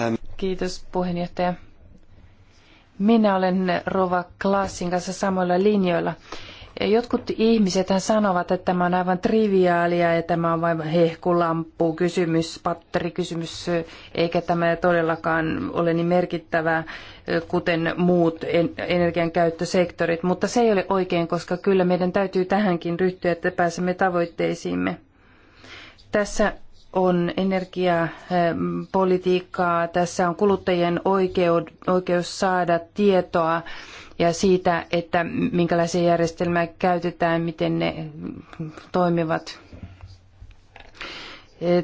S4: Um...
S3: Kiitos puheenjohtaja. Minä olen Rova Klaasin kanssa samoilla linjoilla. Jotkut ihmiset sanovat, että tämä on aivan triviaalia ja tämä on vain hehkulamppu kysymys, patterikysymys, eikä tämä todellakaan ole niin merkittävää kuten muut energiankäyttösektorit, mutta se ei ole oikein, koska kyllä meidän täytyy tähänkin ryhtyä, että pääsemme tavoitteisiimme. Tässä on energiapolitiikkaa, tässä on kuluttajien oikeus saada tietoa ja siitä, että minkälaisia järjestelmiä käytetään, miten ne toimivat.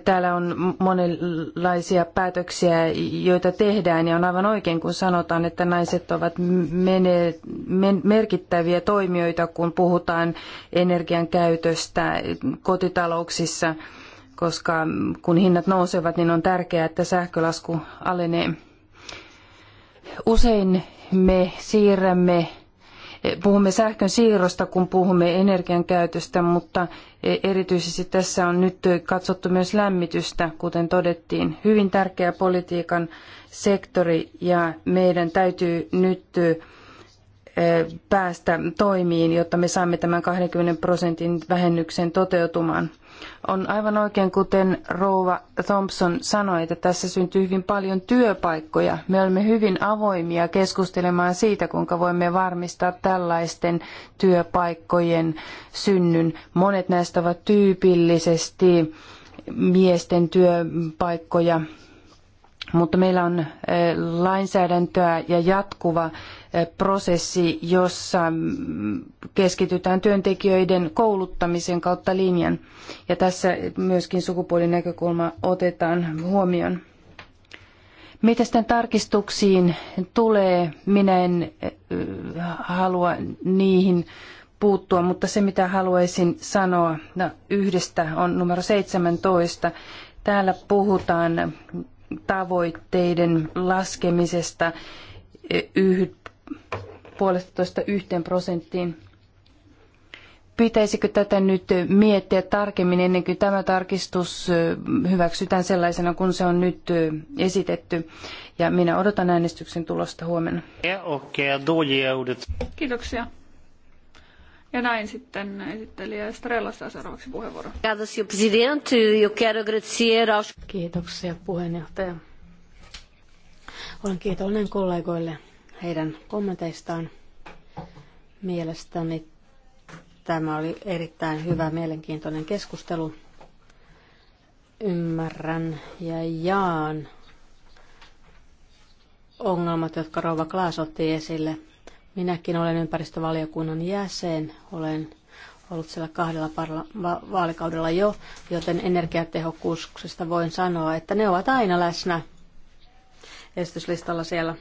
S3: Täällä on monenlaisia päätöksiä, joita tehdään, ja on aivan oikein, kun sanotaan, että naiset ovat mene, men, merkittäviä toimijoita, kun puhutaan energian käytöstä kotitalouksissa, koska kun hinnat nousevat, niin on tärkeää, että sähkölasku alenee. Usein me siirrämme, puhumme sähkön siirrosta, kun puhumme energian käytöstä, mutta erityisesti tässä on nyt katsottu myös lämmitystä, kuten todettiin. Hyvin tärkeä politiikan sektori ja meidän täytyy nyt päästä toimiin, jotta me saamme tämän 20 prosentin vähennyksen toteutumaan. On aivan oikein, kuten Rouva Thompson sanoi, että tässä syntyy hyvin paljon työpaikkoja. Me olemme hyvin avoimia keskustelemaan siitä, kuinka voimme varmistaa tällaisten työpaikkojen synnyn. Monet näistä ovat tyypillisesti miesten työpaikkoja mutta meillä on eh, lainsäädäntöä ja jatkuva eh, prosessi, jossa mm, keskitytään työntekijöiden kouluttamisen kautta linjan. Ja tässä myöskin sukupuolinäkökulma otetaan huomioon. Mitä sitten tarkistuksiin tulee, minä en eh, halua niihin puuttua, mutta se mitä haluaisin sanoa no, yhdestä on numero 17. Täällä puhutaan tavoitteiden laskemisesta e, yh, puolestatoista yhteen prosenttiin. Pitäisikö tätä nyt miettiä tarkemmin ennen kuin tämä tarkistus e, hyväksytään sellaisena, kun se on nyt e, esitetty? Ja minä odotan äänestyksen tulosta huomenna.
S4: Kiitoksia. Ja näin sitten esittelijä Estrella saa seuraavaksi puheenvuoro.
S5: Kiitoksia puheenjohtaja.
S2: Olen kiitollinen kollegoille heidän kommenteistaan. Mielestäni tämä oli erittäin hyvä, mielenkiintoinen keskustelu. Ymmärrän ja jaan ongelmat, jotka Rova Klaas otti esille – Minäkin olen ympäristövaliokunnan jäsen, olen ollut siellä kahdella parla- va- vaalikaudella jo, joten energiatehokkuuksista voin sanoa, että ne ovat aina läsnä esityslistalla siellä.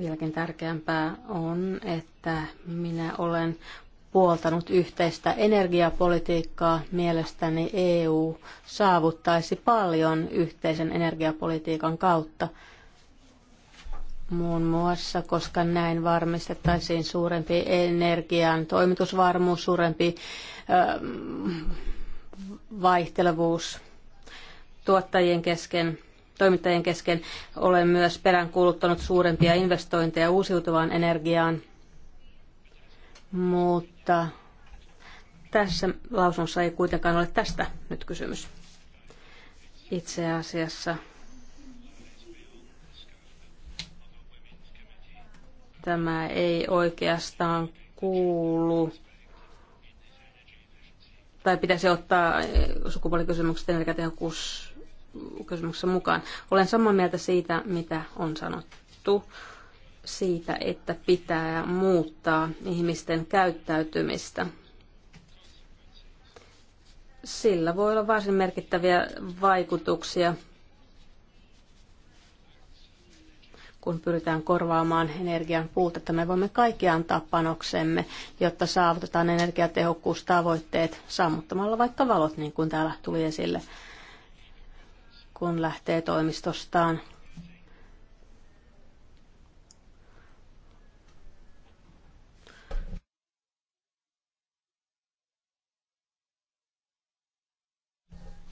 S2: Vieläkin tärkeämpää on, että minä olen puoltanut yhteistä energiapolitiikkaa. Mielestäni EU saavuttaisi paljon yhteisen energiapolitiikan kautta muun muassa, koska näin varmistettaisiin suurempi energian toimitusvarmuus, suurempi ähm, vaihtelevuus tuottajien kesken, toimittajien kesken. Olen myös peräänkuuluttanut suurempia investointeja uusiutuvaan energiaan, mutta tässä lausunnossa ei kuitenkaan ole tästä nyt kysymys. Itse asiassa Tämä ei oikeastaan kuulu tai pitäisi ottaa eh, sukupuolikysymykset energiatehokkuuskysymyksessä mukaan. Olen samaa mieltä siitä, mitä on sanottu siitä, että pitää muuttaa ihmisten käyttäytymistä. Sillä voi olla varsin merkittäviä vaikutuksia kun pyritään korvaamaan energian puutetta. Me voimme kaikki antaa panoksemme, jotta saavutetaan energiatehokkuustavoitteet sammuttamalla vaikka valot, niin kuin täällä tuli esille, kun lähtee toimistostaan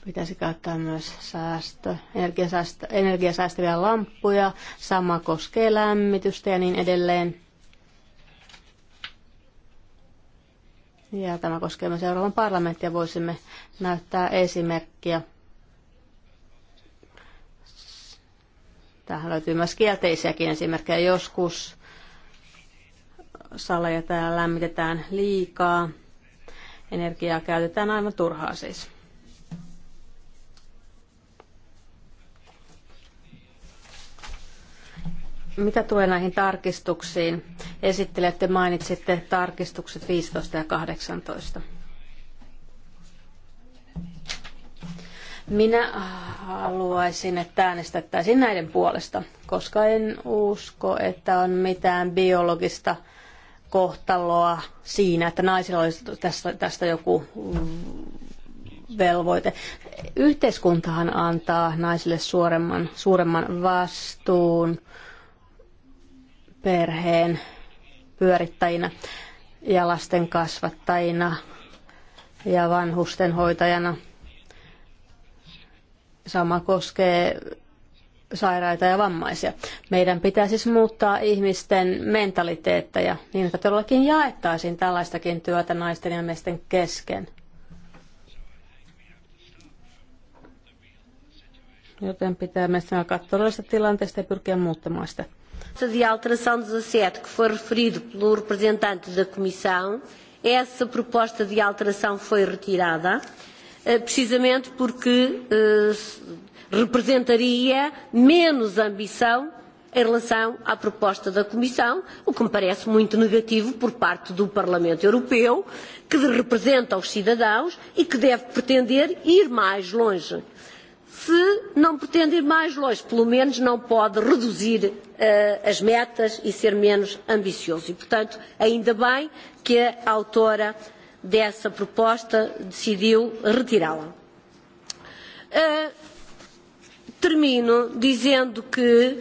S2: Pitäisi käyttää myös säästö, energiasäästö, energiasäästäviä lamppuja, sama koskee lämmitystä ja niin edelleen. Ja tämä koskee myös Euroopan parlamenttia. Voisimme näyttää esimerkkiä. Tähän löytyy myös kielteisiäkin esimerkkejä. Joskus saleja täällä lämmitetään liikaa. Energiaa käytetään aivan turhaa siis. Mitä tulee näihin tarkistuksiin? Esittelette mainitsitte tarkistukset 15 ja 18. Minä haluaisin, että äänestettäisiin näiden puolesta, koska en usko, että on mitään biologista kohtaloa siinä, että naisilla olisi tästä, tästä joku velvoite. Yhteiskuntahan antaa naisille suuremman, suuremman vastuun perheen pyörittäjinä ja lasten kasvattajina ja vanhusten hoitajana. Sama koskee sairaita ja vammaisia. Meidän pitää siis muuttaa ihmisten mentaliteetteja niin, että todellakin jaettaisiin tällaistakin työtä naisten ja miesten kesken. Joten pitää mielestäni alkaa todellisesta tilanteesta ja pyrkiä muuttamaan sitä
S5: de alteração 17, que foi referido pelo representante da Comissão, essa proposta de alteração foi retirada, eh, precisamente porque eh, representaria menos ambição em relação à proposta da Comissão, o que me parece muito negativo por parte do Parlamento Europeu, que representa os cidadãos e que deve pretender ir mais longe se não pretende ir mais longe, pelo menos não pode reduzir uh, as metas e ser menos ambicioso. E, portanto, ainda bem que a autora dessa proposta decidiu retirá-la. Uh, termino dizendo que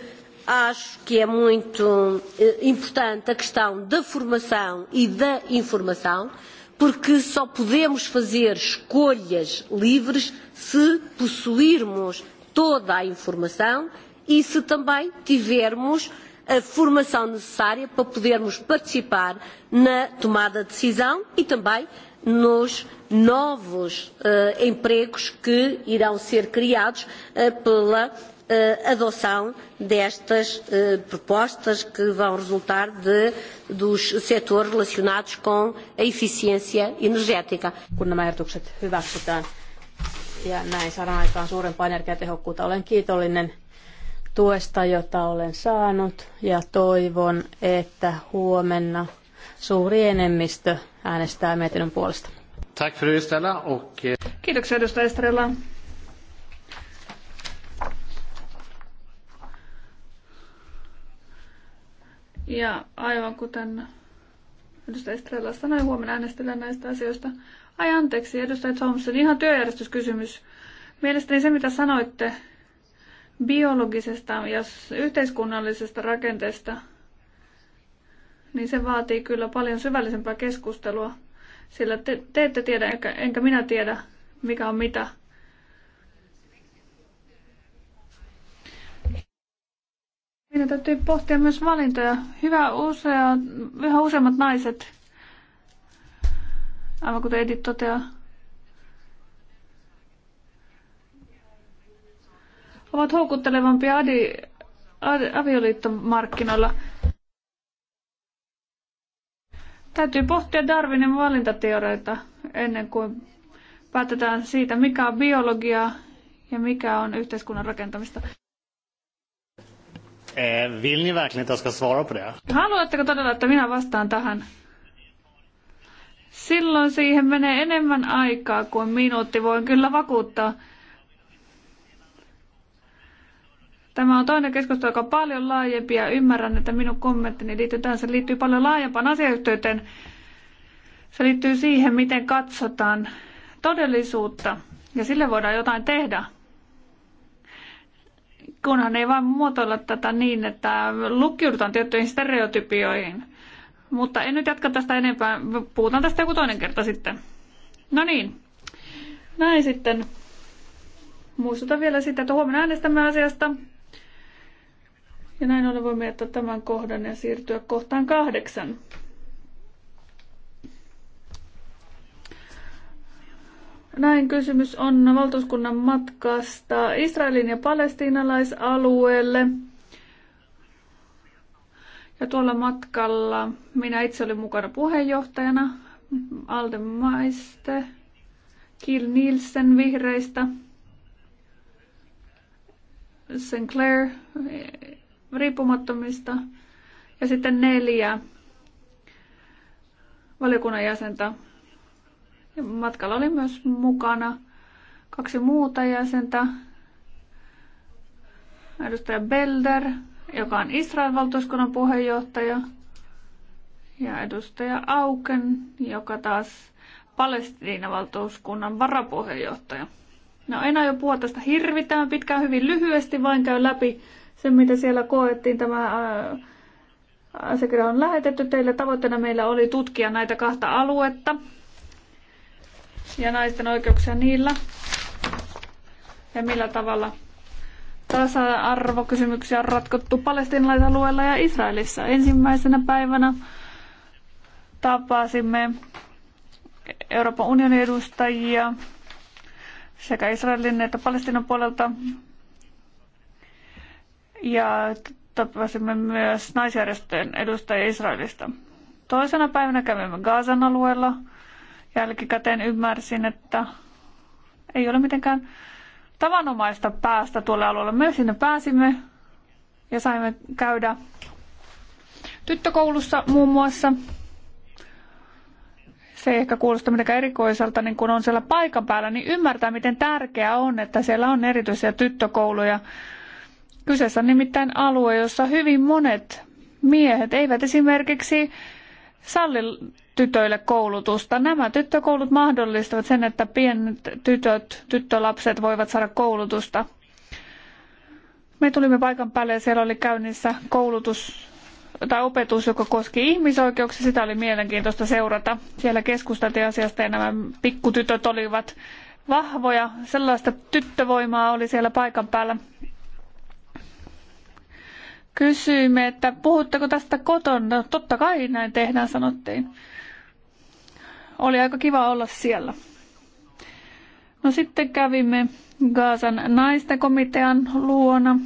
S5: acho que é muito uh, importante a questão da formação e da informação. Uh, porque só podemos fazer escolhas livres se possuirmos toda a informação e se também tivermos a formação necessária para podermos participar na tomada de decisão e também nos novos uh, empregos que irão ser criados uh, pela Eh, adoção destas eh, propostas que vão resultar de, dos setores relacionados com a eficiência energética. Kun nämä ehdotukset hyväksytään
S2: ja näin saadaan aikaan suurempaa energiatehokkuutta, olen kiitollinen tuesta, jota olen saanut ja toivon, että huomenna suuri enemmistö äänestää mietinnön puolesta.
S1: Tack för eh,
S4: Kiitoksia edustaja Estrella. Ja aivan kuten edustaja Estrella sanoi, huomenna äänestellään näistä asioista. Ai anteeksi, edustaja Thompson, ihan työjärjestyskysymys. Mielestäni se, mitä sanoitte biologisesta ja yhteiskunnallisesta rakenteesta, niin se vaatii kyllä paljon syvällisempää keskustelua, sillä te, te ette tiedä, enkä, enkä minä tiedä, mikä on mitä. Meidän täytyy pohtia myös valintoja. Hyvä usea yhä useammat naiset, aivan kuten Edith toteaa, ovat houkuttelevampia adi, ad, avioliittomarkkinoilla. Täytyy pohtia Darwinin valintateoreita ennen kuin päätetään siitä, mikä on biologiaa ja mikä on yhteiskunnan rakentamista.
S1: Eh, vill ni verkligen att jag ska svara på det?
S4: Haluatteko todella, että minä vastaan tähän? Silloin siihen menee enemmän aikaa kuin minuutti, voin kyllä vakuuttaa. Tämä on toinen keskustelu, joka on paljon laajempi ja ymmärrän, että minun kommenttini liittyy tähän. Se liittyy paljon laajempaan asiayhteyteen. Se liittyy siihen, miten katsotaan todellisuutta ja sille voidaan jotain tehdä kunhan ei vain muotoilla tätä niin, että lukkiudutaan tiettyihin stereotypioihin. Mutta en nyt jatka tästä enempää. Puhutaan tästä joku toinen kerta sitten. No niin. Näin sitten. Muistutan vielä sitä, että huomenna äänestämme asiasta. Ja näin ollen voimme jättää tämän kohdan ja siirtyä kohtaan kahdeksan. Näin kysymys on valtuuskunnan matkasta Israelin ja palestiinalaisalueelle. Ja tuolla matkalla minä itse olin mukana puheenjohtajana Alde Maiste, Kil Nielsen vihreistä, Sinclair riippumattomista ja sitten neljä valiokunnan jäsentä Matkalla oli myös mukana kaksi muuta jäsentä. Edustaja Belder, joka on Israelin valtuuskunnan puheenjohtaja, ja edustaja Auken, joka taas Palestiinan valtuuskunnan varapuheenjohtaja. No en aio puhua tästä hirvitään pitkään hyvin lyhyesti, vain käy läpi sen, mitä siellä koettiin. Tämä asiakirja on lähetetty teille. Tavoitteena meillä oli tutkia näitä kahta aluetta, ja naisten oikeuksia niillä ja millä tavalla tasa-arvokysymyksiä on ratkottu palestinalaisalueella ja Israelissa. Ensimmäisenä päivänä tapasimme Euroopan unionin edustajia sekä Israelin että Palestinan puolelta. Ja tapasimme myös naisjärjestöjen edustajia Israelista. Toisena päivänä kävimme Gaasan alueella – Jälkikäteen ymmärsin, että ei ole mitenkään tavanomaista päästä tuolle alueelle. Me sinne pääsimme ja saimme käydä tyttökoulussa muun muassa. Se ei ehkä kuulosta mitenkään erikoiselta, niin kun on siellä paikan päällä, niin ymmärtää, miten tärkeää on, että siellä on erityisiä tyttökouluja. Kyseessä on nimittäin alue, jossa hyvin monet miehet eivät esimerkiksi salli tytöille koulutusta. Nämä tyttökoulut mahdollistavat sen, että pienet tytöt, tyttölapset voivat saada koulutusta. Me tulimme paikan päälle ja siellä oli käynnissä koulutus tai opetus, joka koski ihmisoikeuksia. Sitä oli mielenkiintoista seurata. Siellä keskusteltiin asiasta ja nämä pikkutytöt olivat vahvoja. Sellaista tyttövoimaa oli siellä paikan päällä. Kysyimme, että puhutteko tästä kotona? No, totta kai näin tehdään, sanottiin. Oli aika kiva olla siellä. No sitten kävimme Gaasan naisten komitean luona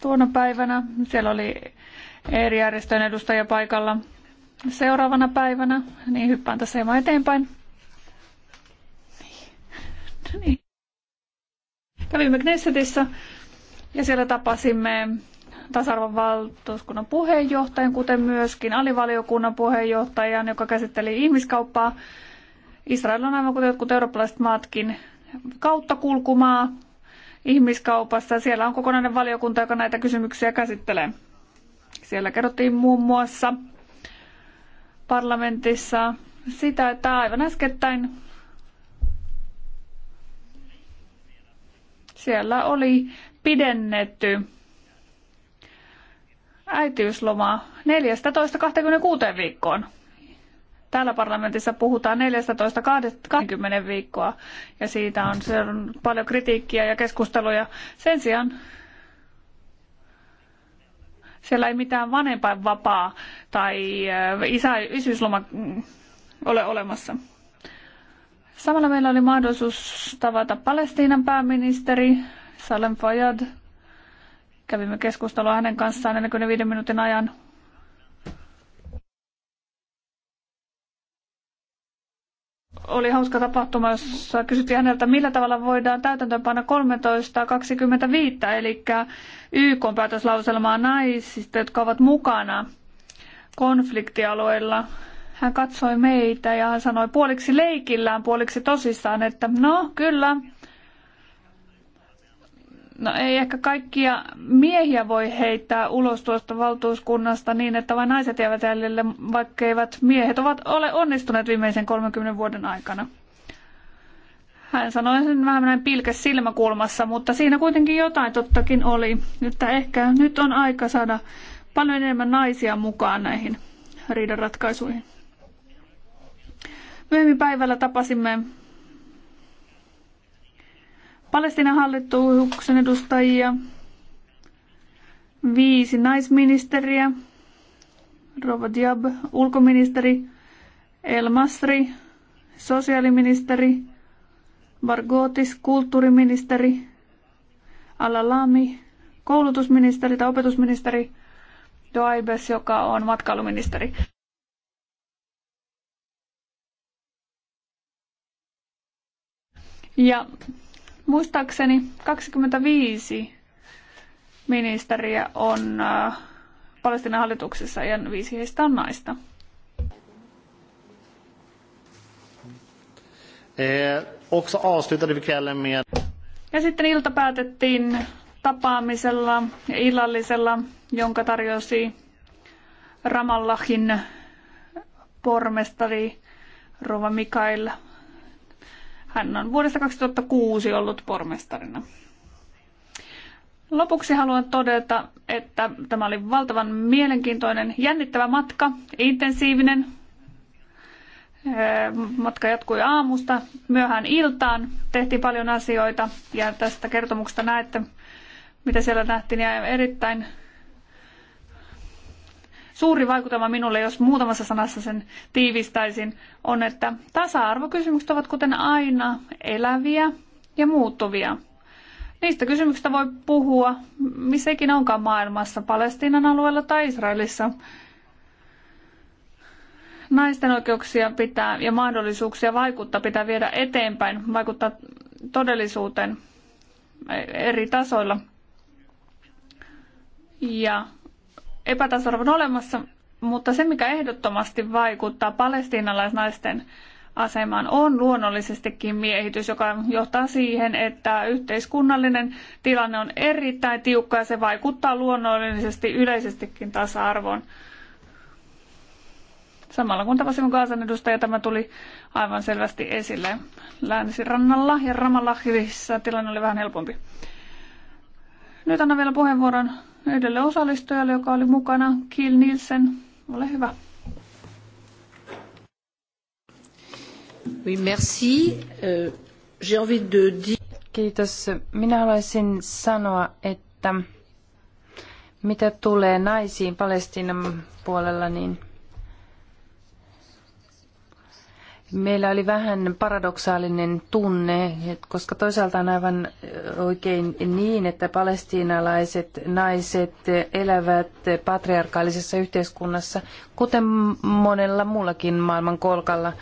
S4: tuona päivänä. Siellä oli eri järjestön edustaja paikalla seuraavana päivänä, niin hyppään tässä hieman eteenpäin. Niin. Kävimme Knessetissä ja siellä tapasimme tasa-arvon valtuuskunnan puheenjohtajan, kuten myöskin alivaliokunnan puheenjohtajan, joka käsitteli ihmiskauppaa. Israel on aivan kuten jotkut eurooppalaiset maatkin kautta kulkumaa ihmiskaupassa. Siellä on kokonainen valiokunta, joka näitä kysymyksiä käsittelee. Siellä kerrottiin muun muassa parlamentissa sitä, että aivan äskettäin siellä oli pidennetty äitiyslomaa 14-26 viikkoon. Täällä parlamentissa puhutaan 14-20 viikkoa ja siitä on, se on paljon kritiikkiä ja keskusteluja. Sen sijaan siellä ei mitään vanhempainvapaa tai äh, isä, isyysloma mm, ole olemassa. Samalla meillä oli mahdollisuus tavata Palestiinan pääministeri Salem Fayyad Kävimme keskustelua hänen kanssaan 45 minuutin ajan. Oli hauska tapahtuma, jossa kysyttiin häneltä, millä tavalla voidaan täytäntöönpanna 1325, eli YK päätöslauselmaa naisista, jotka ovat mukana konfliktialueilla. Hän katsoi meitä ja hän sanoi puoliksi leikillään, puoliksi tosissaan, että no kyllä, No ei ehkä kaikkia miehiä voi heittää ulos tuosta valtuuskunnasta niin, että vain naiset jäävät jäljelle, vaikka eivät miehet ovat ole onnistuneet viimeisen 30 vuoden aikana. Hän sanoi sen vähän näin pilkäs silmäkulmassa, mutta siinä kuitenkin jotain tottakin oli. Että ehkä nyt on aika saada paljon enemmän naisia mukaan näihin riidanratkaisuihin. Myöhemmin päivällä tapasimme Palestinan hallituksen edustajia, viisi naisministeriä, Rova Diab, ulkoministeri, El Masri, sosiaaliministeri, Vargotis, kulttuuriministeri, Alalami, koulutusministeri tai opetusministeri, Doaibes, joka on matkailuministeri. Ja Muistaakseni 25 ministeriä on äh, Palestinan hallituksessa ja viisi heistä on naista.
S1: Eh, också avslutade vi kvällen med...
S4: Ja sitten ilta päätettiin tapaamisella ja illallisella, jonka tarjosi Ramallahin pormestari Rova Mikael hän on vuodesta 2006 ollut pormestarina. Lopuksi haluan todeta, että tämä oli valtavan mielenkiintoinen, jännittävä matka, intensiivinen. Matka jatkui aamusta myöhään iltaan, tehtiin paljon asioita ja tästä kertomuksesta näette, mitä siellä nähtiin ja erittäin suuri vaikutelma minulle, jos muutamassa sanassa sen tiivistäisin, on, että tasa-arvokysymykset ovat kuten aina eläviä ja muuttuvia. Niistä kysymyksistä voi puhua missä ikinä onkaan maailmassa, Palestiinan alueella tai Israelissa. Naisten oikeuksia pitää ja mahdollisuuksia vaikuttaa pitää viedä eteenpäin, vaikuttaa todellisuuteen eri tasoilla. Ja epätasa olemassa, mutta se, mikä ehdottomasti vaikuttaa palestiinalaisnaisten asemaan, on luonnollisestikin miehitys, joka johtaa siihen, että yhteiskunnallinen tilanne on erittäin tiukka ja se vaikuttaa luonnollisesti yleisestikin tasa-arvoon. Samalla kun tapasimme Gaasan edustajia, tämä tuli aivan selvästi esille. Länsirannalla ja Ramallahissa tilanne oli vähän helpompi. Nyt annan vielä puheenvuoron yhdelle osallistujalle, joka oli mukana, Kill Nielsen. Ole hyvä.
S5: Oui,
S3: merci. Euh, envie de dire... Kiitos. Minä haluaisin sanoa, että mitä tulee naisiin Palestiinan puolella, niin Meillä oli vähän paradoksaalinen tunne, koska toisaalta on aivan oikein niin, että palestiinalaiset naiset elävät patriarkaalisessa yhteiskunnassa, kuten monella muullakin maailman kolkalla.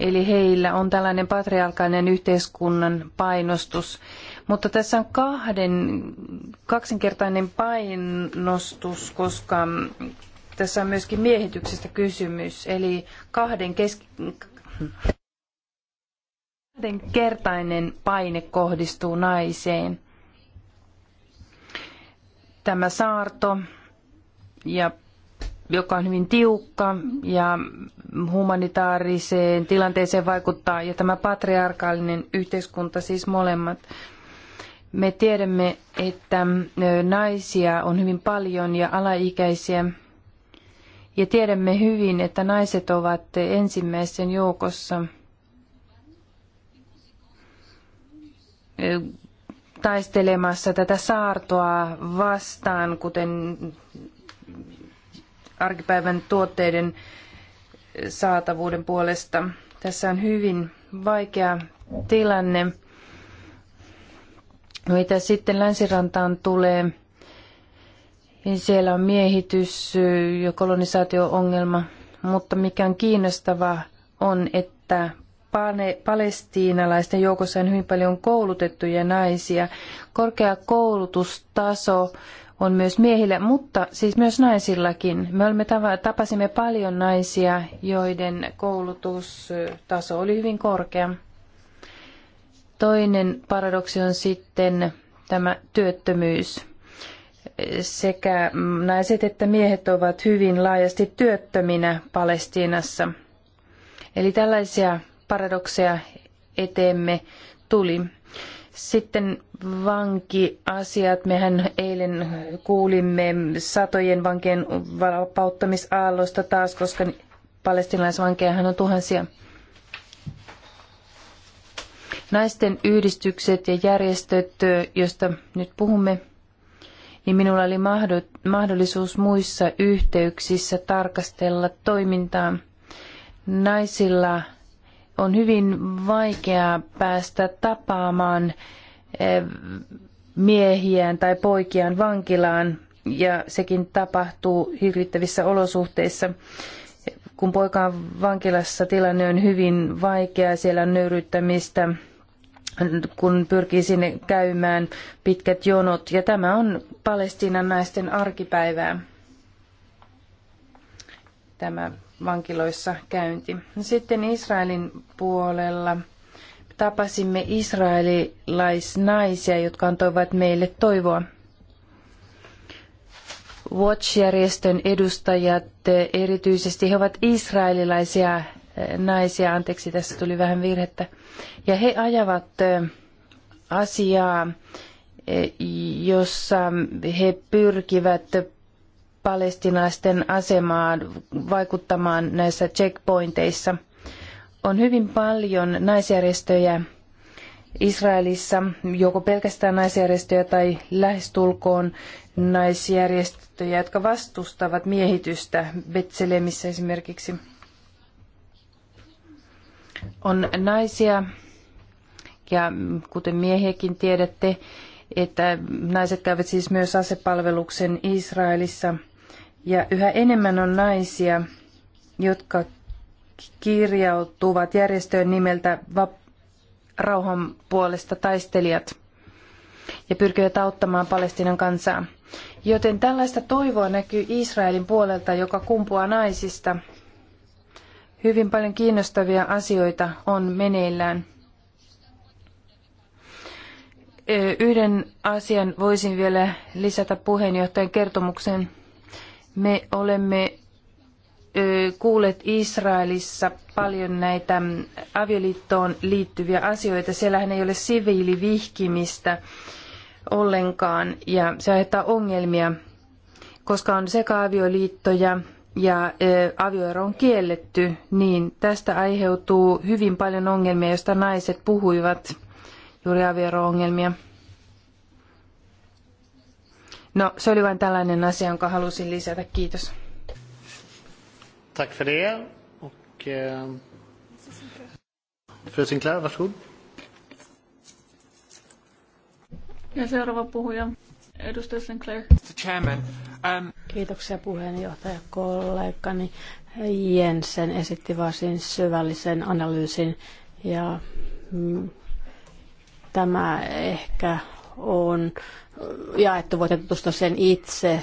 S3: Eli heillä on tällainen patriarkaalinen yhteiskunnan painostus. Mutta tässä on kahden, kaksinkertainen painostus, koska tässä on myöskin miehityksestä kysymys, eli kahden keski, kertainen paine kohdistuu naiseen. Tämä saarto, ja, joka on hyvin tiukka ja humanitaariseen tilanteeseen vaikuttaa, ja tämä patriarkaalinen yhteiskunta, siis molemmat. Me tiedämme, että naisia on hyvin paljon ja alaikäisiä ja tiedämme hyvin, että naiset ovat ensimmäisen joukossa taistelemassa tätä saartoa vastaan, kuten arkipäivän tuotteiden saatavuuden puolesta. Tässä on hyvin vaikea tilanne. No mitä sitten länsirantaan tulee, niin siellä on miehitys ja kolonisaatio-ongelma, mutta mikä on kiinnostavaa on, että palestiinalaisten joukossa on hyvin paljon koulutettuja naisia. Korkea koulutustaso on myös miehillä, mutta siis myös naisillakin. Me olemme tapasimme paljon naisia, joiden koulutustaso oli hyvin korkea. Toinen paradoksi on sitten tämä työttömyys sekä naiset että miehet ovat hyvin laajasti työttöminä Palestiinassa. Eli tällaisia paradokseja eteemme tuli. Sitten vankiasiat. Mehän eilen kuulimme satojen vankien vapauttamisaallosta taas, koska palestinaisvankejahan on tuhansia. Naisten yhdistykset ja järjestöt, joista nyt puhumme, niin minulla oli mahdollisuus muissa yhteyksissä tarkastella toimintaa. Naisilla on hyvin vaikeaa päästä tapaamaan eh, miehiään tai poikiaan vankilaan, ja sekin tapahtuu hirvittävissä olosuhteissa. Kun poika on vankilassa, tilanne on hyvin vaikea, siellä on nöyryttämistä, kun pyrkii sinne käymään pitkät jonot. Ja tämä on Palestiinan naisten arkipäivää, tämä vankiloissa käynti. Sitten Israelin puolella tapasimme israelilaisnaisia, jotka antoivat meille toivoa. Watch-järjestön edustajat, erityisesti he ovat israelilaisia naisia, anteeksi tässä tuli vähän virhettä, ja he ajavat asiaa, jossa he pyrkivät palestinaisten asemaan vaikuttamaan näissä checkpointeissa. On hyvin paljon naisjärjestöjä Israelissa, joko pelkästään naisjärjestöjä tai lähestulkoon naisjärjestöjä, jotka vastustavat miehitystä Betselemissä esimerkiksi on naisia ja kuten miehiäkin tiedätte, että naiset käyvät siis myös asepalveluksen Israelissa. Ja yhä enemmän on naisia, jotka kirjautuvat järjestöön nimeltä Vap- rauhan puolesta taistelijat ja pyrkivät auttamaan Palestiinan kansaa. Joten tällaista toivoa näkyy Israelin puolelta, joka kumpuaa naisista – Hyvin paljon kiinnostavia asioita on meneillään. Yhden asian voisin vielä lisätä puheenjohtajan kertomukseen. Me olemme kuulet Israelissa paljon näitä avioliittoon liittyviä asioita. Siellähän ei ole siviilivihkimistä ollenkaan ja se aiheuttaa ongelmia, koska on sekaavioliittoja ja avioero on kielletty, niin tästä aiheutuu hyvin paljon ongelmia, joista naiset puhuivat, juuri avioero-ongelmia. No, se oli vain tällainen asia, jonka halusin lisätä. Kiitos.
S1: Tack för det. Och, eh, fru Sinclair, varsågod.
S4: Ja seuraava puhuja, edustaja Sinclair. Mr.
S2: Chairman, Um... Kiitoksia puheenjohtaja kollegani Jensen esitti varsin syvällisen analyysin ja mm, tämä ehkä on jaettu, voitte tutustua sen itse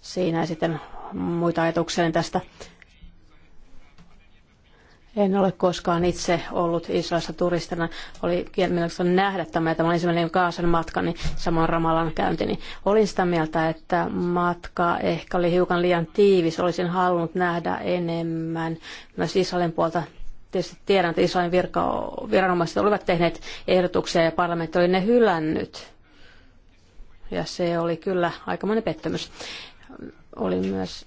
S2: siinä sitten muita ajatuksia tästä en ole koskaan itse ollut Israelissa turistina. Oli mielenkiintoista nähdä tämä. että oli ensimmäinen Kaasan matka, niin samoin Ramalan Niin Olin sitä mieltä, että matka ehkä oli hiukan liian tiivis. Olisin halunnut nähdä enemmän myös Israelin puolta tietysti tiedän, että Israelin virka, viranomaiset olivat tehneet ehdotuksia ja parlamentti oli ne hylännyt. Ja se oli kyllä aikamoinen pettymys. Oli myös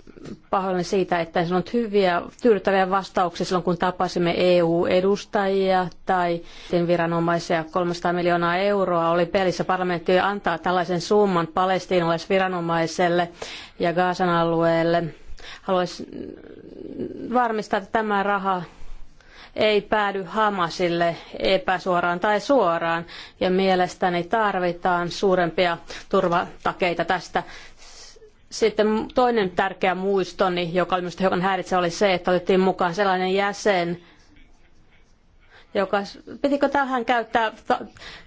S2: pahoillani siitä, että en sanonut hyviä, tyydyttäviä vastauksia silloin, kun tapasimme EU-edustajia tai viranomaisia. 300 miljoonaa euroa oli pelissä. Parlamentti antaa tällaisen summan palestiinalaisviranomaiselle ja Gaasan alueelle. Haluaisin varmistaa, että tämä raha ei päädy Hamasille epäsuoraan tai suoraan, ja mielestäni tarvitaan suurempia turvatakeita tästä. Sitten toinen tärkeä muistoni, joka oli minusta hiukan häiritsevä, oli se, että otettiin mukaan sellainen jäsen, joka, pitikö tähän käyttää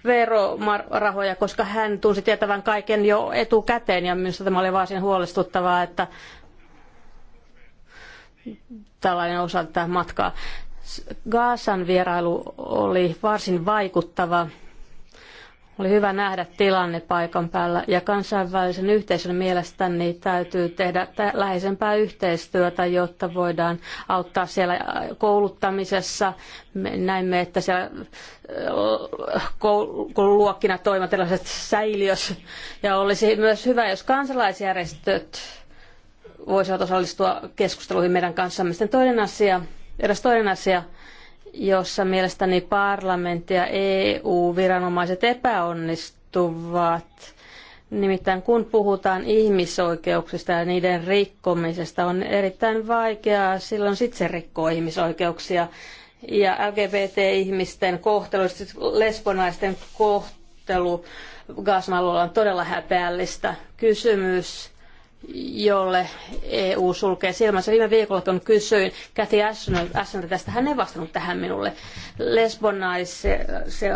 S2: verorahoja, koska hän tunsi tietävän kaiken jo etukäteen ja minusta tämä oli varsin huolestuttavaa, että tällainen osa tätä matkaa. Gaasan vierailu oli varsin vaikuttava oli hyvä nähdä tilanne paikan päällä ja kansainvälisen yhteisön mielestä niin täytyy tehdä läheisempää yhteistyötä, jotta voidaan auttaa siellä kouluttamisessa. näimme, että siellä koululuokkina toimivat tällaiset säiliös ja olisi myös hyvä, jos kansalaisjärjestöt voisivat osallistua keskusteluihin meidän kanssamme. Sitten toinen asia, eräs toinen asia, jossa mielestäni parlamentti ja EU-viranomaiset epäonnistuvat. Nimittäin kun puhutaan ihmisoikeuksista ja niiden rikkomisesta, on erittäin vaikeaa silloin itse rikkoa ihmisoikeuksia. Ja LGBT-ihmisten kohtelu, siis lesbonaisten kohtelu Gasmalulla on todella häpeällistä. Kysymys jolle EU sulkee silmänsä. Viime viikolla kun kysyin Cathy Ashtonilta tästä, hän ei vastannut tähän minulle. Lesbon se, se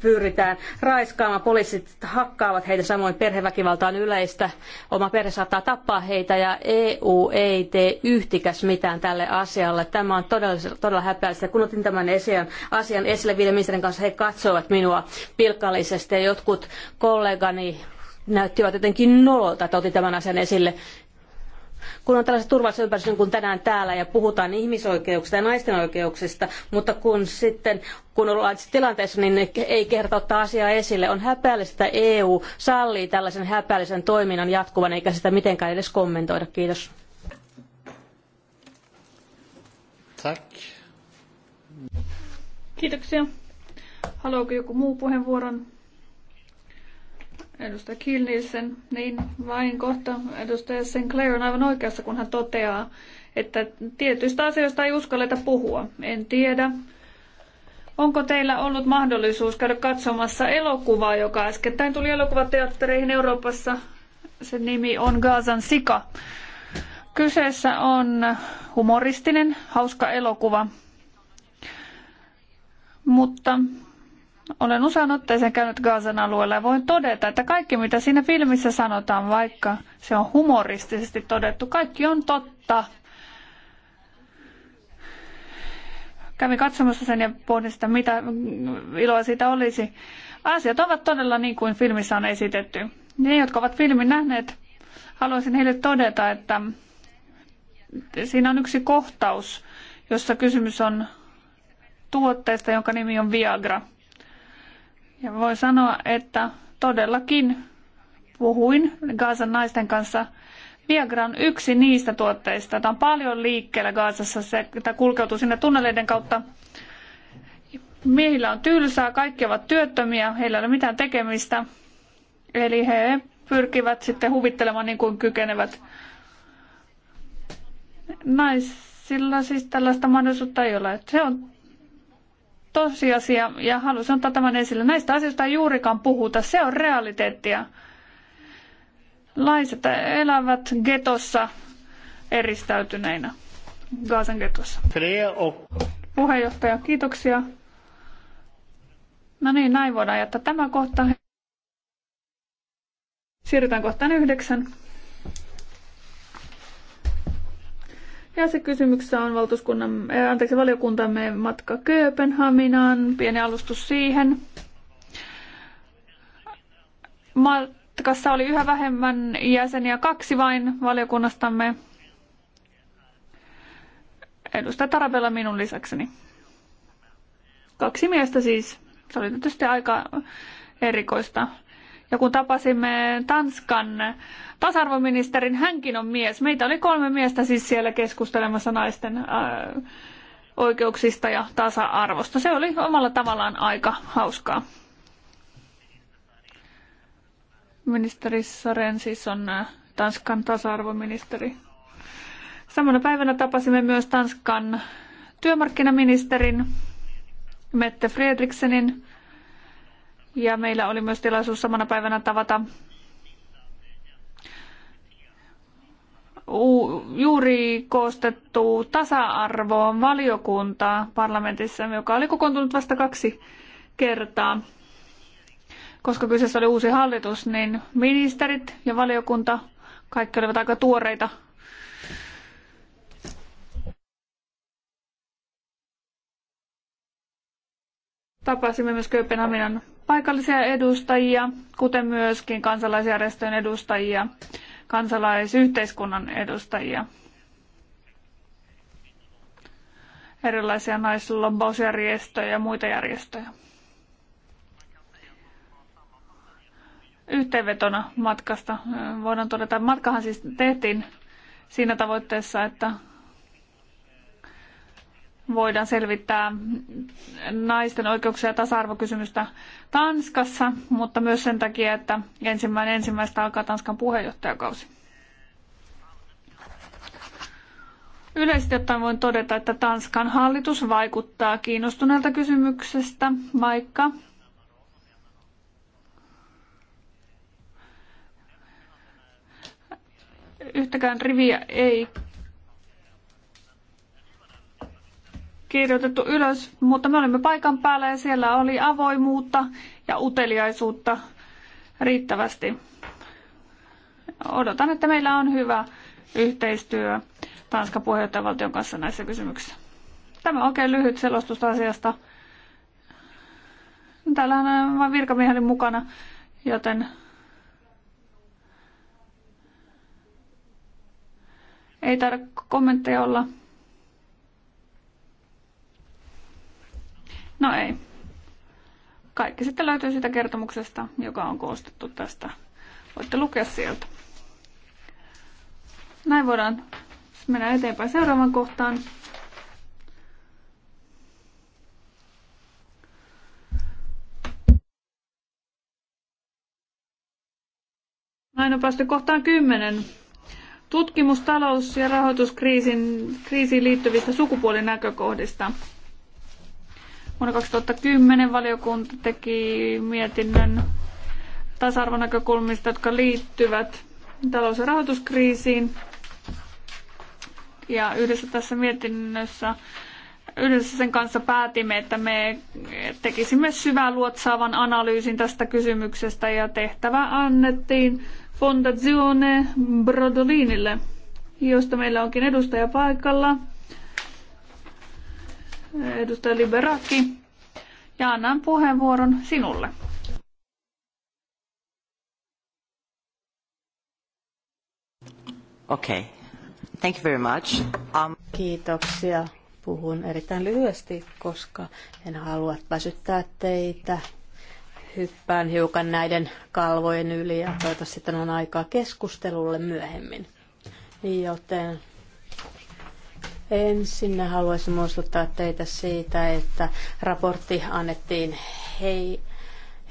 S2: pyritään raiskaamaan, poliisit hakkaavat heitä, samoin perheväkivalta on yleistä, oma perhe saattaa tappaa heitä ja EU ei tee yhtikäs mitään tälle asialle. Tämä on todella, todella häpeällistä. Kun otin tämän asian, asian esille viiden ministerin kanssa, he katsoivat minua pilkallisesti ja jotkut kollegani näyttivät jotenkin nololta, että otin tämän asian esille. Kun on tällaiset turvalliset ympäristö, kuin tänään täällä, ja puhutaan ihmisoikeuksista ja naisten oikeuksista, mutta kun sitten kun ollaan tilanteessa, niin ei kerta ottaa asiaa esille. On häpeällistä, että EU sallii tällaisen häpeällisen toiminnan jatkuvan, eikä sitä mitenkään edes kommentoida. Kiitos.
S1: Tack.
S4: Kiitoksia. Haluaako joku muu puheenvuoron? Edustaja Kilnilsen, niin vain kohta edustaja Sinclair on aivan oikeassa, kun hän toteaa, että tietyistä asioista ei uskalleta puhua. En tiedä, Onko teillä ollut mahdollisuus käydä katsomassa elokuvaa, joka äskettäin tuli elokuvateattereihin Euroopassa? Sen nimi on Gazan Sika. Kyseessä on humoristinen, hauska elokuva. Mutta olen usein otteeseen käynyt Gazan alueella ja voin todeta, että kaikki mitä siinä filmissä sanotaan, vaikka se on humoristisesti todettu, kaikki on totta. Kävin katsomassa sen ja pohdin sitä, mitä iloa siitä olisi. Asiat ovat todella niin kuin filmissä on esitetty. Ne, jotka ovat filmin nähneet, haluaisin heille todeta, että siinä on yksi kohtaus, jossa kysymys on tuotteesta, jonka nimi on Viagra – ja voi sanoa, että todellakin puhuin Gaasan naisten kanssa. Viagra on yksi niistä tuotteista, joita on paljon liikkeellä Gaasassa, se, että kulkeutuu sinne tunneleiden kautta. Miehillä on tylsää, kaikki ovat työttömiä, heillä ei ole mitään tekemistä. Eli he pyrkivät sitten huvittelemaan niin kuin kykenevät. Naisilla siis tällaista mahdollisuutta ei ole. Se on tosiasia ja halusin ottaa tämän esille. Näistä asioista ei juurikaan puhuta, se on realiteettia. Laiset elävät getossa eristäytyneinä. Gaasan getossa. Puheenjohtaja, kiitoksia. No niin, näin voidaan jättää tämä kohta. Siirrytään kohtaan yhdeksän. Ja se kysymyksessä on valtuuskunnan, eh, anteeksi, valiokuntamme matka Kööpenhaminaan, pieni alustus siihen. Matkassa oli yhä vähemmän jäseniä, kaksi vain valiokunnastamme. Edustaja Tarabella minun lisäkseni. Kaksi miestä siis. Se oli tietysti aika erikoista. Ja kun tapasimme Tanskan tasa-arvoministerin, hänkin on mies. Meitä oli kolme miestä siis siellä keskustelemassa naisten ää, äh, oikeuksista ja tasa-arvosta. Se oli omalla tavallaan aika hauskaa. Ministeri Saren siis on äh, Tanskan tasa-arvoministeri. Samana päivänä tapasimme myös Tanskan työmarkkinaministerin Mette Fredriksenin ja meillä oli myös tilaisuus samana päivänä tavata juuri koostettu tasa-arvoon valiokunta parlamentissa, joka oli kokoontunut vasta kaksi kertaa. Koska kyseessä oli uusi hallitus, niin ministerit ja valiokunta, kaikki olivat aika tuoreita Tapasimme myös Kööpenhaminan paikallisia edustajia, kuten myöskin kansalaisjärjestöjen edustajia, kansalaisyhteiskunnan edustajia. erilaisia naislobbausjärjestöjä ja muita järjestöjä. Yhteenvetona matkasta eh, voidaan todeta, matkahan siis tehtiin siinä tavoitteessa, että voidaan selvittää naisten oikeuksia ja tasa-arvokysymystä Tanskassa, mutta myös sen takia, että ensimmäinen ensimmäistä alkaa Tanskan puheenjohtajakausi. Yleisesti ottaen voin todeta, että Tanskan hallitus vaikuttaa kiinnostuneelta kysymyksestä, vaikka yhtäkään riviä ei kirjoitettu ylös, mutta me olimme paikan päällä ja siellä oli avoimuutta ja uteliaisuutta riittävästi. Odotan, että meillä on hyvä yhteistyö Tanskan puheenjohtajavaltion kanssa näissä kysymyksissä. Tämä on oikein lyhyt selostus asiasta. Täällä on äh, vain virkamieheni mukana, joten ei tarvitse kommentteja olla. No ei. Kaikki sitten löytyy siitä kertomuksesta, joka on koostettu tästä. Voitte lukea sieltä. Näin voidaan mennä eteenpäin seuraavaan kohtaan. Näin on päästy kohtaan 10. Tutkimus talous- ja rahoituskriisiin liittyvistä sukupuolinäkökohdista. Vuonna 2010 valiokunta teki mietinnön tasa-arvonäkökulmista, jotka liittyvät talous- ja rahoituskriisiin. Ja yhdessä tässä mietinnössä yhdessä sen kanssa päätimme, että me tekisimme syvää luotsaavan analyysin tästä kysymyksestä ja tehtävä annettiin Fondazione Brodolinille, josta meillä onkin edustaja paikalla edustaja Liberaki, ja annan puheenvuoron sinulle.
S5: Okei. Okay. Thank you very much.
S2: Um... Kiitoksia. Puhun erittäin lyhyesti, koska en halua väsyttää teitä. Hyppään hiukan näiden kalvojen yli ja toivottavasti sitten on aikaa keskustelulle myöhemmin. Joten Ensin haluaisin muistuttaa teitä siitä, että raportti annettiin hei,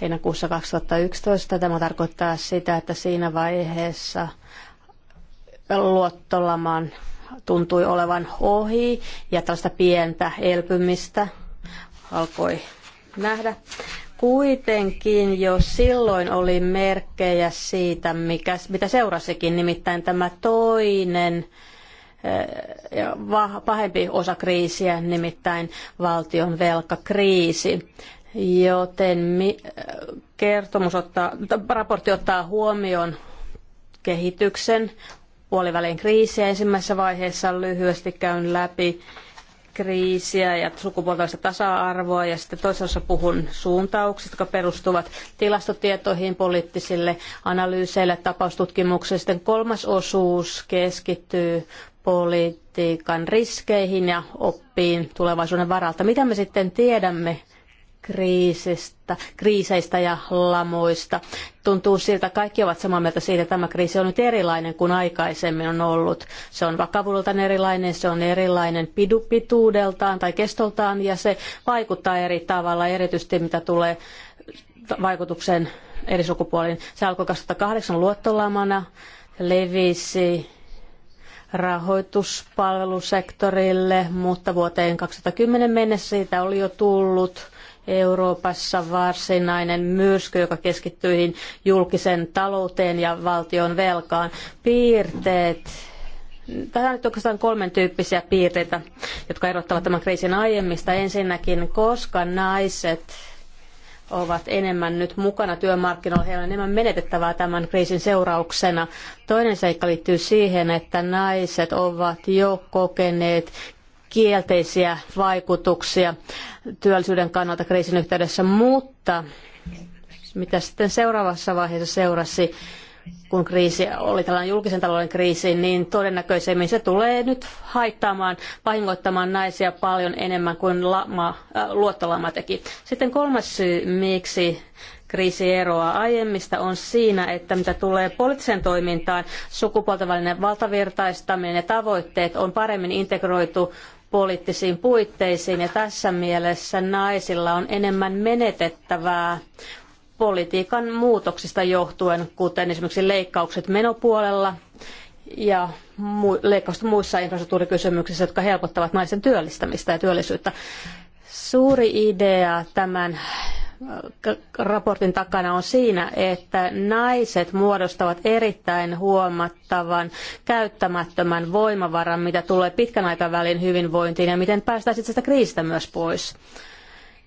S2: heinäkuussa 2011. Tämä tarkoittaa sitä, että siinä vaiheessa luottolaman tuntui olevan ohi ja tällaista pientä elpymistä alkoi nähdä. Kuitenkin jo silloin oli merkkejä siitä, mikä, mitä seurasikin, nimittäin tämä toinen ja pahempi osa kriisiä, nimittäin valtion velkakriisi. Joten kertomus ottaa, raportti ottaa huomioon kehityksen puolivälin kriisiä. Ensimmäisessä vaiheessa lyhyesti käyn läpi kriisiä ja sukupuolta tasa-arvoa ja sitten toisessa puhun suuntauksista, jotka perustuvat tilastotietoihin, poliittisille analyyseille, tapaustutkimuksille. Sitten kolmas osuus keskittyy politiikan riskeihin ja oppiin tulevaisuuden varalta. Mitä me sitten tiedämme kriisistä, kriiseistä ja lamoista? Tuntuu siltä, kaikki ovat samaa mieltä siitä, että tämä kriisi on nyt erilainen kuin aikaisemmin on ollut. Se on vakavuudeltaan erilainen, se on erilainen pituudeltaan tai kestoltaan ja se vaikuttaa eri tavalla, erityisesti mitä tulee vaikutukseen eri sukupuoliin. Se alkoi 2008 luottolamana, levisi rahoituspalvelusektorille, mutta vuoteen 2010 mennessä siitä oli jo tullut Euroopassa varsinainen myrsky, joka keskittyi julkisen talouteen ja valtion velkaan. Piirteet Tähän on nyt oikeastaan kolmen tyyppisiä piirteitä, jotka erottavat tämän kriisin aiemmista. Ensinnäkin, koska naiset ovat enemmän nyt mukana työmarkkinoilla, heillä on enemmän menetettävää tämän kriisin seurauksena. Toinen seikka liittyy siihen, että naiset ovat jo kokeneet kielteisiä vaikutuksia työllisyyden kannalta kriisin yhteydessä, mutta mitä sitten seuraavassa vaiheessa seurasi, kun kriisi oli tällainen julkisen talouden kriisi, niin todennäköisemmin se tulee nyt haittaamaan, vahingoittamaan naisia paljon enemmän kuin lama, äh, luottolama teki. Sitten kolmas syy, miksi kriisi eroaa aiemmista, on siinä, että mitä tulee poliittiseen toimintaan, sukupuolten välinen valtavirtaistaminen ja tavoitteet on paremmin integroitu poliittisiin puitteisiin ja tässä mielessä naisilla on enemmän menetettävää politiikan muutoksista johtuen, kuten esimerkiksi leikkaukset menopuolella ja leikkaukset muissa infrastruktuurikysymyksissä, jotka helpottavat naisten työllistämistä ja työllisyyttä. Suuri idea tämän äh, raportin takana on siinä, että naiset muodostavat erittäin huomattavan käyttämättömän voimavaran, mitä tulee pitkän aikavälin hyvinvointiin ja miten päästäisiin tästä kriisistä myös pois.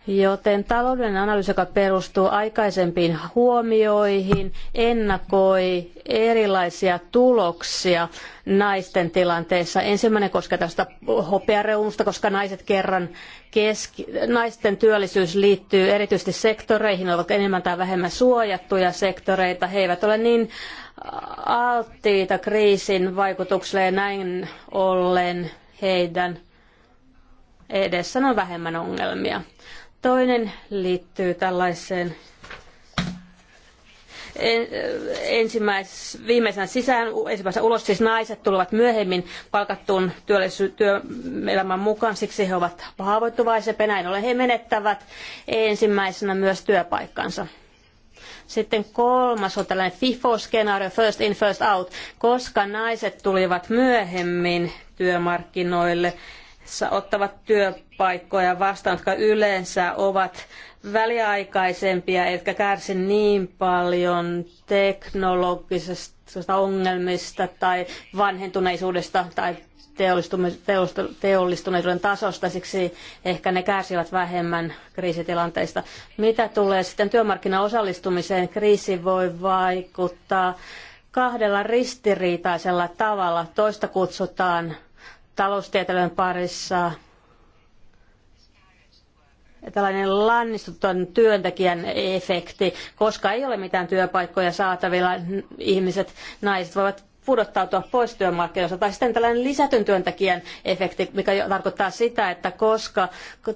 S2: Joten taloudellinen analyysi, joka perustuu aikaisempiin huomioihin, ennakoi erilaisia tuloksia naisten tilanteessa. Ensimmäinen koskee tästä hopeareunusta, koska naiset kerran keski, naisten työllisyys liittyy erityisesti sektoreihin, ne ovat enemmän tai vähemmän suojattuja sektoreita. He eivät ole niin alttiita kriisin vaikutukselle ja näin ollen heidän edessään on vähemmän ongelmia. Toinen liittyy tällaiseen ensimmäis, viimeisenä sisään, ensimmäisenä ulos, siis naiset tulevat myöhemmin palkattuun työelämän mukaan, siksi he ovat haavoittuvaisempia, näin ollen he menettävät ensimmäisenä myös työpaikkansa. Sitten kolmas on tällainen FIFO-skenaario, first in, first out, koska naiset tulivat myöhemmin työmarkkinoille, ottavat työpaikkoja vastaan, jotka yleensä ovat väliaikaisempia, etkä kärsi niin paljon teknologisesta ongelmista tai vanhentuneisuudesta tai teollistuneisuuden tasosta, siksi ehkä ne kärsivät vähemmän kriisitilanteista. Mitä tulee sitten työmarkkinaosallistumiseen, kriisi voi vaikuttaa kahdella ristiriitaisella tavalla. Toista kutsutaan taloustieteilijöiden parissa. Tällainen lannistuton työntekijän efekti, koska ei ole mitään työpaikkoja saatavilla, ihmiset, naiset voivat pudottautua pois työmarkkinoilta. Tai sitten tällainen lisätyn työntekijän efekti, mikä tarkoittaa sitä, että koska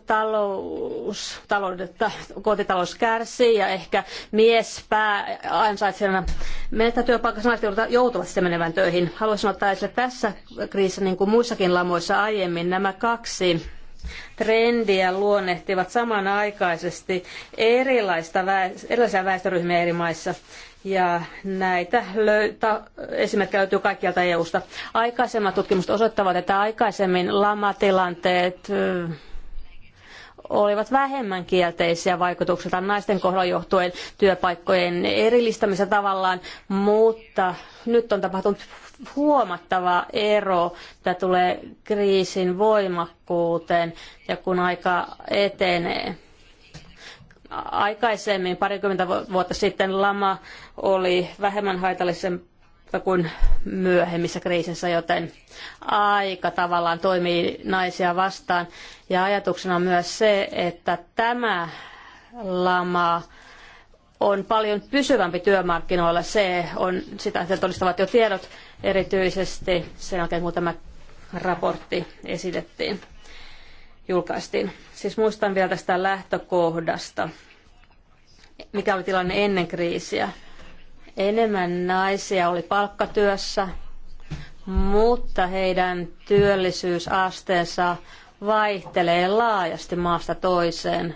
S2: talous, taloudet, kotitalous kärsii ja ehkä mies pää ansaitsijana menettää työpaikassa, naiset joutuvat sitten menevän töihin. Haluaisin ottaa esille tässä kriisissä, niin kuin muissakin lamoissa aiemmin, nämä kaksi trendiä luonnehtivat samanaikaisesti erilaista erilaisia väestöryhmiä eri maissa. Ja näitä löytä, esimerkkejä löytyy kaikkialta EU-sta. Aikaisemmat tutkimukset osoittavat, että aikaisemmin lamatilanteet olivat vähemmän kielteisiä vaikutuksia naisten kohdalla johtuen työpaikkojen erillistämisen tavallaan, mutta nyt on tapahtunut huomattava ero, mitä tulee kriisin voimakkuuteen ja kun aika etenee aikaisemmin, parikymmentä vuotta sitten, lama oli vähemmän haitallisempaa kuin myöhemmissä kriisissä, joten aika tavallaan toimii naisia vastaan. Ja ajatuksena on myös se, että tämä lama on paljon pysyvämpi työmarkkinoilla. Se on, sitä se todistavat jo tiedot erityisesti sen jälkeen, kun tämä raportti esitettiin julkaistiin. Siis muistan vielä tästä lähtökohdasta, mikä oli tilanne ennen kriisiä. Enemmän naisia oli palkkatyössä, mutta heidän työllisyysasteensa vaihtelee laajasti maasta toiseen.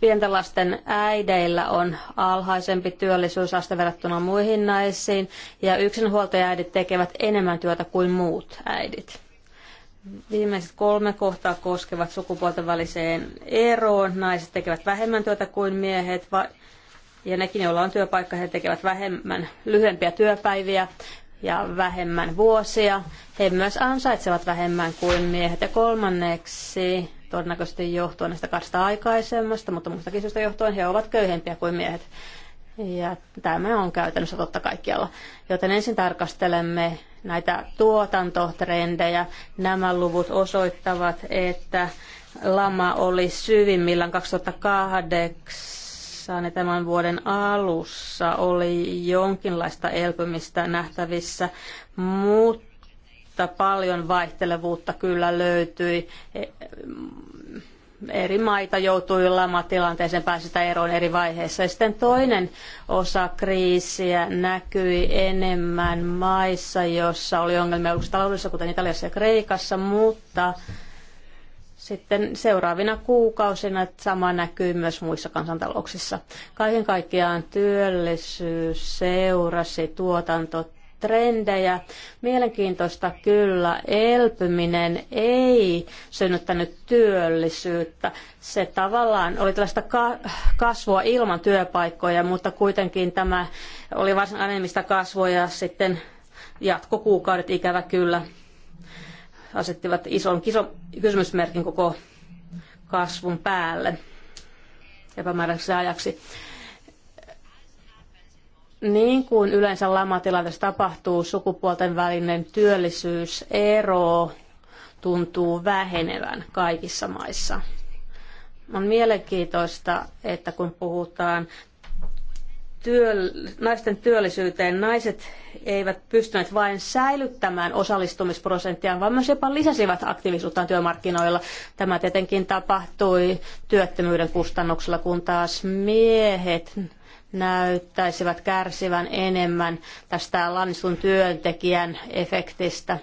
S2: pienten lasten äideillä on alhaisempi työllisyysaste verrattuna muihin naisiin ja yksinhuoltajaäidit tekevät enemmän työtä kuin muut äidit. Viimeiset kolme kohtaa koskevat sukupuolten väliseen eroon. Naiset tekevät vähemmän työtä kuin miehet ja nekin, joilla on työpaikka, he tekevät vähemmän lyhyempiä työpäiviä ja vähemmän vuosia. He myös ansaitsevat vähemmän kuin miehet. Ja kolmanneksi todennäköisesti johtuen näistä kahdesta aikaisemmasta, mutta muistakin syystä johtuen he ovat köyhempiä kuin miehet. Ja tämä on käytännössä totta kaikkialla. Joten ensin tarkastelemme näitä tuotantotrendejä. Nämä luvut osoittavat, että lama oli syvimmillään 2008 ja tämän vuoden alussa oli jonkinlaista elpymistä nähtävissä, mutta mutta paljon vaihtelevuutta kyllä löytyi. E, eri maita joutui lamatilanteeseen päästä eroon eri vaiheissa. Ja sitten toinen osa kriisiä näkyi enemmän maissa, joissa oli ongelmia taloudessa, kuten Italiassa ja Kreikassa, mutta sitten seuraavina kuukausina että sama näkyy myös muissa kansantalouksissa. Kaiken kaikkiaan työllisyys seurasi tuotanto trendejä. Mielenkiintoista kyllä, elpyminen ei synnyttänyt työllisyyttä. Se tavallaan oli tällaista kasvua ilman työpaikkoja, mutta kuitenkin tämä oli varsin anemista kasvua ja sitten jatkokuukaudet ikävä kyllä asettivat ison kiso, kysymysmerkin koko kasvun päälle epämääräiseksi ajaksi niin kuin yleensä lamatilanteessa tapahtuu, sukupuolten välinen työllisyysero tuntuu vähenevän kaikissa maissa. On mielenkiintoista, että kun puhutaan työl- naisten työllisyyteen, naiset eivät pystyneet vain säilyttämään osallistumisprosenttia, vaan myös jopa lisäsivät aktiivisuuttaan työmarkkinoilla. Tämä tietenkin tapahtui työttömyyden kustannuksella, kun taas miehet näyttäisivät kärsivän enemmän tästä lansun työntekijän efektistä.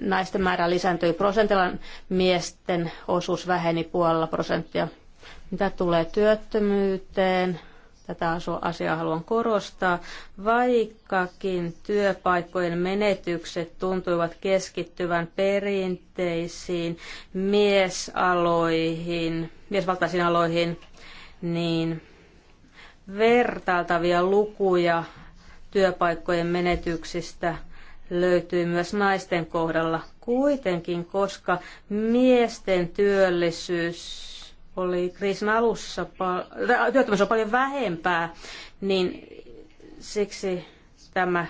S2: Naisten määrä lisääntyi prosentilla, miesten osuus väheni puolella prosenttia. Mitä tulee työttömyyteen, tätä asiaa haluan korostaa, vaikkakin työpaikkojen menetykset tuntuivat keskittyvän perinteisiin miesaloihin, miesvaltaisiin aloihin, niin vertailtavia lukuja työpaikkojen menetyksistä löytyy myös naisten kohdalla. Kuitenkin, koska miesten työllisyys oli kriisin alussa, työttömyys on paljon vähempää, niin siksi tämä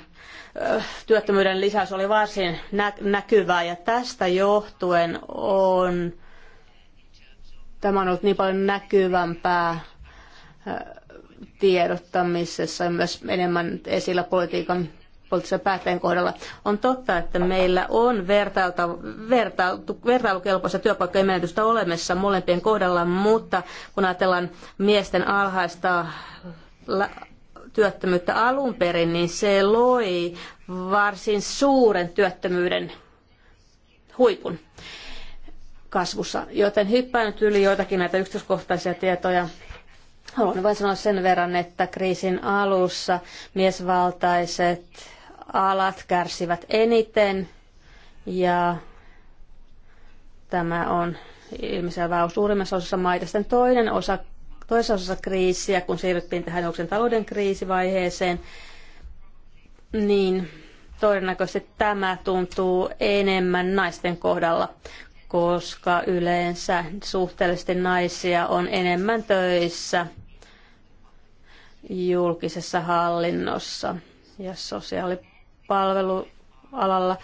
S2: työttömyyden lisäys oli varsin näkyvää ja tästä johtuen on tämä on ollut niin paljon näkyvämpää tiedottamisessa ja myös enemmän esillä politiikan poliittisen päättäjän kohdalla. On totta, että meillä on vertailukelpoista työpaikkojen menetystä olemassa molempien kohdalla, mutta kun ajatellaan miesten alhaista työttömyyttä alun perin, niin se loi varsin suuren työttömyyden huipun kasvussa. Joten hyppään nyt yli joitakin näitä yksityiskohtaisia tietoja Haluan vain sanoa sen verran, että kriisin alussa miesvaltaiset alat kärsivät eniten ja tämä on ilmiselvää suurimmassa osassa maita. Sitten toinen osa, toisessa osassa kriisiä, kun siirryttiin tähän julkisen talouden kriisivaiheeseen, niin todennäköisesti tämä tuntuu enemmän naisten kohdalla, koska yleensä suhteellisesti naisia on enemmän töissä – julkisessa hallinnossa ja sosiaalipalvelualalla.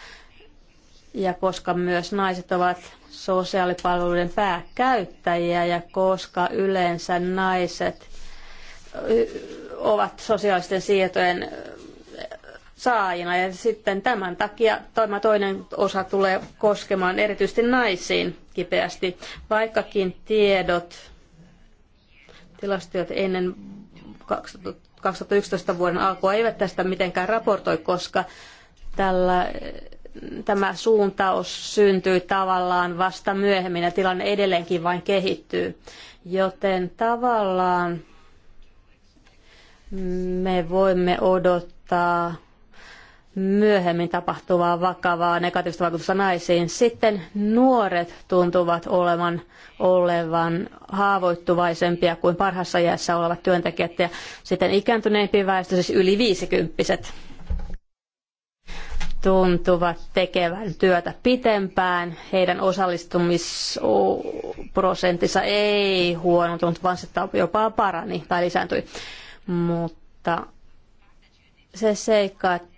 S2: Ja koska myös naiset ovat sosiaalipalveluiden pääkäyttäjiä ja koska yleensä naiset ovat sosiaalisten sietojen saajina. Ja sitten tämän takia tämä toinen osa tulee koskemaan erityisesti naisiin kipeästi, vaikkakin tiedot, tilastot ennen 2011 vuoden alkua eivät tästä mitenkään raportoi, koska tällä, tämä suuntaus syntyy tavallaan vasta myöhemmin ja tilanne edelleenkin vain kehittyy. Joten tavallaan me voimme odottaa myöhemmin tapahtuvaa vakavaa negatiivista vaikutusta naisiin. Sitten nuoret tuntuvat olevan, olevan haavoittuvaisempia kuin parhassa iässä olevat työntekijät ja sitten ikääntyneempi väestö, siis yli viisikymppiset tuntuvat tekevän työtä pitempään. Heidän osallistumisprosenttinsa ei huonontunut, vaan se jopa parani tai lisääntyi. Mutta se seikka, että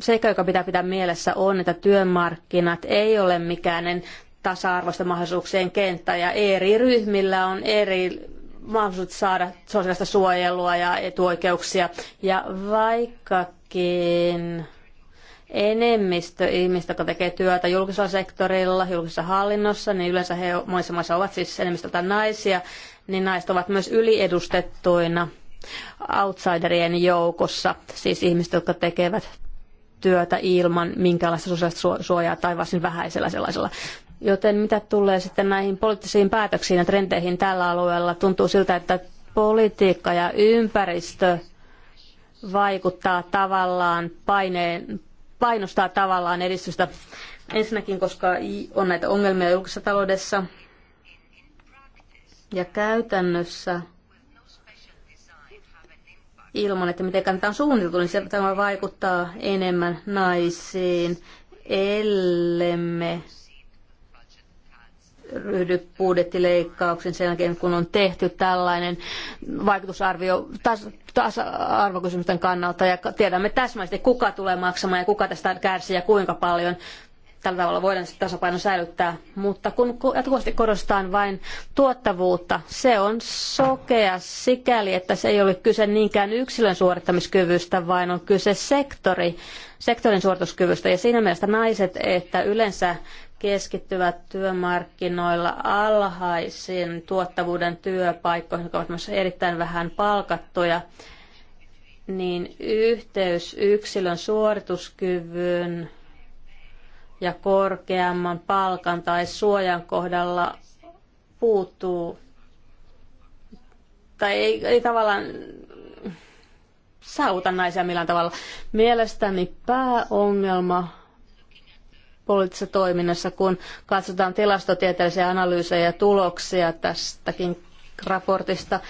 S2: seikka, joka pitää pitää mielessä, on, että työmarkkinat ei ole mikään tasa arvoisten mahdollisuuksien kenttä ja eri ryhmillä on eri mahdollisuudet saada sosiaalista suojelua ja etuoikeuksia. Ja vaikkakin enemmistö ihmistä, jotka tekee työtä julkisella sektorilla, julkisessa hallinnossa, niin yleensä he monissa maissa ovat siis enemmistöltä naisia, niin naiset ovat myös yliedustettuina outsiderien joukossa, siis ihmiset, jotka tekevät työtä ilman minkäänlaista sosiaalista suojaa tai varsin vähäisellä sellaisella. Joten mitä tulee sitten näihin poliittisiin päätöksiin ja trendeihin tällä alueella, tuntuu siltä, että politiikka ja ympäristö vaikuttaa tavallaan paineen, painostaa tavallaan edistystä. Ensinnäkin, koska on näitä ongelmia julkisessa taloudessa ja käytännössä – ilman, että miten tämä on suunniteltu, niin se tämä vaikuttaa enemmän naisiin, ellemme ryhdy budjettileikkauksen sen jälkeen, kun on tehty tällainen vaikutusarvio tasa-arvokysymysten kannalta ja tiedämme täsmällisesti, kuka tulee maksamaan ja kuka tästä kärsii ja kuinka paljon tällä tavalla voidaan tasapaino säilyttää, mutta kun jatkuvasti korostaan vain tuottavuutta, se on sokea sikäli, että se ei ole kyse niinkään yksilön suorittamiskyvystä, vaan on kyse sektori, sektorin suorituskyvystä. Ja siinä mielessä naiset, että yleensä keskittyvät työmarkkinoilla alhaisin tuottavuuden työpaikkoihin, jotka ovat myös erittäin vähän palkattuja, niin yhteys yksilön suorituskyvyn ja korkeamman palkan tai suojan kohdalla puuttuu tai ei, ei tavallaan saavuta naisia millään tavalla. Mielestäni pääongelma poliittisessa toiminnassa, kun katsotaan tilastotieteellisiä analyysejä ja tuloksia tästäkin raportista,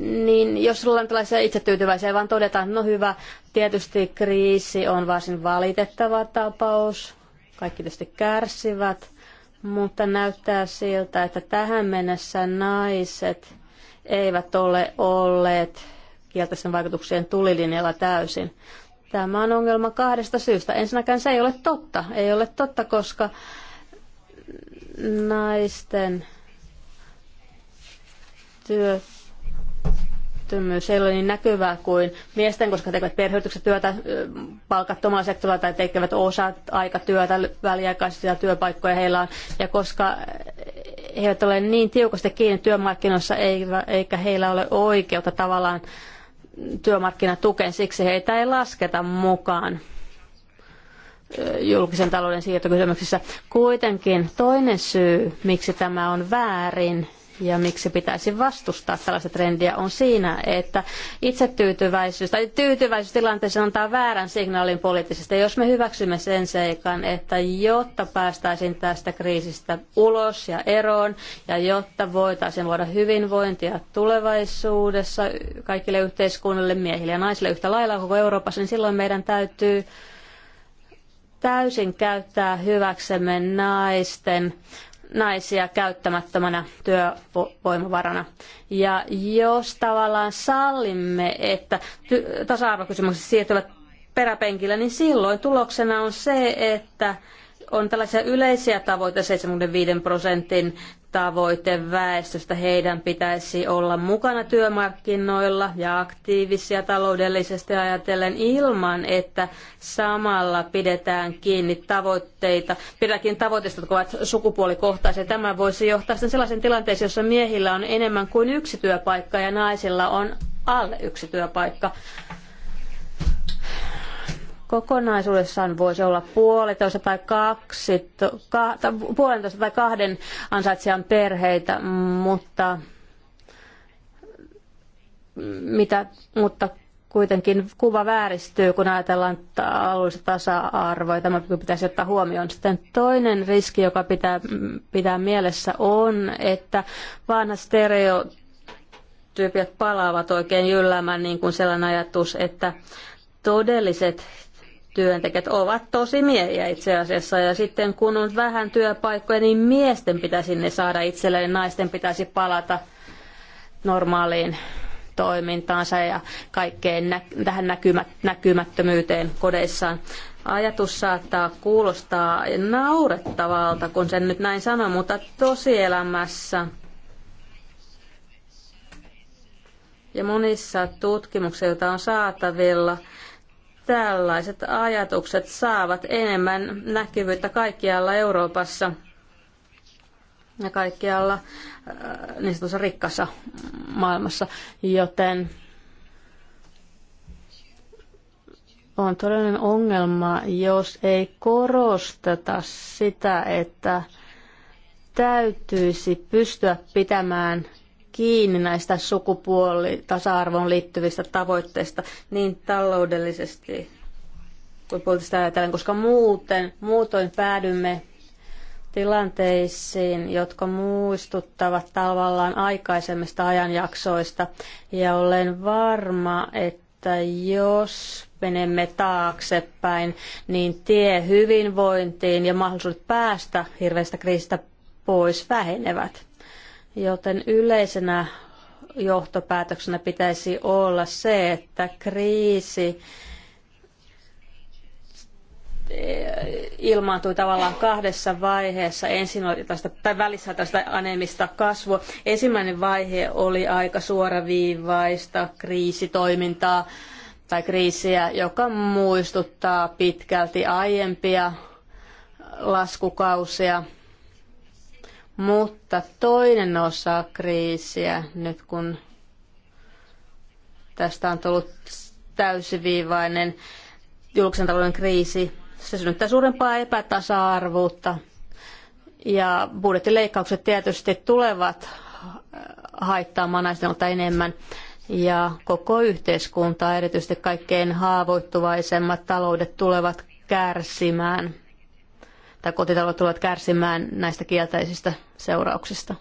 S2: niin jos ollaan tällaisia itsetyytyväisiä, vaan todetaan, että no hyvä, tietysti kriisi on varsin valitettava tapaus, kaikki tietysti kärsivät, mutta näyttää siltä, että tähän mennessä naiset eivät ole olleet kielteisen vaikutuksien tulilinjalla täysin. Tämä on ongelma kahdesta syystä. Ensinnäkään se ei ole totta. Ei ole totta, koska naisten työ työttömyys ei ole niin näkyvää kuin miesten, koska tekevät perheyrityksessä työtä palkattomalla sektorilla tai tekevät osa aikatyötä väliaikaisia työpaikkoja heillä on. Ja koska he eivät ole niin tiukasti kiinni työmarkkinoissa eikä heillä ole oikeutta tavallaan työmarkkinatukeen, siksi heitä ei lasketa mukaan julkisen talouden siirtokysymyksissä. Kuitenkin toinen syy, miksi tämä on väärin, ja miksi pitäisi vastustaa tällaista trendiä on siinä, että itsetyytyväisyys tai tyytyväisyys tilanteeseen antaa väärän signaalin poliittisesti. Jos me hyväksymme sen seikan, että jotta päästäisiin tästä kriisistä ulos ja eroon ja jotta voitaisiin luoda hyvinvointia tulevaisuudessa kaikille yhteiskunnille, miehille ja naisille yhtä lailla koko Euroopassa, niin silloin meidän täytyy täysin käyttää hyväksemme naisten naisia käyttämättömänä työvoimavarana. Ja jos tavallaan sallimme, että ty- tasa-arvokysymykset siirtyvät peräpenkillä, niin silloin tuloksena on se, että on tällaisia yleisiä tavoitteita 75 prosentin tavoite väestöstä. Heidän pitäisi olla mukana työmarkkinoilla ja aktiivisia taloudellisesti ajatellen ilman, että samalla pidetään kiinni tavoitteita, pidäkin tavoitteista, jotka ovat sukupuolikohtaisia. Tämä voisi johtaa sitten sellaisen tilanteeseen, jossa miehillä on enemmän kuin yksi työpaikka ja naisilla on alle yksi työpaikka kokonaisuudessaan voisi olla puolitoista tai kaksi, ka, tai puolentoista tai kahden ansaitsijan perheitä, mutta, mitä, mutta kuitenkin kuva vääristyy, kun ajatellaan alueellista tasa-arvoa. Tämä pitäisi ottaa huomioon. Sitten toinen riski, joka pitää pitää mielessä, on, että vanha tyypit palaavat oikein jylläämään niin kuin sellainen ajatus, että todelliset työntekijät ovat tosi miehiä itse asiassa. Ja sitten kun on vähän työpaikkoja, niin miesten pitäisi ne saada itselleen, niin naisten pitäisi palata normaaliin toimintaansa ja kaikkeen nä- tähän näkymät- näkymättömyyteen kodeissaan. Ajatus saattaa kuulostaa naurettavalta, kun sen nyt näin sanon, mutta tosielämässä ja monissa tutkimuksissa, joita on saatavilla, tällaiset ajatukset saavat enemmän näkyvyyttä kaikkialla Euroopassa ja kaikkialla äh, niin sanotussa rikkassa maailmassa, joten on todellinen ongelma, jos ei korosteta sitä, että täytyisi pystyä pitämään kiinni näistä sukupuolitasa-arvoon liittyvistä tavoitteista niin taloudellisesti kuin poliittisesti ajatellen, koska muuten, muutoin päädymme tilanteisiin, jotka muistuttavat tavallaan aikaisemmista ajanjaksoista. Ja olen varma, että jos menemme taaksepäin, niin tie hyvinvointiin ja mahdollisuudet päästä hirveästä kriisistä pois vähenevät. Joten yleisenä johtopäätöksenä pitäisi olla se, että kriisi eh, ilmaantui tavallaan kahdessa vaiheessa. Ensin oli tästä, tai välissä tästä anemista kasvua. Ensimmäinen vaihe oli aika suoraviivaista kriisitoimintaa tai kriisiä, joka muistuttaa pitkälti aiempia laskukausia – mutta toinen osa kriisiä, nyt kun tästä on tullut täysiviivainen julkisen talouden kriisi, se synnyttää suurempaa epätasa-arvuutta. Ja budjettileikkaukset tietysti tulevat äh, haittaamaan naisten enemmän ja koko yhteiskuntaa, erityisesti kaikkein haavoittuvaisemmat taloudet tulevat kärsimään tai kotitaloudet tulevat kärsimään näistä kielteisistä seurauksista.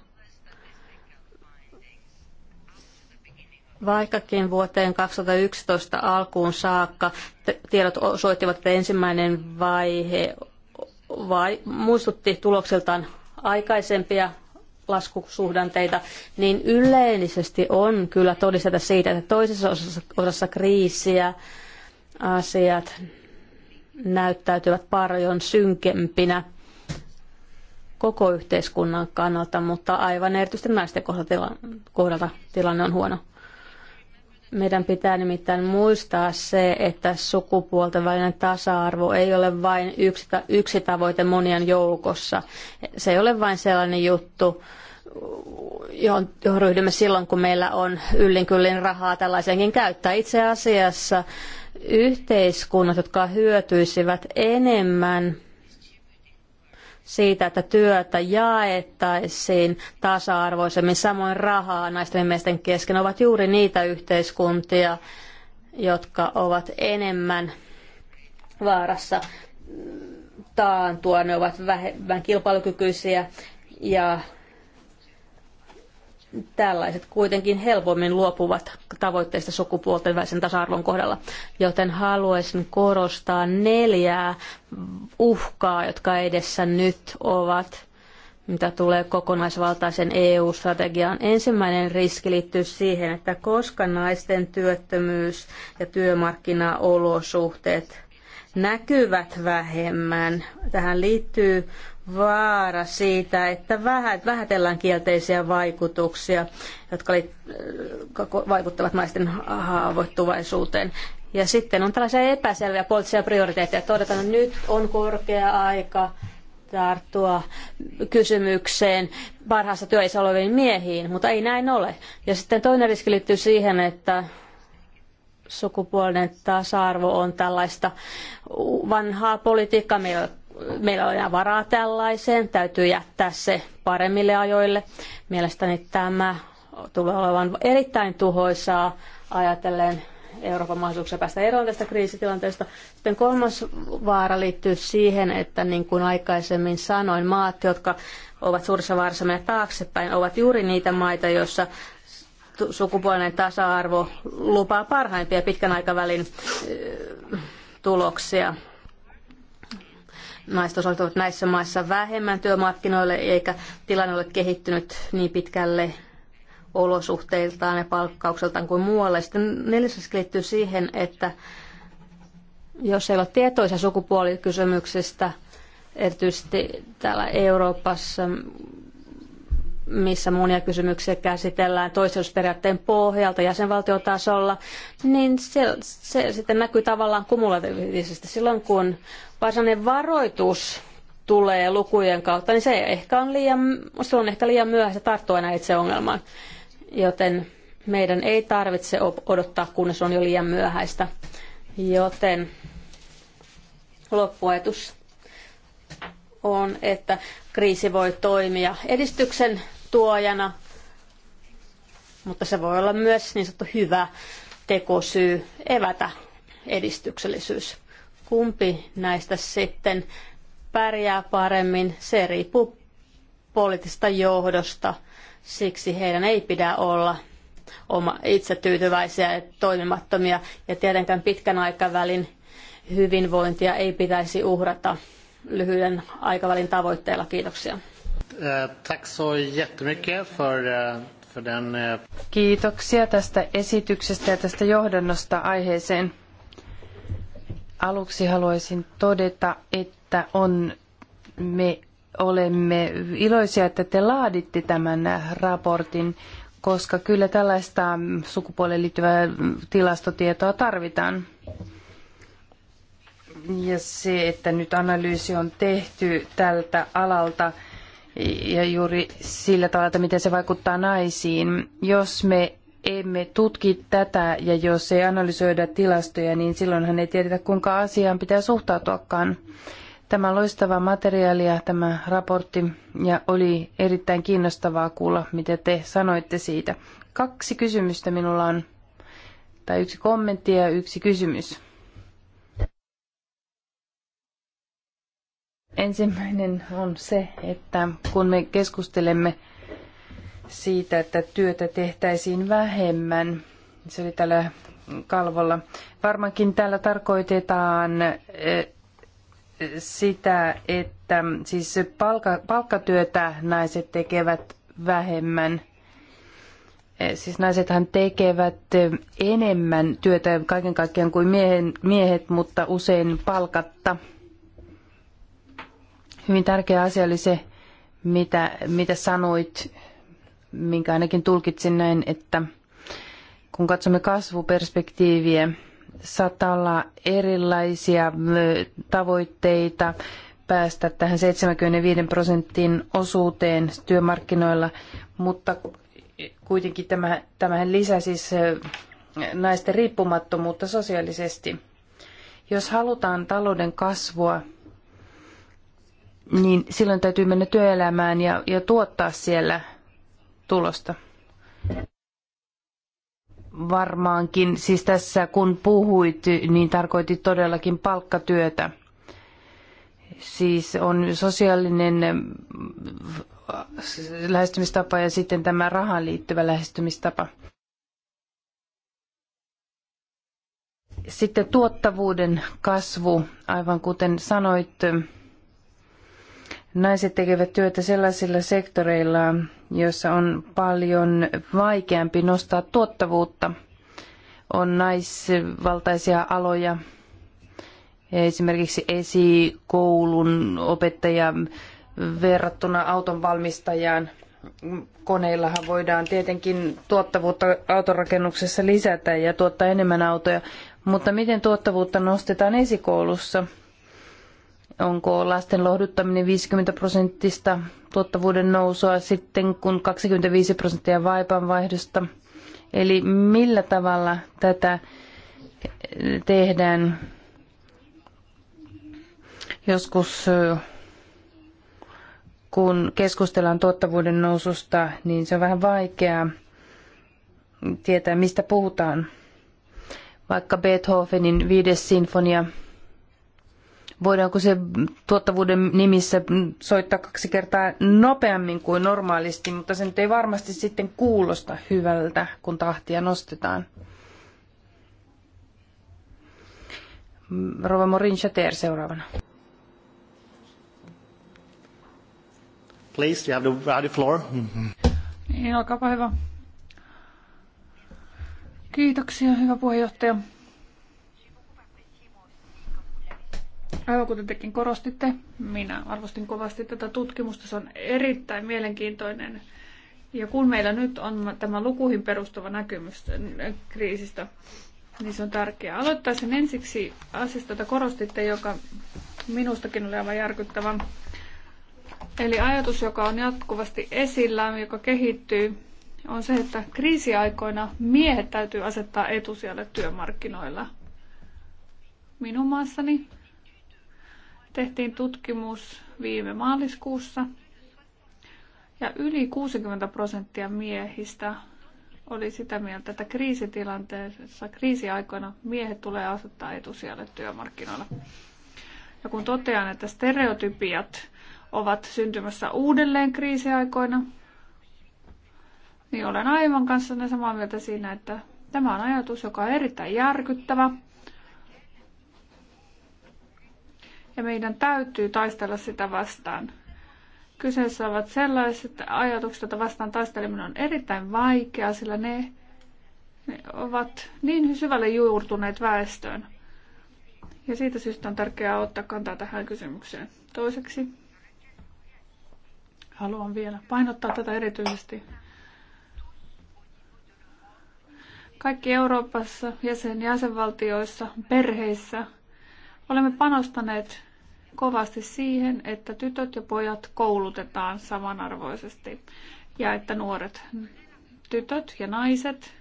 S2: Vaikkakin vuoteen 2011 alkuun saakka tiedot osoittivat, että ensimmäinen vaihe vai muistutti tulokseltaan aikaisempia laskusuhdanteita, niin yleisesti on kyllä todisteta siitä, että toisessa osassa, osassa kriisiä asiat näyttäytyvät paljon synkempinä koko yhteiskunnan kannalta, mutta aivan erityisesti naisten kohdalta tilanne on huono. Meidän pitää nimittäin muistaa se, että sukupuolten välinen tasa-arvo ei ole vain yksi, yksi tavoite monien joukossa. Se ei ole vain sellainen juttu, johon, johon ryhdymme silloin, kun meillä on yllin kyllin rahaa tällaisenkin käyttää. Itse asiassa yhteiskunnat, jotka hyötyisivät enemmän siitä, että työtä jaettaisiin tasa-arvoisemmin, samoin rahaa naisten ja miesten kesken, ovat juuri niitä yhteiskuntia, jotka ovat enemmän vaarassa taantua. Ne ovat vähemmän kilpailukykyisiä ja tällaiset kuitenkin helpommin luopuvat tavoitteista sukupuolten välisen tasa-arvon kohdalla, joten haluaisin korostaa neljää uhkaa, jotka edessä nyt ovat, mitä tulee kokonaisvaltaisen EU-strategiaan. Ensimmäinen riski liittyy siihen, että koska naisten työttömyys ja työmarkkinaolosuhteet näkyvät vähemmän. Tähän liittyy vaara siitä, että vähätellään kielteisiä vaikutuksia, jotka äh, vaikuttavat naisten haavoittuvaisuuteen. Ja sitten on tällaisia epäselviä poliittisia prioriteetteja. Todetaan, että nyt on korkea aika tarttua kysymykseen parhaassa työissä oleviin miehiin, mutta ei näin ole. Ja sitten toinen riski liittyy siihen, että sukupuolinen tasa-arvo on tällaista vanhaa politiikkaa. Meillä meillä on enää varaa tällaiseen, täytyy jättää se paremmille ajoille. Mielestäni tämä tulee olevan erittäin tuhoisaa ajatellen Euroopan mahdollisuuksia päästä eroon tästä kriisitilanteesta. Sitten kolmas vaara liittyy siihen, että niin kuin aikaisemmin sanoin, maat, jotka ovat suurissa vaarassa mennä taaksepäin, ovat juuri niitä maita, joissa sukupuolinen tasa-arvo lupaa parhaimpia pitkän aikavälin tuloksia naiset osallistuvat näissä maissa vähemmän työmarkkinoille, eikä tilanne ole kehittynyt niin pitkälle olosuhteiltaan ja palkkaukseltaan kuin muualle. Sitten neljäs liittyy siihen, että jos ei ole tietoisia sukupuolikysymyksistä, erityisesti täällä Euroopassa missä monia kysymyksiä käsitellään toisellisuusperiaatteen pohjalta jäsenvaltiotasolla, niin se, se sitten näkyy tavallaan kumulatiivisesti silloin, kun varsinainen varoitus tulee lukujen kautta, niin se ehkä on liian, se on ehkä liian myöhäistä tarttua enää itse ongelmaan. Joten meidän ei tarvitse odottaa, kunnes on jo liian myöhäistä. Joten loppuajatus on, että kriisi voi toimia edistyksen tuojana, mutta se voi olla myös niin sanottu hyvä tekosyy evätä edistyksellisyys. Kumpi näistä sitten pärjää paremmin, se riippuu poliittisesta johdosta. Siksi heidän ei pidä olla oma, itse tyytyväisiä ja toimimattomia. Ja tietenkään pitkän aikavälin hyvinvointia ei pitäisi uhrata lyhyen aikavälin tavoitteilla. Kiitoksia.
S1: Eh, tack så jättemycket för, eh, för den... Eh, Kiitoksia
S3: tästä esityksestä ja tästä johdannosta aiheeseen. Aluksi haluaisin todeta, että on, me olemme iloisia, että te laaditte tämän raportin, koska kyllä tällaista sukupuoleen liittyvää tilastotietoa tarvitaan. Ja se, että nyt analyysi on tehty tältä alalta, ja juuri sillä tavalla, että miten se vaikuttaa naisiin. Jos me emme tutki tätä ja jos ei analysoida tilastoja, niin silloinhan ei tiedetä, kuinka asiaan pitää suhtautuakaan. Tämä loistava materiaalia, tämä raportti, ja oli erittäin kiinnostavaa kuulla, mitä te sanoitte siitä. Kaksi kysymystä minulla on, tai yksi kommentti ja yksi kysymys. Ensimmäinen on se, että kun me keskustelemme siitä, että työtä tehtäisiin vähemmän, se oli tällä kalvolla. Varmaankin tällä tarkoitetaan eh, sitä, että siis palkka, palkkatyötä naiset tekevät vähemmän. Eh, siis naisethan tekevät eh, enemmän työtä kaiken kaikkiaan kuin miehet, miehet mutta usein palkatta. Hyvin tärkeä asia oli se, mitä, mitä sanoit, minkä ainakin tulkitsin näin, että kun katsomme kasvuperspektiiviä, saattaa olla erilaisia tavoitteita päästä tähän 75 prosentin osuuteen työmarkkinoilla, mutta kuitenkin tämä, tämähän lisää siis naisten riippumattomuutta sosiaalisesti. Jos halutaan talouden kasvua, niin silloin täytyy mennä työelämään ja, ja tuottaa siellä tulosta. Varmaankin, siis tässä kun puhuit, niin tarkoitit todellakin palkkatyötä. Siis on sosiaalinen äh, lähestymistapa ja sitten tämä rahaan liittyvä lähestymistapa. Sitten tuottavuuden kasvu, aivan kuten sanoit, Naiset tekevät työtä sellaisilla sektoreilla, joissa on paljon vaikeampi nostaa tuottavuutta. On naisvaltaisia aloja, esimerkiksi esikoulun opettaja verrattuna auton valmistajaan. Koneillahan voidaan tietenkin tuottavuutta autorakennuksessa lisätä ja tuottaa enemmän autoja, mutta miten tuottavuutta nostetaan esikoulussa – onko lasten lohduttaminen 50 prosenttista tuottavuuden nousua sitten, kun 25 prosenttia vaipanvaihdosta. Eli millä tavalla tätä tehdään? Joskus kun keskustellaan tuottavuuden noususta, niin se on vähän vaikeaa tietää, mistä puhutaan. Vaikka Beethovenin viides sinfonia Voidaanko se tuottavuuden nimissä soittaa kaksi kertaa nopeammin kuin normaalisti, mutta se nyt ei varmasti sitten kuulosta hyvältä, kun tahtia nostetaan. Rova Morin Chater seuraavana.
S1: Please, you have the, have the floor.
S4: Niin, olkaapa hyvä. Kiitoksia, hyvä puheenjohtaja. Aivan kuten tekin korostitte, minä arvostin kovasti tätä tutkimusta. Se on erittäin mielenkiintoinen. Ja kun meillä nyt on tämä lukuihin perustuva näkymys kriisistä, niin se on tärkeää. Aloittaisin ensiksi asiasta, jota korostitte, joka minustakin oli aivan järkyttävä. Eli ajatus, joka on jatkuvasti esillä, joka kehittyy, on se, että kriisiaikoina miehet täytyy asettaa etusijalle työmarkkinoilla. Minun maassani tehtiin tutkimus viime maaliskuussa ja yli 60 prosenttia miehistä oli sitä mieltä, että kriisitilanteessa, kriisiaikoina miehet tulee asettaa etusijalle työmarkkinoilla. Ja kun totean, että stereotypiat ovat syntymässä uudelleen kriisiaikoina, niin olen aivan kanssanne samaa mieltä siinä, että tämä on ajatus, joka on erittäin järkyttävä – ja meidän täytyy taistella sitä vastaan. Kyseessä ovat sellaiset ajatukset, että vastaan taisteleminen on erittäin vaikeaa, sillä ne, ne ovat niin syvälle juurtuneet väestöön. Ja siitä syystä on tärkeää ottaa kantaa tähän kysymykseen. Toiseksi haluan vielä painottaa tätä erityisesti. Kaikki Euroopassa, jäsen, jäsenvaltioissa, perheissä olemme panostaneet kovasti siihen, että tytöt ja pojat koulutetaan samanarvoisesti ja että nuoret tytöt ja naiset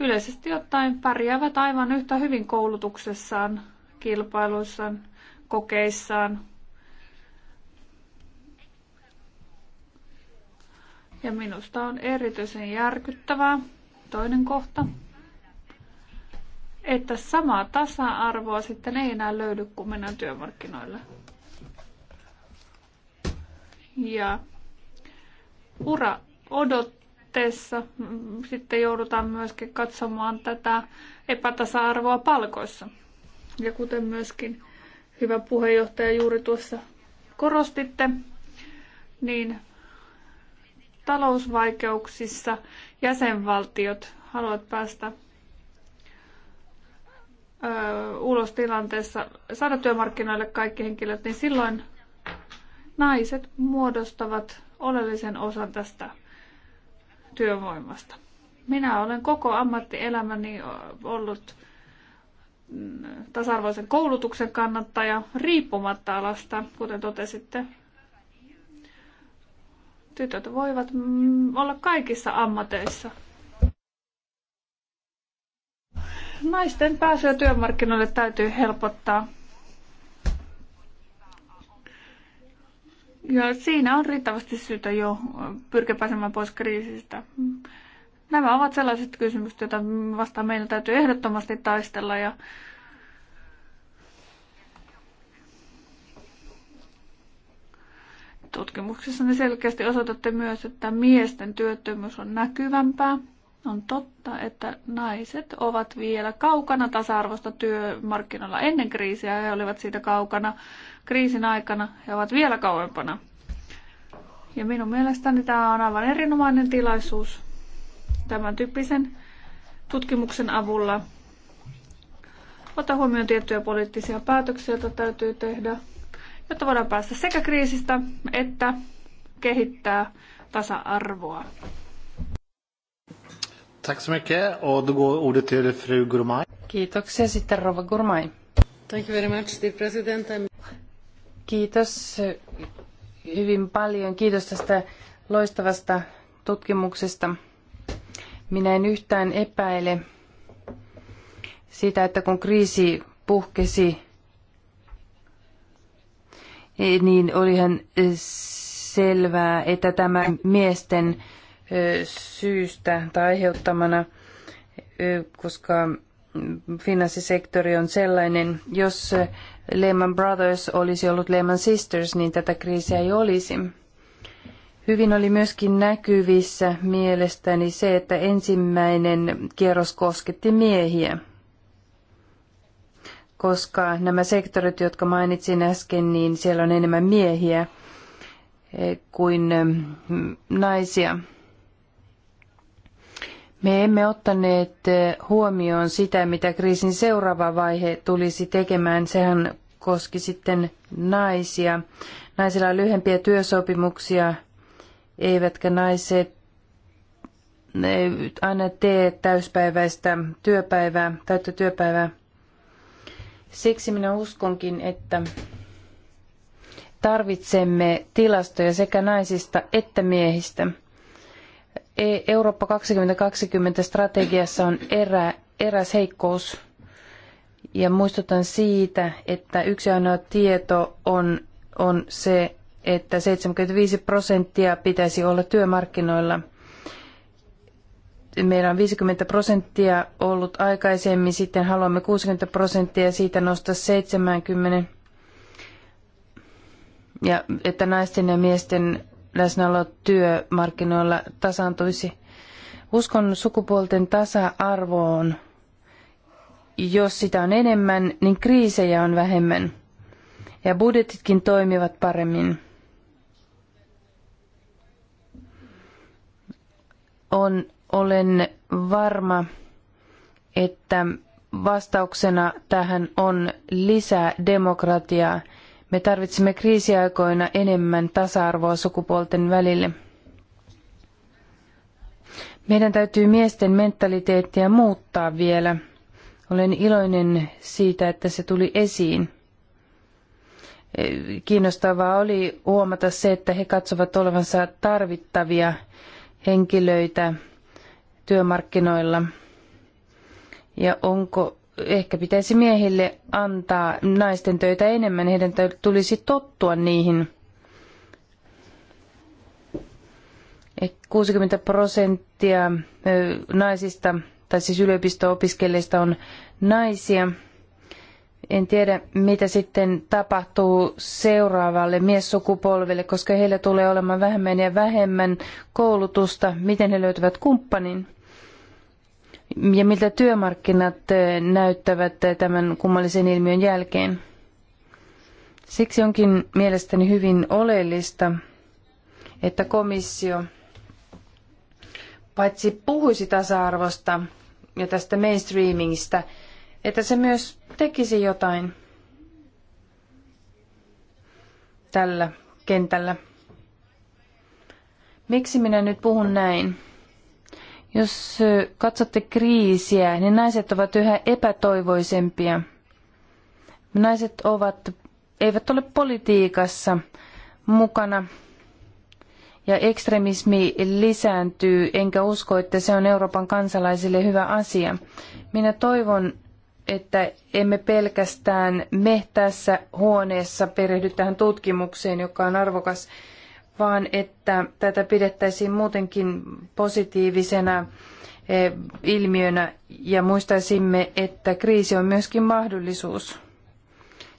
S4: yleisesti ottaen pärjäävät aivan yhtä hyvin koulutuksessaan, kilpailuissaan, kokeissaan. Ja minusta on erityisen järkyttävää toinen kohta, että samaa tasa-arvoa sitten ei enää löydy, kun mennään työmarkkinoille. Ja ura odotteessa sitten joudutaan myöskin katsomaan tätä epätasa-arvoa palkoissa. Ja kuten myöskin hyvä puheenjohtaja juuri tuossa korostitte, niin talousvaikeuksissa jäsenvaltiot haluavat päästä ö, ulos tilanteessa saada työmarkkinoille kaikki henkilöt, niin silloin naiset muodostavat oleellisen osan tästä työvoimasta. Minä olen koko ammattielämäni ollut mm, tasa-arvoisen koulutuksen kannattaja riippumatta alasta, kuten totesitte. Tytöt voivat mm, olla kaikissa ammateissa – Naisten pääsyä työmarkkinoille täytyy helpottaa. Ja siinä on riittävästi syytä jo pyrkiä pääsemään pois kriisistä. Nämä ovat sellaiset kysymykset, joita vastaan meillä täytyy ehdottomasti taistella. Ja tutkimuksessa ne selkeästi osoitatte myös, että miesten työttömyys on näkyvämpää – on totta, että naiset ovat vielä kaukana tasa-arvosta työmarkkinoilla. Ennen kriisiä he olivat siitä kaukana. Kriisin aikana he ovat vielä kauempana. Ja minun mielestäni tämä on aivan erinomainen tilaisuus tämän tyyppisen tutkimuksen avulla ottaa huomioon tiettyjä poliittisia päätöksiä, joita täytyy tehdä, jotta voidaan päästä sekä kriisistä että kehittää tasa-arvoa.
S1: Tack så mycket. Och då går ordet till fru Gurmai.
S3: Kiitoksia sitten Gurmai. Thank you very much, dear president. Kiitos eh, hyvin paljon. Kiitos tästä loistavasta tutkimuksesta. Minä en yhtään epäile sitä, että kun kriisi puhkesi, eh, niin olihan eh, selvää, että tämä miesten syystä tai aiheuttamana, koska finanssisektori on sellainen, jos Lehman Brothers olisi ollut Lehman Sisters, niin tätä kriisiä ei olisi. Hyvin oli myöskin näkyvissä mielestäni se, että ensimmäinen kierros kosketti miehiä, koska nämä sektorit, jotka mainitsin äsken, niin siellä on enemmän miehiä kuin naisia. Me emme ottaneet eh, huomioon sitä, mitä kriisin seuraava vaihe tulisi tekemään. Sehän koski sitten naisia. Naisilla on lyhyempiä työsopimuksia, eivätkä naiset aina tee täyspäiväistä työpäivää, täyttä työpäivää. Siksi minä uskonkin, että tarvitsemme tilastoja sekä naisista että miehistä – E, Eurooppa 2020 strategiassa on erä, eräs heikkous. Ja muistutan siitä, että yksi ainoa tieto on, on se, että 75 prosenttia pitäisi olla työmarkkinoilla. Meillä on 50 prosenttia ollut aikaisemmin, sitten haluamme 60 prosenttia ja siitä nostaa 70. Ja että naisten ja miesten läsnäolo työmarkkinoilla tasaantuisi. Uskon sukupuolten tasa-arvoon. Jos sitä on enemmän, niin kriisejä on vähemmän. Ja budjetitkin toimivat paremmin. On, olen varma, että vastauksena tähän on lisää demokratiaa – me tarvitsemme kriisiaikoina enemmän tasa-arvoa sukupuolten välille. Meidän täytyy miesten mentaliteettia muuttaa vielä. Olen iloinen siitä, että se tuli esiin. Kiinnostavaa oli huomata se, että he katsovat olevansa tarvittavia henkilöitä työmarkkinoilla. Ja onko ehkä pitäisi miehille antaa naisten töitä enemmän, heidän tulisi tottua niihin. 60 prosenttia naisista, tai siis yliopisto-opiskelijoista on naisia. En tiedä, mitä sitten tapahtuu seuraavalle miessukupolvelle, koska heillä tulee olemaan vähemmän ja vähemmän koulutusta, miten he löytävät kumppanin ja miltä työmarkkinat eh, näyttävät eh, tämän kummallisen ilmiön jälkeen. Siksi onkin mielestäni hyvin oleellista, että komissio paitsi puhuisi tasa-arvosta ja tästä mainstreamingista, että se myös tekisi jotain tällä kentällä. Miksi minä nyt puhun näin? Jos katsotte kriisiä, niin naiset ovat yhä epätoivoisempia. Naiset ovat, eivät ole politiikassa mukana ja ekstremismi lisääntyy, enkä usko, että se on Euroopan kansalaisille hyvä asia. Minä toivon, että emme pelkästään me tässä huoneessa perehdy tähän tutkimukseen, joka on arvokas vaan että tätä pidettäisiin muutenkin positiivisena eh, ilmiönä ja muistaisimme, että kriisi on myöskin mahdollisuus.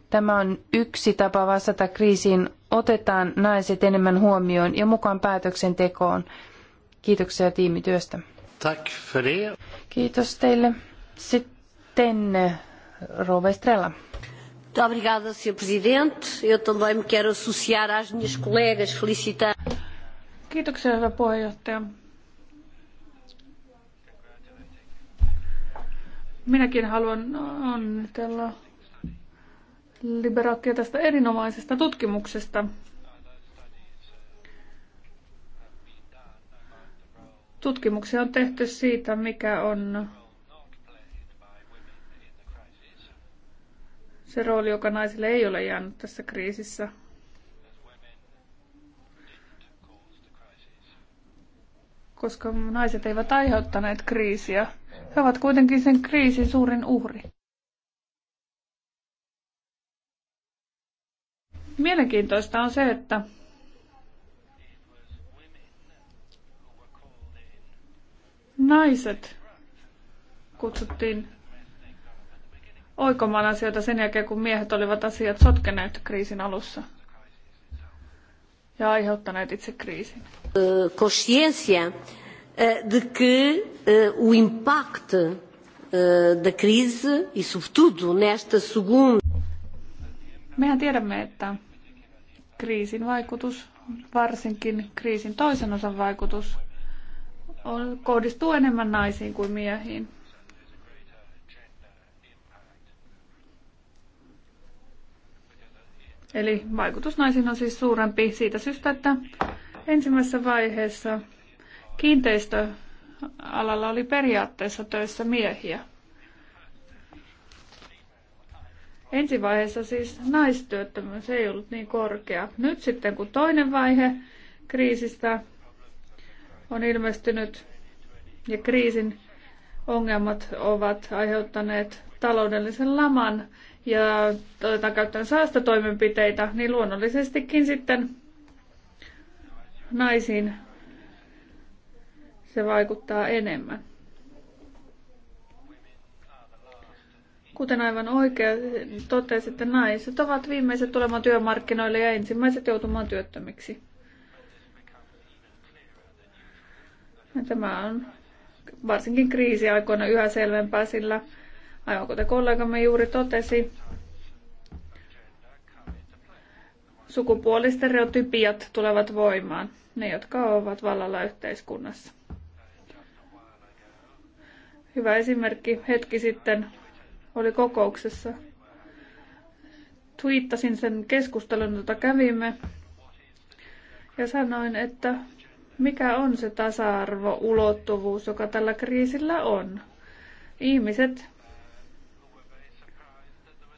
S3: Tämä on yksi tapa vastata kriisiin. Otetaan naiset enemmän huomioon ja mukaan päätöksentekoon. Kiitoksia tiimityöstä.
S1: Tack för det.
S3: Kiitos teille. Sitten eh, Rove
S5: obrigada, Sr. Presidente. Eu também me quero associar às minhas colegas, felicitar. Kiitoksia, hyvä puheenjohtaja.
S4: Minäkin haluan onnitella Liberakia tästä erinomaisesta tutkimuksesta. Tutkimuksia on tehty siitä, mikä on se rooli, joka naisille ei ole jäänyt tässä kriisissä. Koska naiset eivät aiheuttaneet kriisiä. He ovat kuitenkin sen kriisin suurin uhri. Mielenkiintoista on se, että naiset kutsuttiin oikomaan asioita sen jälkeen, kun miehet olivat asiat sotkeneet kriisin alussa ja aiheuttaneet itse kriisin.
S5: Eh, consciência eh, de que eh, o impacto da crise e sobretudo nesta segunda
S4: Mehän tiedämme, että kriisin vaikutus, varsinkin kriisin toisen osan vaikutus, on, kohdistuu enemmän naisiin kuin miehiin. Eli vaikutus naisiin on siis suurempi siitä syystä, että ensimmäisessä vaiheessa kiinteistöalalla oli periaatteessa töissä miehiä. vaiheessa siis naistyöttömyys ei ollut niin korkea. Nyt sitten kun toinen vaihe kriisistä on ilmestynyt ja kriisin ongelmat ovat aiheuttaneet taloudellisen laman ja otetaan käyttöön säästötoimenpiteitä, niin luonnollisestikin sitten naisiin se vaikuttaa enemmän. Kuten aivan oikein että naiset ovat viimeiset tulemaan työmarkkinoille ja ensimmäiset joutumaan työttömiksi. Ja tämä on varsinkin kriisiaikoina yhä selvempää, sillä Aivan kuten kollegamme juuri totesi, sukupuolistereotypiat tulevat voimaan, ne jotka ovat vallalla yhteiskunnassa. Hyvä esimerkki hetki sitten oli kokouksessa. Twiittasin sen keskustelun, jota kävimme, ja sanoin, että mikä on se tasa ulottuvuus, joka tällä kriisillä on. Ihmiset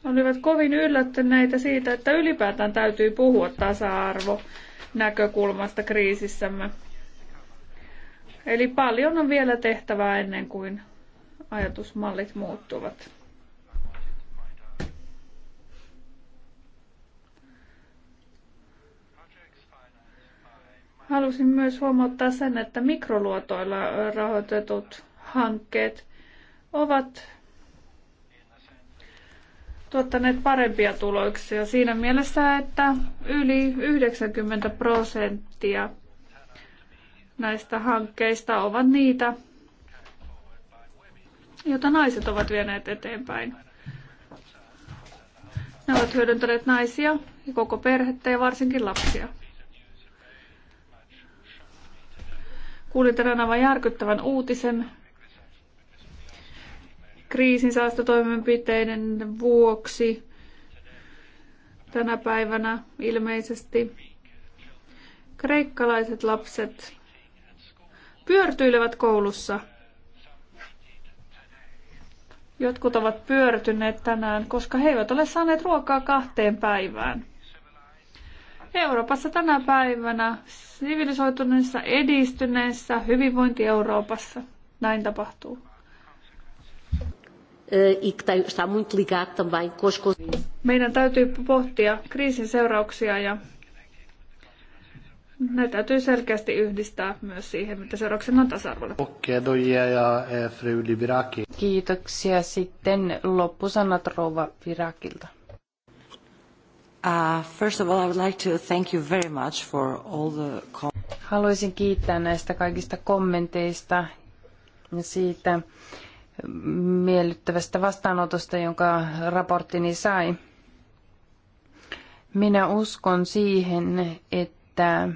S4: olivat kovin yllättyneitä siitä, että ylipäätään täytyy puhua tasa-arvo näkökulmasta kriisissämme. Eli paljon on vielä tehtävää ennen kuin ajatusmallit muuttuvat. Halusin myös huomauttaa sen, että mikroluotoilla rahoitetut hankkeet ovat tuottaneet parempia tuloksia siinä mielessä, että yli 90 prosenttia näistä hankkeista ovat niitä, joita naiset ovat vieneet eteenpäin. Ne ovat hyödyntäneet naisia ja koko perhettä ja varsinkin lapsia. Kuulin tänään aivan järkyttävän uutisen kriisinsäästötoimenpiteiden vuoksi tänä päivänä ilmeisesti kreikkalaiset lapset pyörtyilevät koulussa. Jotkut ovat pyörtyneet tänään, koska he eivät ole saaneet ruokaa kahteen päivään. Euroopassa tänä päivänä, sivilisoituneessa, edistyneessä, hyvinvointi-Euroopassa näin tapahtuu.
S5: Eh, e que tem, está muito ligado também com as Meidän täytyy
S4: pohtia kriisin seurauksia ja ne täytyy selkeästi yhdistää myös siihen, mitä seurauksena on tasa-arvolle.
S1: Eh, eh,
S3: Kiitoksia. Sitten loppusanat rouva Virakilta. Uh, first of all, I would like to thank you very much for all the Haluaisin kiittää näistä kaikista kommenteista ja siitä, miellyttävästä vastaanotosta, jonka raporttini sai. Minä uskon siihen, että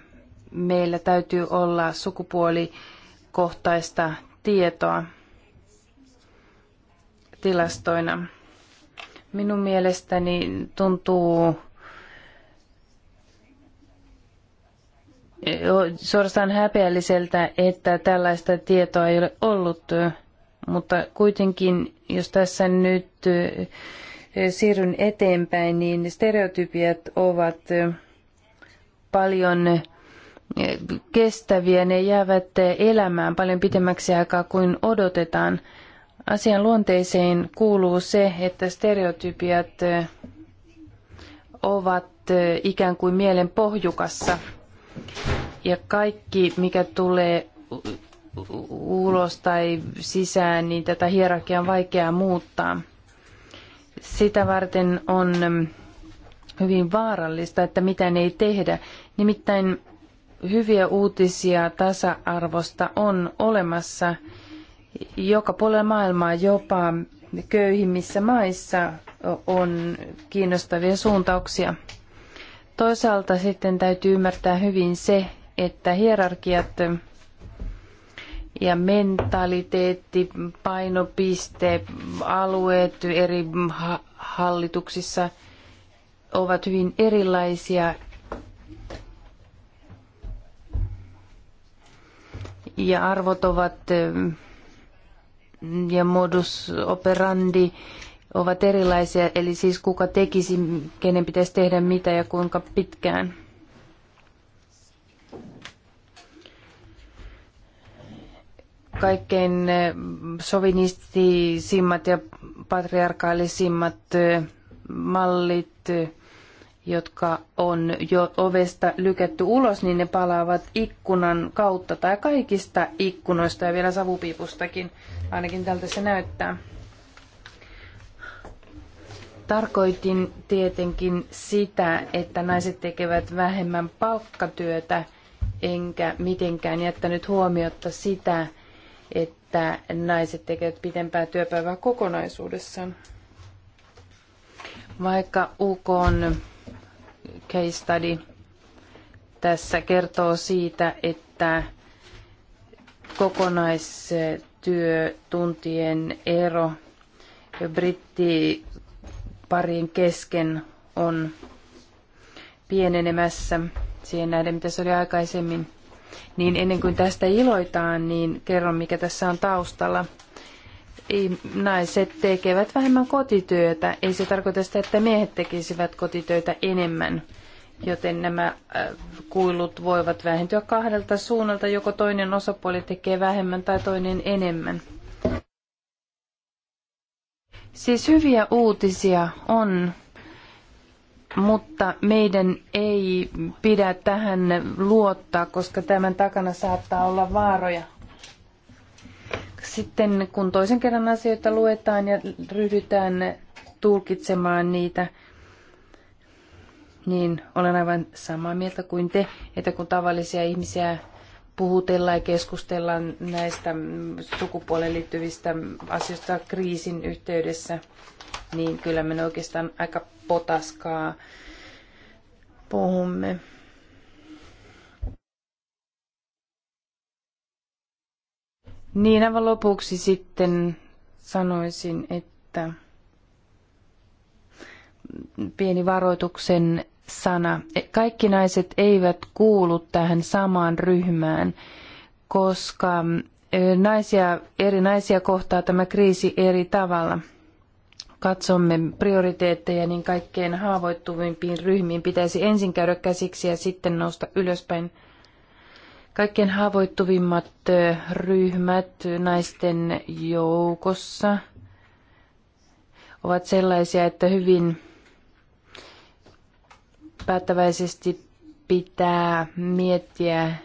S3: meillä täytyy olla sukupuolikohtaista tietoa tilastoina. Minun mielestäni tuntuu suorastaan häpeälliseltä, että tällaista tietoa ei ole ollut mutta kuitenkin, jos tässä nyt siirryn eteenpäin, niin stereotypiat ovat paljon kestäviä, ne jäävät elämään paljon pitemmäksi aikaa kuin odotetaan. Asian luonteeseen kuuluu se, että stereotypiat ovat ikään kuin mielen pohjukassa ja kaikki, mikä tulee ulos tai sisään, niin tätä hierarkiaa on vaikeaa muuttaa. Sitä varten on mm, hyvin vaarallista, että mitään ei tehdä. Nimittäin hyviä uutisia tasa-arvosta on olemassa joka puolella maailmaa, jopa köyhimmissä maissa on kiinnostavia suuntauksia. Toisaalta sitten täytyy ymmärtää hyvin se, että hierarkiat ja mentaliteetti, painopiste, alueet eri hallituksissa ovat hyvin erilaisia. Ja arvot ovat ja modus operandi ovat erilaisia, eli siis kuka tekisi, kenen pitäisi tehdä mitä ja kuinka pitkään. kaikkein eh, sovinistisimmat ja patriarkaalisimmat eh, mallit, eh, jotka on jo ovesta lykätty ulos, niin ne palaavat ikkunan kautta tai kaikista ikkunoista ja vielä savupiipustakin. Ainakin tältä se näyttää. Tarkoitin tietenkin sitä, että naiset tekevät vähemmän palkkatyötä, enkä mitenkään jättänyt huomiota sitä, että naiset tekevät pitempää työpäivää kokonaisuudessaan. Vaikka UK on case study tässä kertoo siitä, että kokonaistyötuntien ero brittiparien kesken on pienenemässä siihen nähden, mitä se oli aikaisemmin niin ennen kuin tästä iloitaan, niin kerron mikä tässä on taustalla. Naiset tekevät vähemmän kotityötä. Ei se tarkoita sitä, että miehet tekisivät kotitöitä enemmän joten nämä äh, kuilut voivat vähentyä kahdelta suunnalta, joko toinen osapuoli tekee vähemmän tai toinen enemmän. Siis hyviä uutisia on mutta meidän ei pidä tähän luottaa, koska tämän takana saattaa olla vaaroja. Sitten kun toisen kerran asioita luetaan ja ryhdytään tulkitsemaan niitä, niin olen aivan samaa mieltä kuin te, että kun tavallisia ihmisiä puhutellaan ja keskustellaan näistä sukupuoleen liittyvistä asioista kriisin yhteydessä, niin kyllä me oikeastaan aika potaskaa puhumme. Niin aivan lopuksi sitten sanoisin, että pieni varoituksen sana. Kaikki naiset eivät kuulu tähän samaan ryhmään, koska naisia, eri naisia kohtaa tämä kriisi eri tavalla katsomme prioriteetteja, niin kaikkein haavoittuvimpiin ryhmiin pitäisi ensin käydä käsiksi ja sitten nousta ylöspäin. Kaikkein haavoittuvimmat ryhmät naisten joukossa ovat sellaisia, että hyvin päättäväisesti pitää miettiä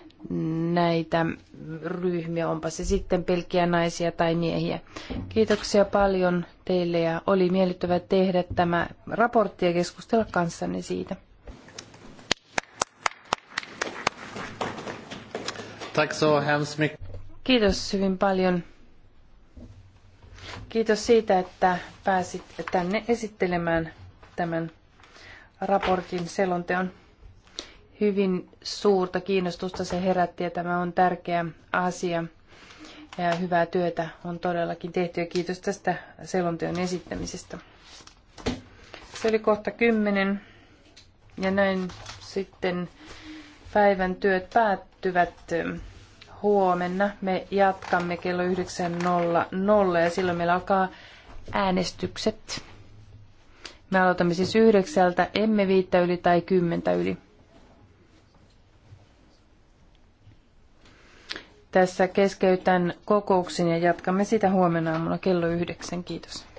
S3: näitä ryhmiä, onpa se sitten pelkkiä naisia tai miehiä. Kiitoksia paljon teille ja oli miellyttävä tehdä tämä raportti ja keskustella kanssanne siitä. Kiitos hyvin paljon. Kiitos siitä, että pääsit tänne esittelemään tämän raportin selonteon hyvin suurta kiinnostusta se herätti ja tämä on tärkeä asia. Ja hyvää työtä on todellakin tehty ja kiitos tästä selonteon esittämisestä. Se oli kohta kymmenen ja näin sitten päivän työt päättyvät ähm, huomenna. Me jatkamme kello 9.00 ja silloin meillä alkaa äänestykset. Me aloitamme siis yhdeksältä, emme viittä yli tai kymmentä yli. tässä keskeytän kokouksen ja jatkamme sitä huomenna aamuna kello yhdeksän. Kiitos.